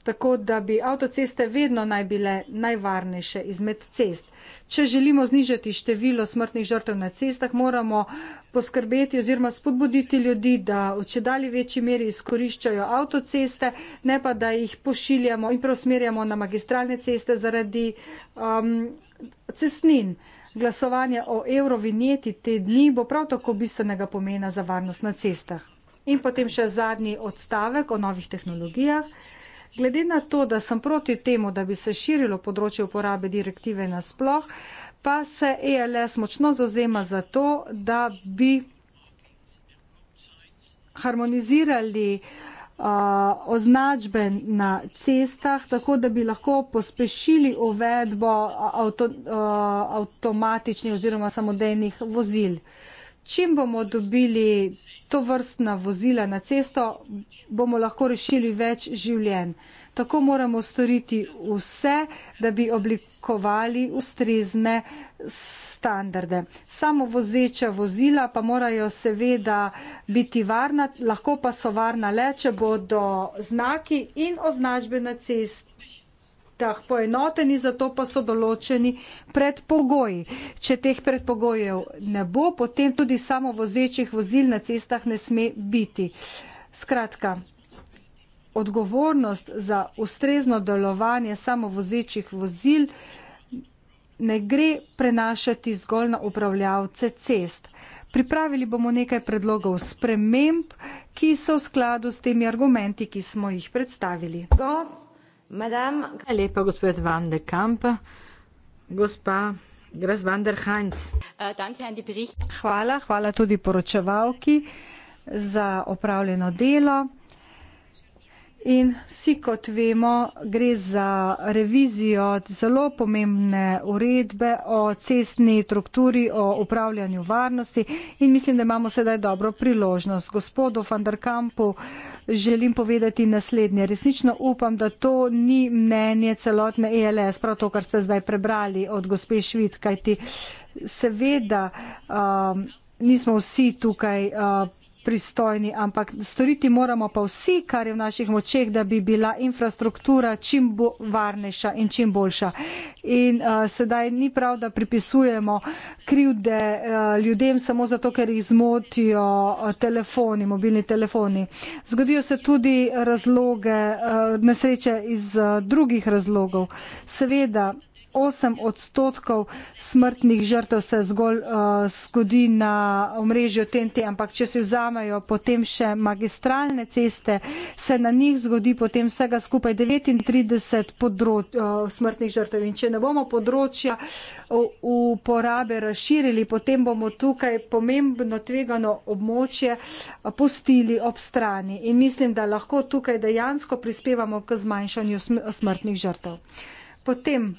Tako da bi avtoceste vedno naj bile najvarnejše izmed cest. Če želimo znižati število smrtnih žrtev na cestah, moramo poskrbeti oziroma spodbuditi ljudi, da v čedali večji meri izkoriščajo avtoceste, ne pa da jih pošiljamo in preusmerjamo na magistralne ceste zaradi um, cestnin. Glasovanje o eurovinjeti te dni bo prav tako bistvenega pomena za varnost na cestah. In potem še zadnji odstavek o novih tehnologijah. Glede na to, da sem proti temu, da bi se širilo področje uporabe direktive nasploh, pa se ELS močno zauzema za to, da bi harmonizirali uh, označbe na cestah, tako da bi lahko pospešili uvedbo avto, uh, avtomatičnih oziroma samodejnih vozil. Uh, čim bomo dobili to vrstna vozila na cesto, bomo lahko rešili več življenj. Tako moramo storiti vse, da bi oblikovali ustrezne standarde. Samo vozeča vozila pa morajo seveda biti varna, lahko pa so varna le, če bodo znaki in označbe na cesti teh poenoteni, zato pa so določeni predpogoji. Če teh predpogojev ne bo, potem tudi samo vozečih vozil na cestah ne sme biti. Skratka, odgovornost za ustrezno delovanje samovozečih vozil ne gre prenašati zgolj na upravljavce cest. Pripravili bomo nekaj predlogov sprememb, ki so v skladu s temi argumenti, ki smo jih predstavili. God. Hvala lepa, gospod Van de Kamp. Gospa Gras van der Heinz. Eh, hvala, hvala tudi poročevalki za opravljeno delo. In vsi, kot vemo, gre za revizijo zelo pomembne uredbe o cestni strukturi, o upravljanju varnosti in mislim, da imamo sedaj dobro priložnost. Gospodu van der Kampu želim povedati naslednje. Resnično upam, da to ni mnenje celotne ELS, prav to, kar ste zdaj prebrali od gospe Švit, kajti seveda um, nismo vsi tukaj. Uh, pristojni, ampak storiti moramo pa vsi, kar je v naših močeh, da bi bila infrastruktura čim varnejša in čim boljša. In uh, sedaj ni prav, da pripisujemo krivde uh, ljudem samo zato, ker jih zmotijo uh, telefoni, mobilni telefoni. Zgodijo se tudi razloge, uh, nesreče iz uh, drugih razlogov. Seveda, osem odstotkov smrtnih žrtev se zgolj uh, zgodi na omrežju TNT, ampak če si vzamajo potem še magistralne ceste, se na njih zgodi potem vsega skupaj 39 področ, uh, smrtnih žrtev. In če ne bomo področja uporabe razširili, potem bomo tukaj pomembno tvegano območje eh, pustili ob strani. In mislim, da lahko tukaj dejansko prispevamo k zmanjšanju smrtnih žrtev. Potem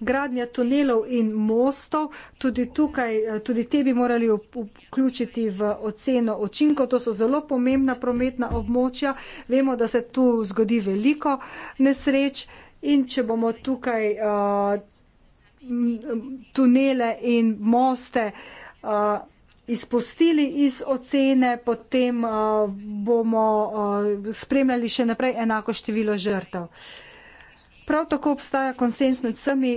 gradnja tunelov in mostov, tudi tukaj, eh, tudi te bi morali vključiti v oceno očinkov. To so zelo pomembna prometna območja. Vemo, da se tu zgodi veliko nesreč in če bomo tukaj uh, tunele in moste uh, izpustili iz ocene, potem uh, bomo uh, spremljali še naprej enako število žrtev. Uh, Prav tako obstaja konsens med vsemi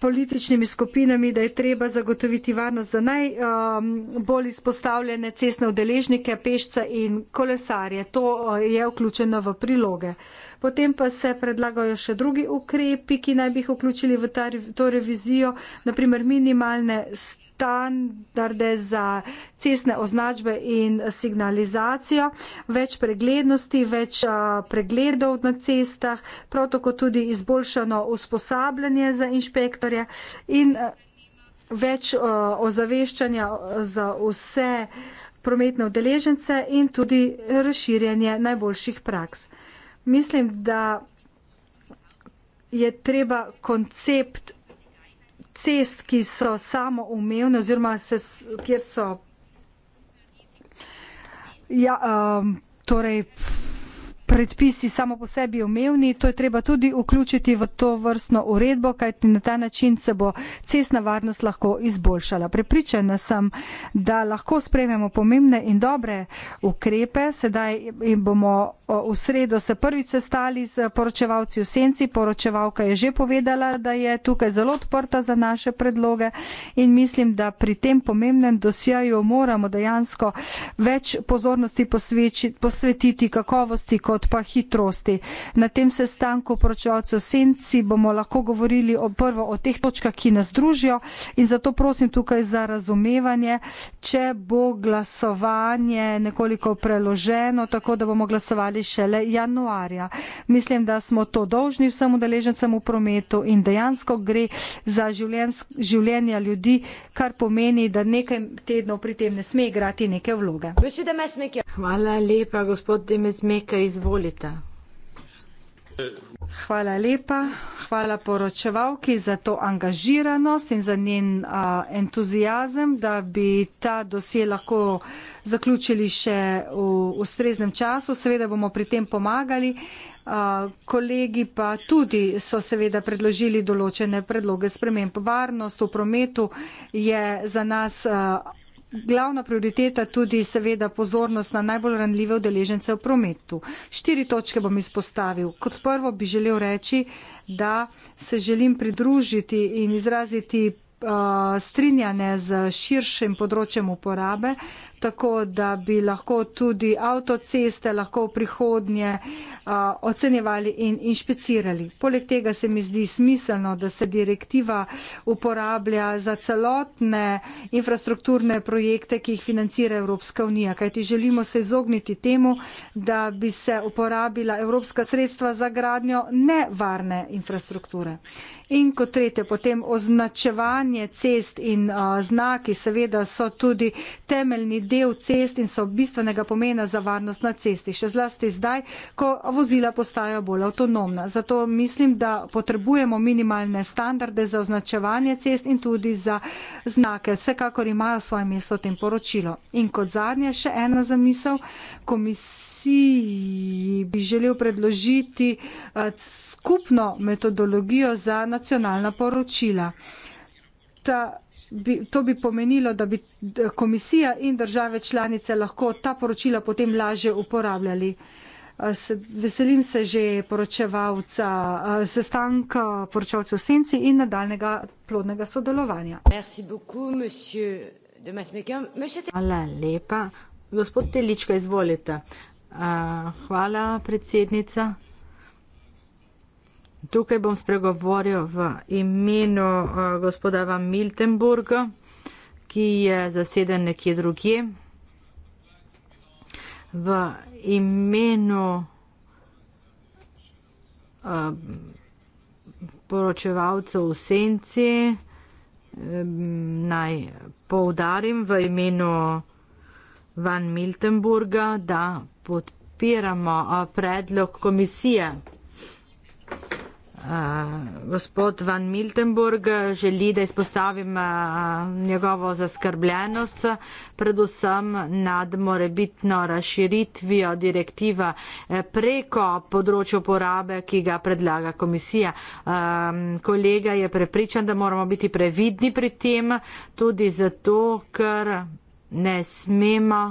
političnimi skupinami, da je treba zagotoviti varnost za najbolj um, izpostavljene cestne udeležnike, pešce in kolesarje. To uh, je vključeno v priloge. Potem pa se predlagajo še drugi ukrepi, ki naj bi jih vključili v ta, to revizijo, naprimer minimalne stroške standarde za cestne označbe in signalizacijo, več preglednosti, več pregledov na cestah, prav tako tudi izboljšano usposabljanje za inšpektorje in več ozaveščanja za vse prometne udeležence in tudi razširjanje najboljših praks. Mislim, da je treba koncept cest, ki so samo umevne oziroma se, kjer so ja, um, torej, predpisi samo po sebi umevni, to je treba tudi vključiti v to vrstno uredbo, kajti na ta način se bo cestna varnost lahko izboljšala. Prepričana sem, da lahko sprejmemo pomembne in dobre ukrepe, sedaj bomo v sredo se prvič sestali z poročevalci v Senci, poročevalka je že povedala, da je tukaj zelo odprta za naše predloge in mislim, da pri tem pomembnem dosjaju moramo dejansko več pozornosti posvetiti kakovosti, kot kot pa hitrosti. Na tem sestanku poročevalcev Senci bomo lahko govorili o prvo o teh točkah, ki nas družijo in zato prosim tukaj za razumevanje, če bo glasovanje nekoliko preloženo, tako da bomo glasovali šele januarja. Mislim, da smo to dolžni vsem udeležencem v prometu in dejansko gre za življenja ljudi, kar pomeni, da nekaj tednov pri tem ne sme igrati neke vloge. Hvala lepa, gospod Demesmeker izvolite. Hvala lepa, hvala poročevalki za to angažiranost in za njen a, entuzijazem, da bi ta dosje lahko zaključili še v ustreznem času. Seveda bomo pri tem pomagali. A, kolegi pa tudi so seveda predložili določene predloge sprememb. Varnost v prometu je za nas. A, glavna prioriteta tudi seveda pozornost na najbolj ranljive udeležence v prometu. Štiri točke bom izpostavil. Kot prvo bi želel reči, da se želim pridružiti in izraziti uh, strinjanje z širšim področjem uporabe uh, tako da bi lahko tudi avtoceste lahko v prihodnje a, ocenjevali in inšpicirali. Poleg tega se mi zdi smiselno, da se direktiva uporablja za celotne infrastrukturne projekte, ki jih financira Evropska unija, kajti želimo se izogniti temu, da bi se uporabila evropska sredstva za gradnjo nevarne infrastrukture. In kot tretje, potem označevanje cest in a, znaki seveda so tudi temeljni del cest in so bistvenega pomena za varnost na cesti, še zlasti zdaj, ko vozila postajajo bolj avtonomna. Zato mislim, da potrebujemo minimalne standarde za označevanje cest in tudi za znake. Vsekakor imajo svoje mesto v tem poročilu. In kot zadnje, še ena zamisel. Komisiji bi želel predložiti eh, skupno metodologijo za nacionalna poročila. Ta bi, to bi pomenilo, da bi komisija in države članice lahko ta poročila potem laže uporabljali. Se, veselim se že poročevalca, sestanka poročevalcev v senci in nadaljnega plodnega sodelovanja. Hvala lepa. Gospod Teličko, izvolite. Hvala, predsednica. Tukaj bom spregovoril v imenu eh, gospodava Miltenburga, ki je zaseden nekje drugje. V imenu uh, poročevalcev v senci um, naj poudarim v imenu Van Miltenburga, da podpiramo uh, predlog komisije gospod Van Miltenburg želi, da izpostavim a, njegovo zaskrbljenost, predvsem nad morebitno razširitvijo direktiva e, preko področja uporabe, ki ga predlaga komisija. A, kolega je prepričan, da moramo biti previdni pri tem, tudi zato, ker ne smemo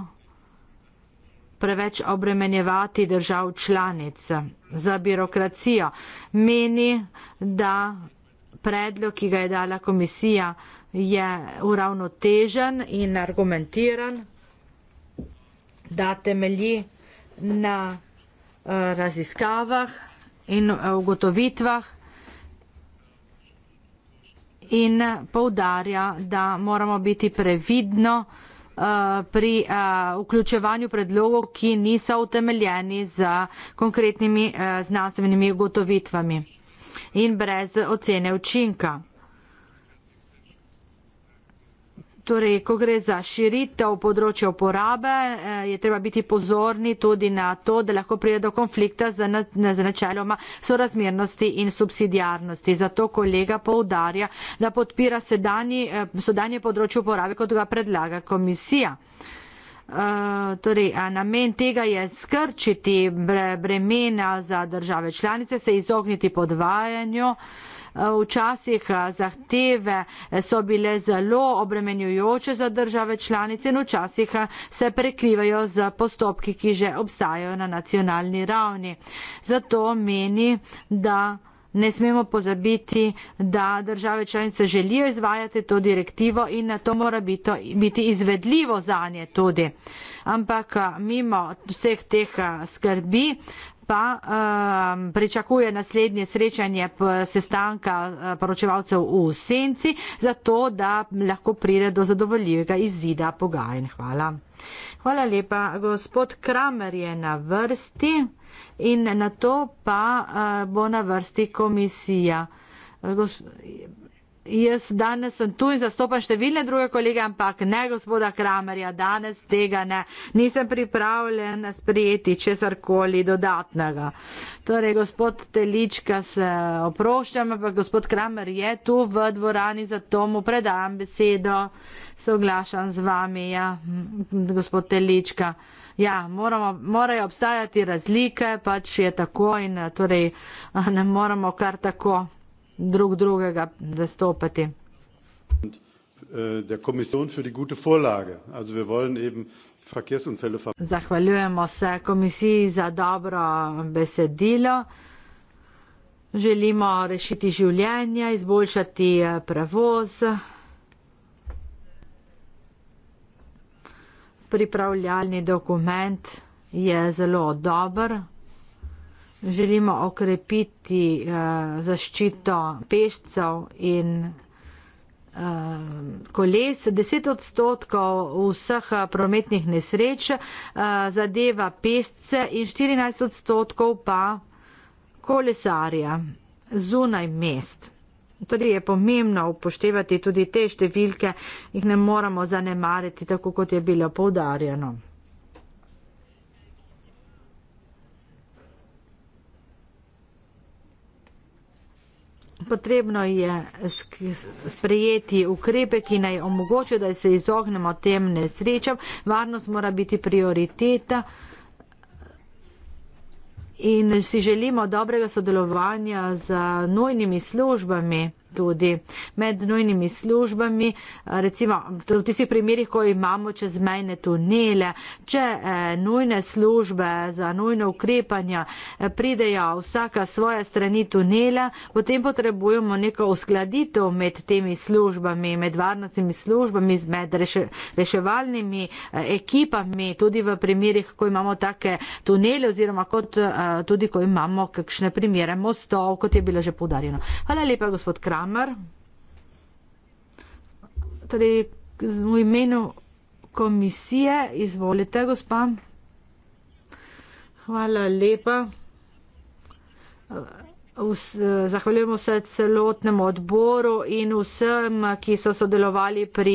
preveč obremenjevati držav članic za birokracijo. Meni, da predlog, ki ga je dala komisija, je uravnotežen in argumentiran, da temelji na eh, raziskavah in eh, ugotovitvah in povdarja, da moramo biti previdno Eh, pri eh, vključevanju predlogov, ki niso utemeljeni z konkretnimi eh, znanstvenimi ugotovitvami in brez ocene učinka. Torej, ko gre za širitev področja uporabe, eh, je treba biti pozorni tudi na to, da lahko pride do konflikta z načeloma sorazmernosti in subsidijarnosti. Zato kolega poudarja, da podpira sedanji, eh, sedanje področje uporabe, kot ga predlaga komisija. Uh, torej, namen tega je skrčiti bre, bremena za države članice, se izogniti podvajanju. Uh, Včasih zahteve so bile zelo obremenjujoče za države članice in včasih se prekrivajo z postopki, ki že obstajajo na nacionalni ravni. Zato meni, da ne smemo pozabiti, da države članice želijo izvajati to direktivo in na to mora biti, biti izvedljivo zanje tudi. Ampak mimo vseh teh skrbi pa um, pričakuje naslednje srečanje sestanka eh, poročevalcev v senci, zato da lahko pride do zadovoljivega izida pogajen. Hvala. Hvala lepa. Gospod Kramer je na vrsti in na to pa uh, bo na vrsti komisija. Gosp jaz danes sem tu in zastopam številne druge kolege, ampak ne gospoda Kramerja, danes tega ne, nisem pripravljen sprijeti česarkoli dodatnega. Torej, gospod Telička se oproščam, ampak gospod Kramer je tu v dvorani, zato mu predajam besedo, se oglašam z vami, ja, gospod Telička. Ja, moramo, morajo obstajati razlike, pač je tako in torej ne moramo kar tako drug drugega zastopati. Zahvaljujemo se komisiji za dobro besedilo. Želimo rešiti življenja, izboljšati eh, prevoz. Pripravljalni dokument je zelo dober želimo okrepiti uh, zaščito pešcev in eh, koles. 10 odstotkov vseh eh, prometnih nesreč zadeva pešce in 14 odstotkov pa kolesarja zunaj mest. Torej je pomembno upoštevati tudi te številke, jih ne moramo zanemariti, tako kot je bilo poudarjeno. potrebno je sprejeti ukrepe, ki naj omogočajo, da se izognemo tem nesrečam. Varnost mora biti prioriteta in si želimo dobrega sodelovanja z nujnimi službami tudi med nujnimi službami, recimo v tistih primerjih, ko imamo čezmejne tunele, če eh, nujne službe za nujno ukrepanje eh, pridejo vsaka svoja strani tunela, potem potrebujemo neko uskladitev med temi službami, med varnostnimi službami, med reše, reševalnimi eh, ekipami, tudi v primerjih, ko imamo take tunele oziroma kot, eh, tudi, ko imamo kakšne primere mostov, kot je bilo že podarjeno. Hvala lepa, gospod Kraj. Kramer. Torej, v imenu komisije, izvolite, gospa. Hvala lepa. Vs, zahvaljujemo se celotnemu odboru in vsem, ki so sodelovali pri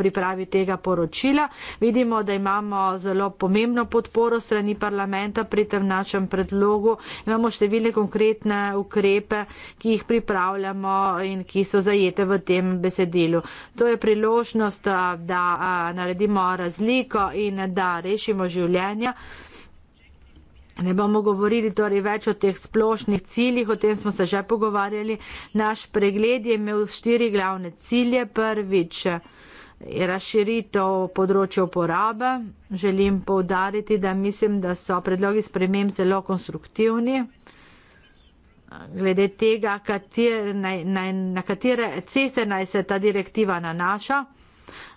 pripravi tega poročila. Vidimo, da imamo zelo pomembno podporo strani parlamenta pri tem našem predlogu. Imamo številne konkretne ukrepe, ki jih pripravljamo in ki so zajete v tem besedilu. To je priložnost, da naredimo razliko in da rešimo življenja. Ne bomo govorili torej več o teh splošnih ciljih, o tem smo se že pogovarjali. Naš pregled je imel štiri glavne cilje. Prvič, razširitev področja uporabe. Želim povdariti, da mislim, da so predlogi spremem zelo konstruktivni. Glede tega, katere, na, na, na katere ceste naj se ta direktiva nanaša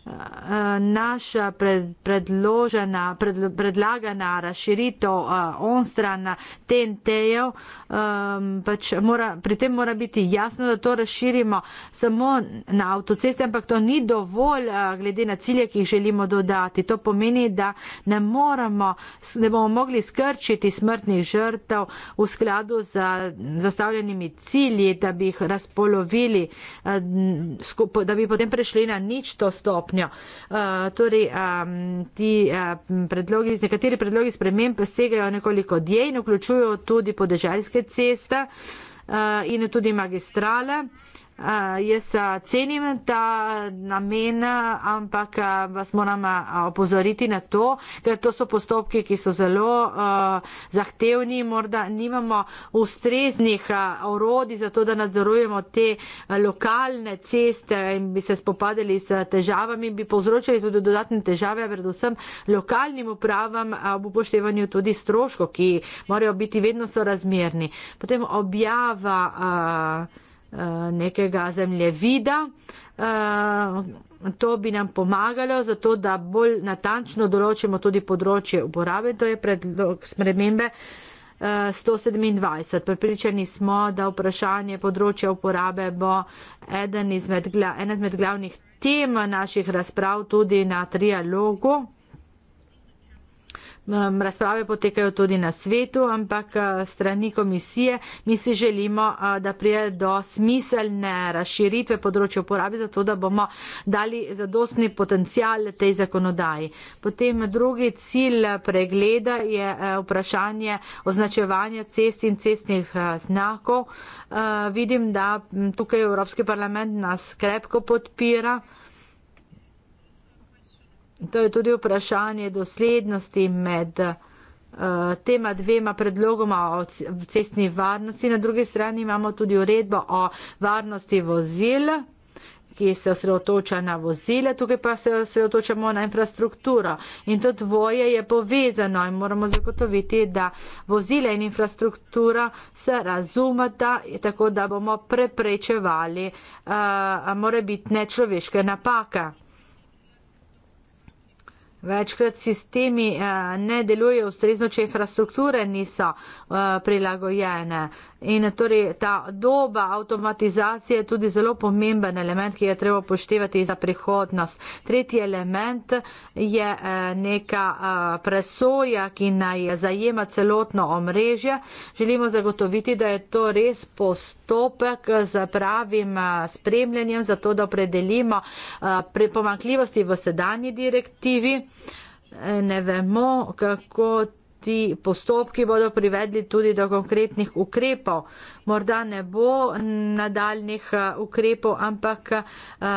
naša pred, predložena, pred, predlagana razširitev uh, onstran TNT-jev, um, ehm, pač mora, pri tem mora biti jasno, da to razširimo samo na avtoceste, ampak to ni dovolj uh, glede na cilje, ki jih želimo dodati. To pomeni, da ne, moramo, ne bomo mogli skrčiti smrtnih žrtev v skladu z zastavljenimi cilji, da bi jih razpolovili, uh, eh, skup, da bi potem prešli na nič to stopno stopnjo. Uh, torej, um, ti, uh, predlogi, nekateri predlogi sprememb segajo nekoliko dje in vključujo tudi podeželjske ceste uh, in tudi magistrale. Uh, Uh, jaz cenim ta namen, ampak vas moram opozoriti na to, ker to so postopki, ki so zelo uh, zahtevni, morda nimamo ustreznih uh, orodi za to, da nadzorujemo te uh, lokalne ceste in bi se spopadali s težavami, bi povzročili tudi dodatne težave, predvsem lokalnim upravam ob uh, upoštevanju tudi stroško, ki morajo biti vedno sorazmerni. Potem objava. Uh, Eh, nekega zemljevida. Eh, to bi nam pomagalo, zato da bolj natančno določimo tudi področje uporabe, to je predlog spremembe 127. Eh, Pripričani smo, da vprašanje področja uporabe bo eden izmed, ena izmed glavnih tem naših razprav tudi na trialogu. Razprave potekajo tudi na svetu, ampak eh, strani komisije mi si želimo, eh, da prije do smiselne razširitve področja uporabe, zato da bomo dali zadostni potencial tej zakonodaji. Potem drugi cilj eh, pregleda je vprašanje označevanja cest in cestnih znakov. Vidim, da tukaj Evropski parlament nas krepko podpira. To je tudi vprašanje doslednosti med uh, tema dvema predlogoma o cestni varnosti. Na drugi strani imamo tudi uredbo o varnosti vozil, ki se osredotoča na vozile, tukaj pa se osredotočamo na infrastrukturo. In to dvoje je povezano in moramo zagotoviti, da vozile in infrastruktura se razumeta, tako da bomo preprečevali uh, morebitne človeške napake. Večkrat sistemi eh, ne delujejo ustrezno, če infrastrukture niso eh, prilagojene. In torej ta doba avtomatizacije je tudi zelo pomemben element, ki ga treba poštevati za prihodnost. Tretji element je eh, neka presoja, ki naj zajema celotno omrežje. Želimo zagotoviti, da je to res postopek z pravim spremljanjem, zato da opredelimo pomankljivosti v sedanji direktivi ne vemo, kako ti postopki bodo privedli tudi do konkretnih ukrepov. Morda ne bo nadaljnih eh, ukrepov, ampak uh,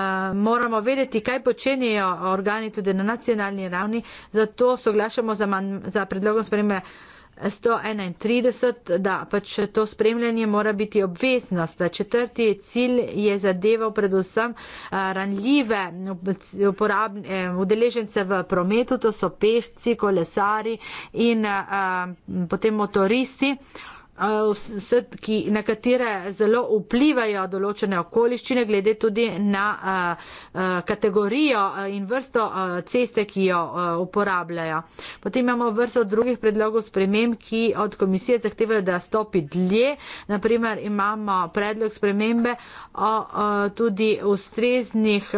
moramo vedeti, kaj počenjajo organi tudi na nacionalni ravni. Zato soglašamo za, man, za predlogom spremembe. 131, da pač to spremljanje mora biti obveznost. Četrti cilj je zadeval predvsem eh, ranljive eh, udeležence v prometu, to so pešci, kolesari in a, eh, potem motoristi vse, ki, na katere zelo vplivajo določene okoliščine, glede tudi na kategorijo in vrsto ceste, ki jo uporabljajo. Potem imamo vrsto drugih predlogov sprememb, ki od komisije zahtevajo, da stopi dlje. Naprimer imamo predlog spremembe o tudi ustreznih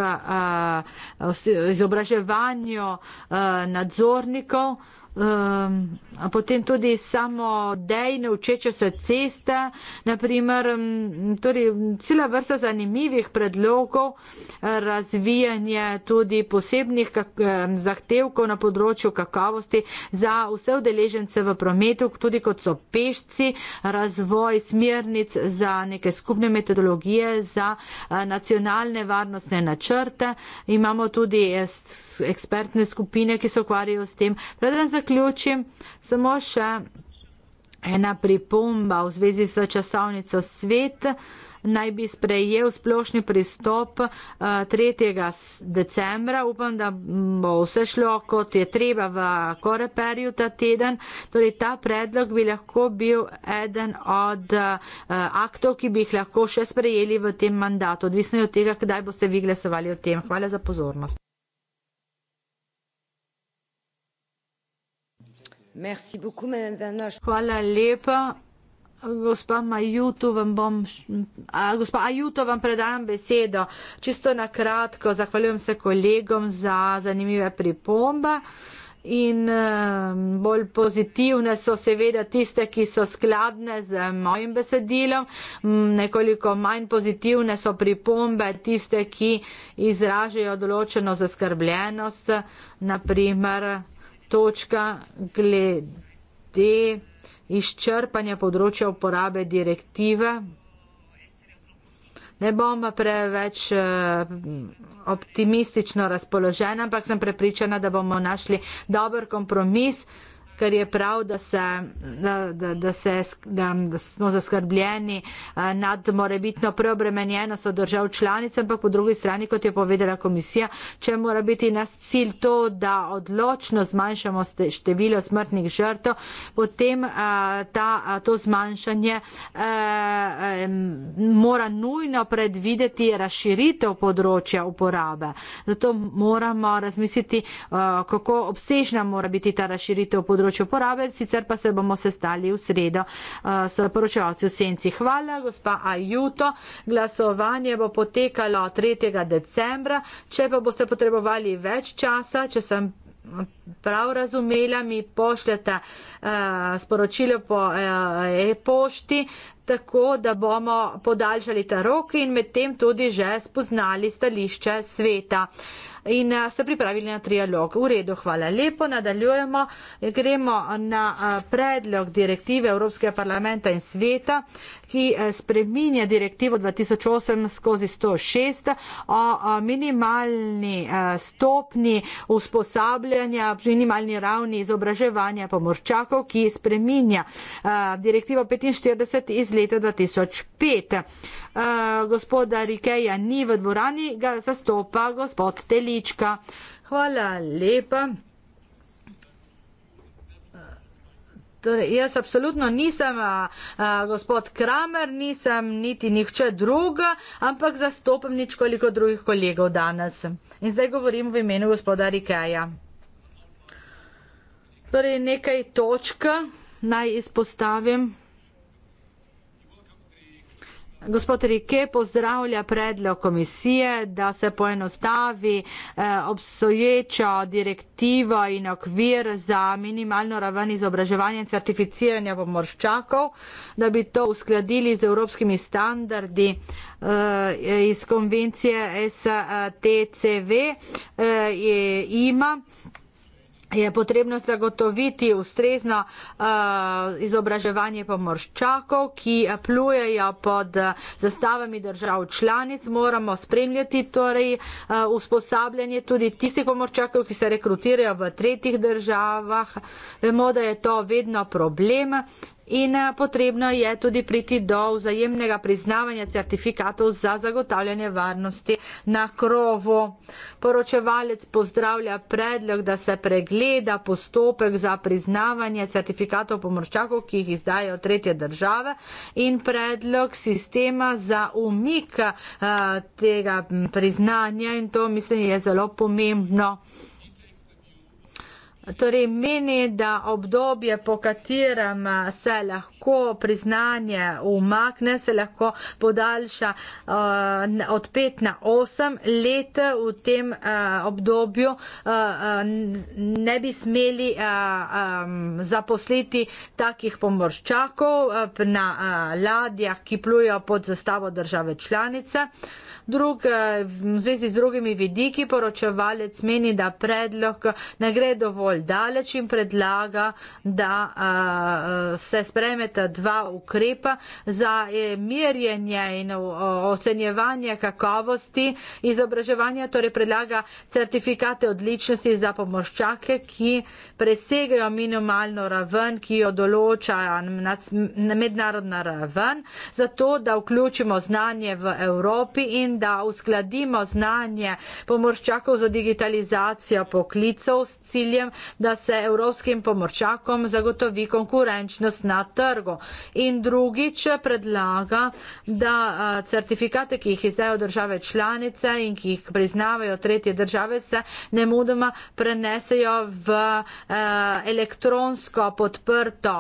izobraževanju nadzornikov um, potem tudi samo dejne učeče se ceste, naprimer, torej cela vrsta zanimivih predlogov, razvijanje tudi posebnih ehm, zahtevkov na področju kakovosti za vse udeležence v prometu, tudi kot so pešci, razvoj smernic za neke skupne metodologije, za eh, nacionalne varnostne načrte. Imamo tudi ekspertne skupine, ki se ukvarjajo s tem. Predan, zaključim, samo še ena pripomba v zvezi s časovnico svet naj bi sprejel splošni pristop 3. Eh, decembra. Upam, da bo vse šlo, kot je treba v koreperju ta teden. Torej, ta predlog bi lahko bil eden od eh, aktov, ki bi jih lahko še sprejeli v tem mandatu. Odvisno je od tega, kdaj boste vi glasovali o tem. Hvala za pozornost. Hvala lepa. Gospa Majutu, vam bom, a, gospa Ajuto, vam predajam besedo. Čisto na kratko, zahvaljujem se kolegom za zanimive pripombe in eh, bolj pozitivne so seveda tiste, ki so skladne z mojim besedilom, nekoliko manj pozitivne so pripombe tiste, ki izražajo določeno zaskrbljenost, naprimer točka glede izčrpanja področja uporabe direktive. Ne bom preveč eh, optimistično razpoložena, ampak sem prepričana, da bomo našli dober kompromis ker je prav, da, se, da, da, da, se, da, da smo zaskrbljeni nad morebitno preobremenjeno so držav članic, ampak po drugi strani, kot je povedala komisija, če mora biti nas cilj to, da odločno zmanjšamo število smrtnih žrtev, potem ta, to zmanjšanje mora nujno predvideti razširitev področja uporabe. Zato moramo razmisliti, kako obsežna mora biti ta razširitev področja področju porabe, sicer pa se bomo sestali v sredo eh, s poročevalci v senci. Hvala, gospa Ajuto. Glasovanje bo potekalo 3. decembra. Če pa boste potrebovali več časa, če sem prav razumela, mi pošljete eh, sporočilo po eh, e-pošti. Tako da bomo podaljšali ta rok in medtem tudi že spoznali stališče sveta. Uh, in eh, se pripravili na trialog. V redu, hvala lepo, nadaljujemo. Gremo na eh, predlog direktive Evropskega parlamenta in sveta, ki eh, spreminja direktivo 2008 skozi 106 o minimalni eh, stopni usposabljanja, minimalni ravni izobraževanja pomorčakov, ki spreminja eh, direktivo 45 iz leta 2005. Gospoda Rikeja ni v dvorani, ga zastopa gospod Telička. Hvala lepa. Torej, jaz apsolutno nisem a, a, gospod Kramer, nisem niti nihče drug, ampak zastopam nič koliko drugih kolegov danes. In zdaj govorim v imenu gospoda Rikeja. Torej, nekaj točk naj izpostavim. Gospod Rike pozdravlja predlog komisije, da se poenostavi eh, obstoječo direktivo in okvir za minimalno raven izobraževanja in certificiranja pomorščakov, da bi to uskladili z evropskimi standardi eh, iz konvencije STCV eh, ima je potrebno zagotoviti ustrezno uh, izobraževanje pomorščakov, ki eh, plujejo pod eh, zastavami držav članic. Moramo spremljati torej, uh, usposabljanje tudi tistih pomorščakov, ki se rekrutirajo v tretjih državah. Vemo, da je to vedno problem in eh, potrebno je tudi priti do vzajemnega priznavanja certifikatov za zagotavljanje varnosti na krovu. Poročevalec pozdravlja predlog, da se pregleda postopek za priznavanje certifikatov pomorščakov, ki jih izdajo tretje države in predlog sistema za umik eh, tega priznanja in to mislim je zelo pomembno. Torej, meni, da obdobje, po katerem eh, se lahko lahko priznanje umakne, se lahko podaljša uh, od 5 na 8 let v tem uh, obdobju. Uh, uh, ne bi smeli uh, um, zaposliti takih pomorščakov uh, na uh, ladjah, ki plujo pod zastavo države članice. Drug, v zvezi z drugimi vidiki poročevalec meni, da predlog ne gre dovolj daleč in predlaga, da uh, se spremete sprejeta dva ukrepa za eh, merjenje in ocenjevanje kakovosti izobraževanja, torej predlaga certifikate odličnosti za pomoščake, ki presegajo minimalno raven, ki jo določa mednarodna raven, zato da vključimo znanje v Evropi in da uskladimo znanje pomoščakov za digitalizacijo poklicov s ciljem, da se evropskim pomoščakom zagotovi konkurenčnost na trgu prtljago. In drugič predlaga, da certifikate, ki jih izdajo države članice in ki jih priznavajo tretje države, se ne mudoma prenesejo v elektronsko podprto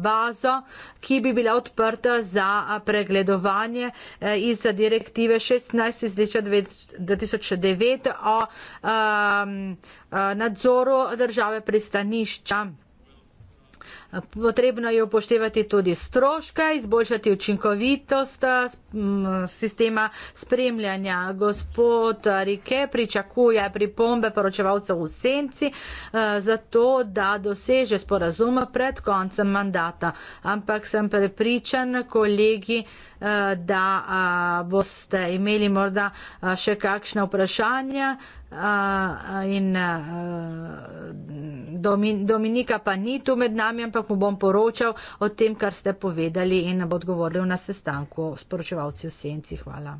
bazo, ki bi bila odprta za pregledovanje e, iz direktive 16 iz leta 2009 o nadzoru države pristanišča. Potrebno je upoštevati tudi stroške, izboljšati učinkovitost mm, sistema spremljanja. Gospod Rike pričakuje pripombe poročevalcev v senci, eh, zato da doseže sporazum pred koncem mandata. Ampak sem prepričan, kolegi, eh, da eh, boste imeli morda še kakšne vprašanja in uh, Domin, Dominika pa ni tu med nami, ampak mu bom poročal o tem, kar ste povedali in bo odgovoril na sestanku s poročevalci v Senci. Hvala.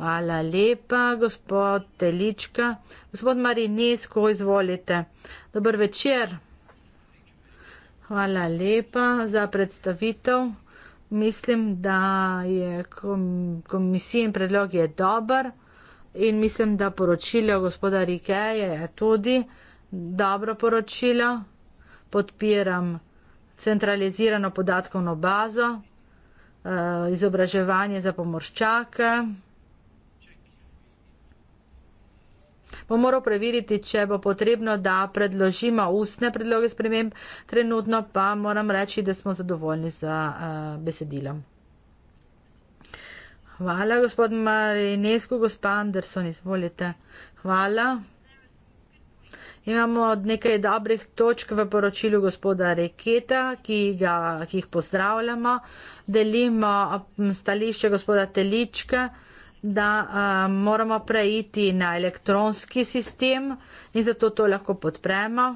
Hvala lepa, gospod Telička. Gospod Marinesko, izvolite. Dobar večer. Hvala lepa za predstavitev. Mislim, da je komisijen predlog je dober in mislim, da poročilo gospoda Rike je tudi dobro poročilo. Podpiram centralizirano podatkovno bazo, eh, izobraževanje za pomorščake. Bo moral preveriti, če bo potrebno, da predložimo ustne predloge sprememb, trenutno pa moram reči, da smo zadovoljni z eh, besedilom. Hvala, gospod Marinesko, gospod Anderson, izvolite. Hvala. Imamo nekaj dobrih točk v poročilu gospoda Reketa, ki, ga, ki jih pozdravljamo. Delimo um, stališče gospoda Teličke, da a, um, moramo preiti na elektronski sistem in zato to lahko podpremo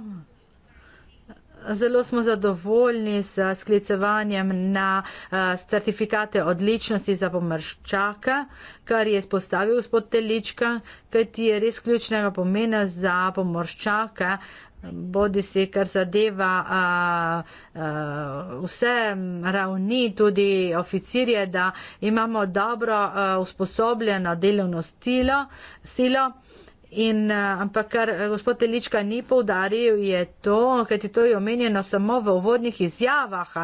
zelo smo zadovoljni s sklicevanjem na uh, certifikate odličnosti za pomrščaka, kar je spostavil gospod Telička, kajti je res ključnega pomena za pomrščaka, bodi si, kar zadeva uh, uh, vse ravni, tudi oficirje, da imamo dobro uh, usposobljeno delovno stilo, silo. silo. In, uh, ampak kar eh, gospod Telička ni povdaril, je to, ker ti to je omenjeno samo v uvodnih izjavah.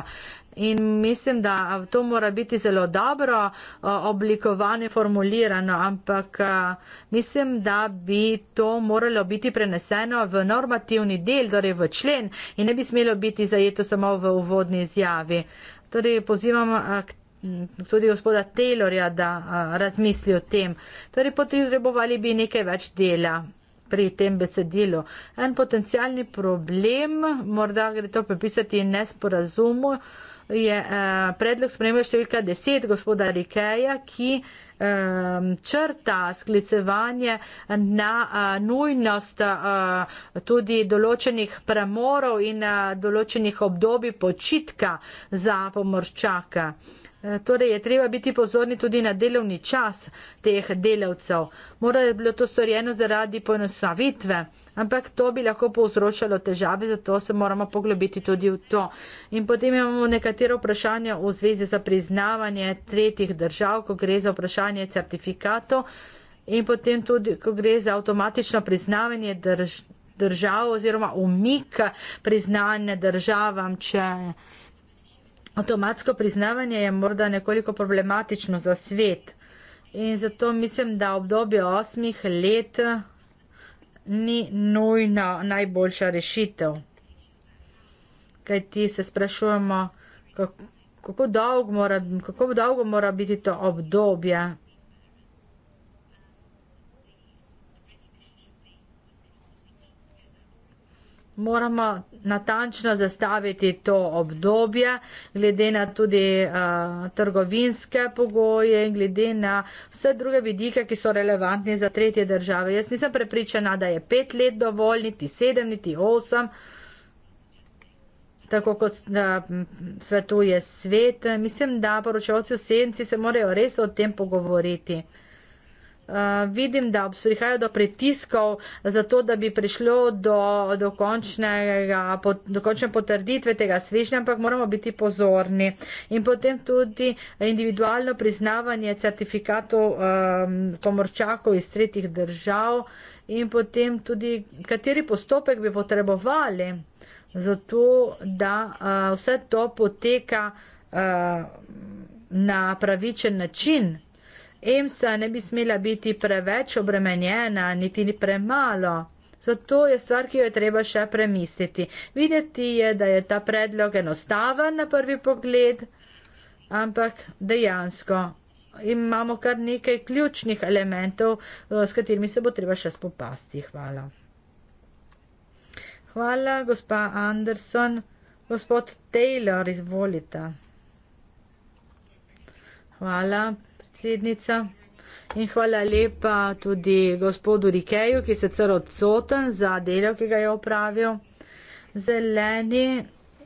In mislim, da to mora biti zelo dobro eh, oblikovano in formulirano, ampak mislim, da bi to moralo biti preneseno v normativni del, torej v člen in ne bi smelo biti zajeto samo v uvodni izjavi. Torej pozivam k Mm, tudi gospoda Taylorja, da razmisli o tem. Torej, potrebovali bi nekaj več dela pri tem besedilu. En potencijalni problem, morda gre to prepisati nesporazumu, je predlog spremembe številka 10 gospoda Rikeja, ki črta sklicevanje na nujnost tudi določenih premorov in določenih obdobij počitka za pomorščaka. Eh, torej je treba biti pozorni tudi na delovni čas teh delavcev. Mora je bilo to storjeno zaradi ponosavitve, ampak to bi lahko povzročalo težave, zato se moramo poglobiti tudi v to. In potem imamo nekatero vprašanje v zvezi za priznavanje tretjih držav, ko gre za vprašanje certifikatov in potem tudi, ko gre za avtomatično priznavanje držav oziroma umik priznanja državam, če avtomatsko priznavanje je morda nekoliko problematično za svet. In zato mislim, da obdobje osmih let ni nujna najboljša rešitev. Kaj ti se sprašujemo, kako dolgo mora, dolg mora biti to obdobje moramo natančno zastaviti to obdobje, glede na tudi uh, trgovinske pogoje, glede na vse druge vidike, ki so relevantni za tretje države. Jaz nisem prepričana, da je pet let dovolj, niti sedem, niti osem, tako kot uh, svetuje svet. Mislim, da poročevalci v senci se morajo res o tem pogovoriti. Uh, vidim, da prihajajo do pritiskov za to, da bi prišlo do, do, končnega, po, do končne potrditve tega svežnja, ampak moramo biti pozorni. In potem tudi individualno priznavanje certifikatov um, pomorčakov iz tretjih držav in potem tudi, kateri postopek bi potrebovali za to, da uh, vse to poteka uh, na pravičen način. Emsa ne bi smela biti preveč obremenjena, niti ni premalo. Zato je stvar, ki jo je treba še premisliti. Videti je, da je ta predlog enostaven na prvi pogled, ampak dejansko imamo kar nekaj ključnih elementov, eh, s katerimi se bo treba še spopasti. Hvala. Hvala, gospa Anderson. Gospod Taylor, izvolite. Hvala predsednica. In hvala lepa tudi gospodu Rikeju, ki se celo odsoten za delo, ki ga je opravil. Zeleni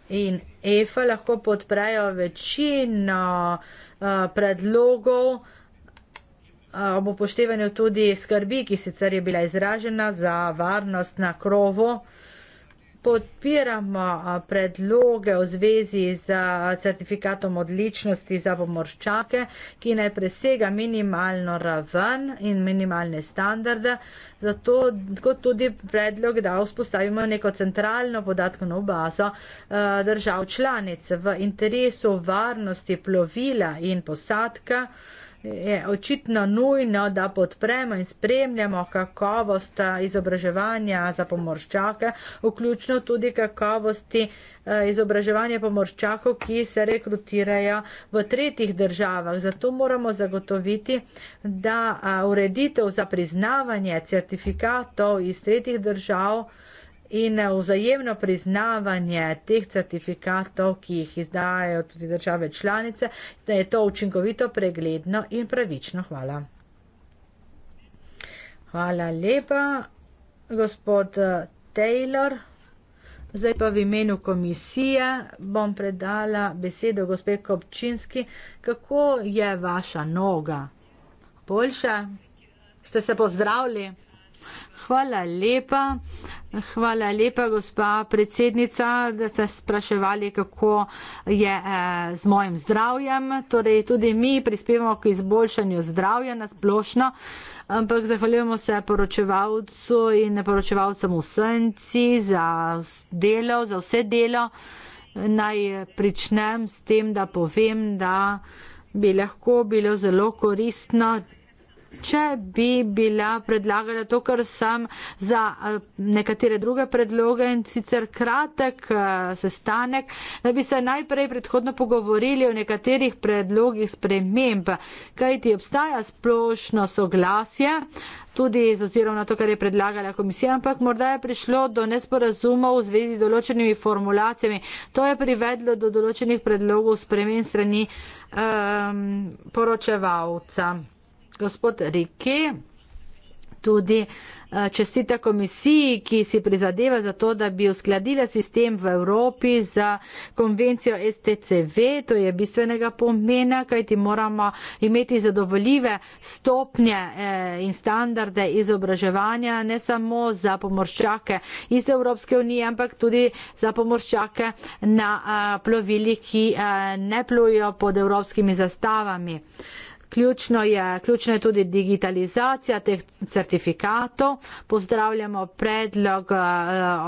in EFA lahko podprejo večino uh, predlogov uh, ob upoštevanju tudi skrbi, ki sicer je bila izražena za varnost na krovu. Uh, podpiramo predloge v zvezi z certifikatom odličnosti za pomorščake, ki naj presega minimalno raven in minimalne standarde. Zato kot tudi predlog, da vzpostavimo neko centralno podatkovno bazo držav članic v interesu varnosti plovila in posadka je očitno nujno, da podpremo in spremljamo kakovost eh, izobraževanja za pomorščake, vključno tudi kakovosti eh, izobraževanja pomorščakov, ki se rekrutirajo v tretjih državah. Zato moramo zagotoviti, da eh, ureditev za priznavanje certifikatov iz tretjih držav in vzajemno priznavanje teh certifikatov, ki jih izdajajo tudi države članice, da je to učinkovito, pregledno in pravično. Hvala. Hvala lepa, gospod Taylor. Zdaj pa v imenu komisije bom predala besedo gospe Kopčinski. Kako je vaša noga? Boljše? Ste se pozdravili? Hvala lepa. Hvala lepa, gospa predsednica, da ste spraševali, kako je eh, z mojim zdravjem. Torej, tudi mi prispevamo k izboljšanju zdravja na splošno, ampak zahvaljujemo se poročevalcu in poročevalcem v senci za delo, za vse delo. Naj pričnem s tem, da povem, da bi lahko bilo zelo koristno, če bi bila predlagala to, kar sem za eh, nekatere druge predloge in sicer kratek eh, sestanek, da bi se najprej predhodno pogovorili o nekaterih predlogih sprememb, kajti obstaja splošno soglasje tudi z ozirom na to, kar je predlagala komisija, ampak morda je prišlo do nesporazumov v zvezi z določenimi formulacijami. To je privedlo do določenih predlogov spremen strani um, poročevalca gospod Rike, tudi eh, čestite komisiji, ki si prizadeva za to, da bi uskladila sistem v Evropi za konvencijo STCV. To je bistvenega pomena, kajti moramo imeti zadovoljive stopnje eh, in standarde izobraževanja, ne samo za pomorščake iz Evropske unije, ampak tudi za pomorščake na eh, plovili, ki ne plujo pod evropskimi zastavami. Ključno je, ključno je tudi digitalizacija teh certifikatov. Pozdravljamo predlog eh,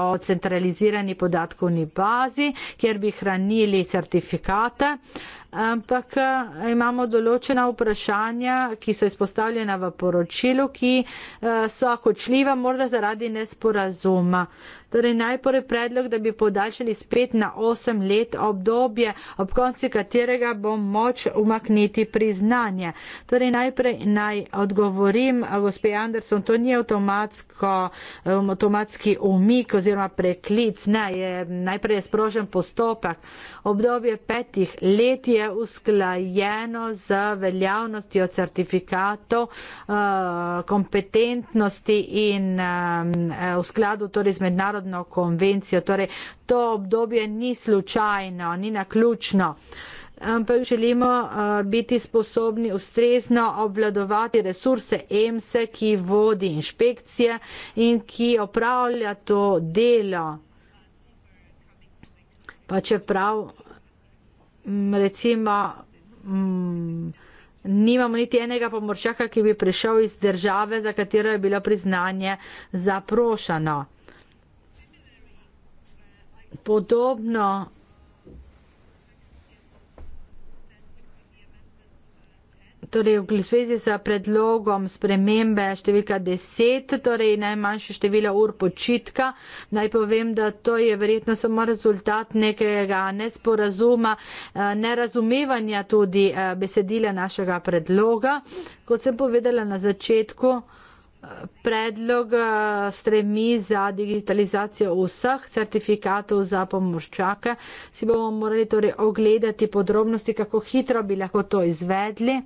o centralizirani podatkovni bazi, kjer bi hranili certifikate ampak eh, imamo določena vprašanja, ki so izpostavljena v poročilu, ki eh, so akočljiva morda zaradi nesporazuma. Torej, najprej predlog, da bi podaljšali spet na 8 let obdobje, ob konci katerega bo moč umakniti priznanje. Torej, najprej naj odgovorim, eh, gospe Anderson, to ni um, avtomatski umik oziroma preklic, ne, je najprej je sprožen postopek. Obdobje petih let je usklajeno z veljavnostjo certifikatov eh, kompetentnosti in eh, v skladu torej z mednarodno konvencijo. Torej, to obdobje ni slučajno, ni naključno. Ampak želimo uh, biti sposobni ustrezno obvladovati resurse EMSE, ki vodi inšpekcije in ki opravlja to delo. Pa čeprav Mm, recimo, mm, nimamo niti enega pomorčaka, ki bi prišel iz države, za katero je bilo priznanje zaprošano. Podobno torej v zvezi z predlogom spremembe številka 10, torej najmanjše število ur počitka. Naj povem, da to je verjetno samo rezultat nekega nesporazuma, eh, nerazumevanja tudi eh, besedila našega predloga. Kot sem povedala na začetku, predlog eh, stremi za digitalizacijo vseh certifikatov za pomorščake. Si bomo morali torej ogledati podrobnosti, kako hitro bi lahko to izvedli.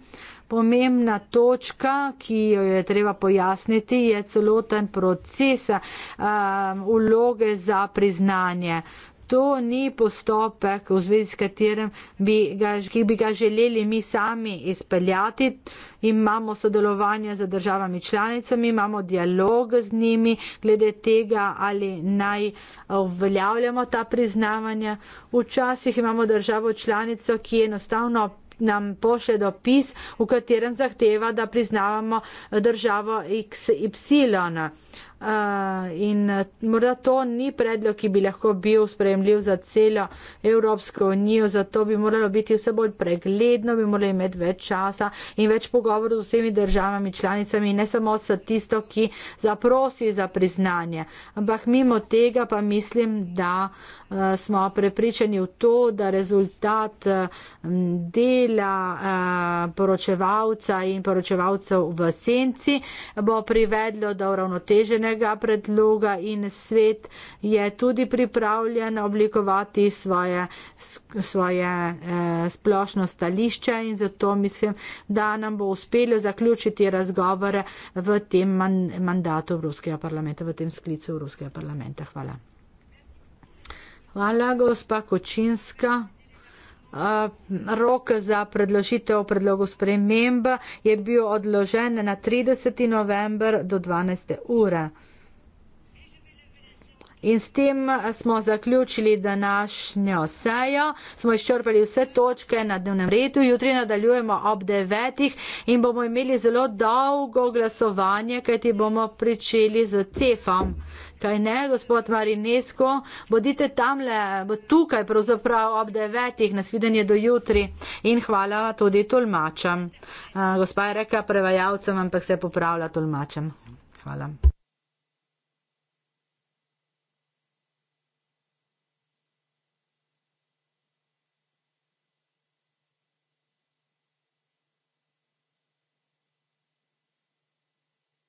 Pomembna točka, ki jo je treba pojasniti, je celoten proces uh, vloge za priznanje to ni postopek, v zvezi s katerim bi ga, ki bi ga želeli mi sami izpeljati. Imamo sodelovanje z državami članicami, imamo dialog z njimi glede tega, ali naj uveljavljamo ta priznavanja. Včasih imamo državo članico, ki enostavno nam pošle dopis, v katerem zahteva, da priznavamo državo XY. Uh, in uh, morda to ni predlog, ki bi lahko bil sprejemljiv za celo Evropsko unijo, zato bi moralo biti vse bolj pregledno, bi morali imeti več časa in več pogovorov z vsemi državami članicami, ne samo s tisto, ki zaprosi za priznanje. Ampak mimo tega pa mislim, da uh, smo prepričani v to, da rezultat uh, dela uh, poročevalca in poročevalcev v senci bo privedlo do uravnoteženja duhovnega predloga in svet je tudi pripravljen oblikovati svoje, svoje eh, splošno stališče in zato mislim, da nam bo uspelo zaključiti razgovore v tem man, mandatu Evropskega parlamenta, v tem sklicu Evropskega parlamenta. Hvala. Hvala, gospa Kočinska. Eh, rok za predložitev predlogov sprememb je bil odložen na 30. november do 12. ure. In s tem smo zaključili današnjo sejo, smo izčrpali vse točke na dnevnem redu, jutri nadaljujemo ob devetih in bomo imeli zelo dolgo glasovanje, kajti bomo pričeli z cefom. Kaj ne, gospod Marinesko, bodite tam le, bo tukaj pravzaprav ob devetih, nasvidenje do jutri in hvala tudi tolmačem. Uh, gospa je rekla prevajalcem, ampak se popravlja tolmačem. Hvala.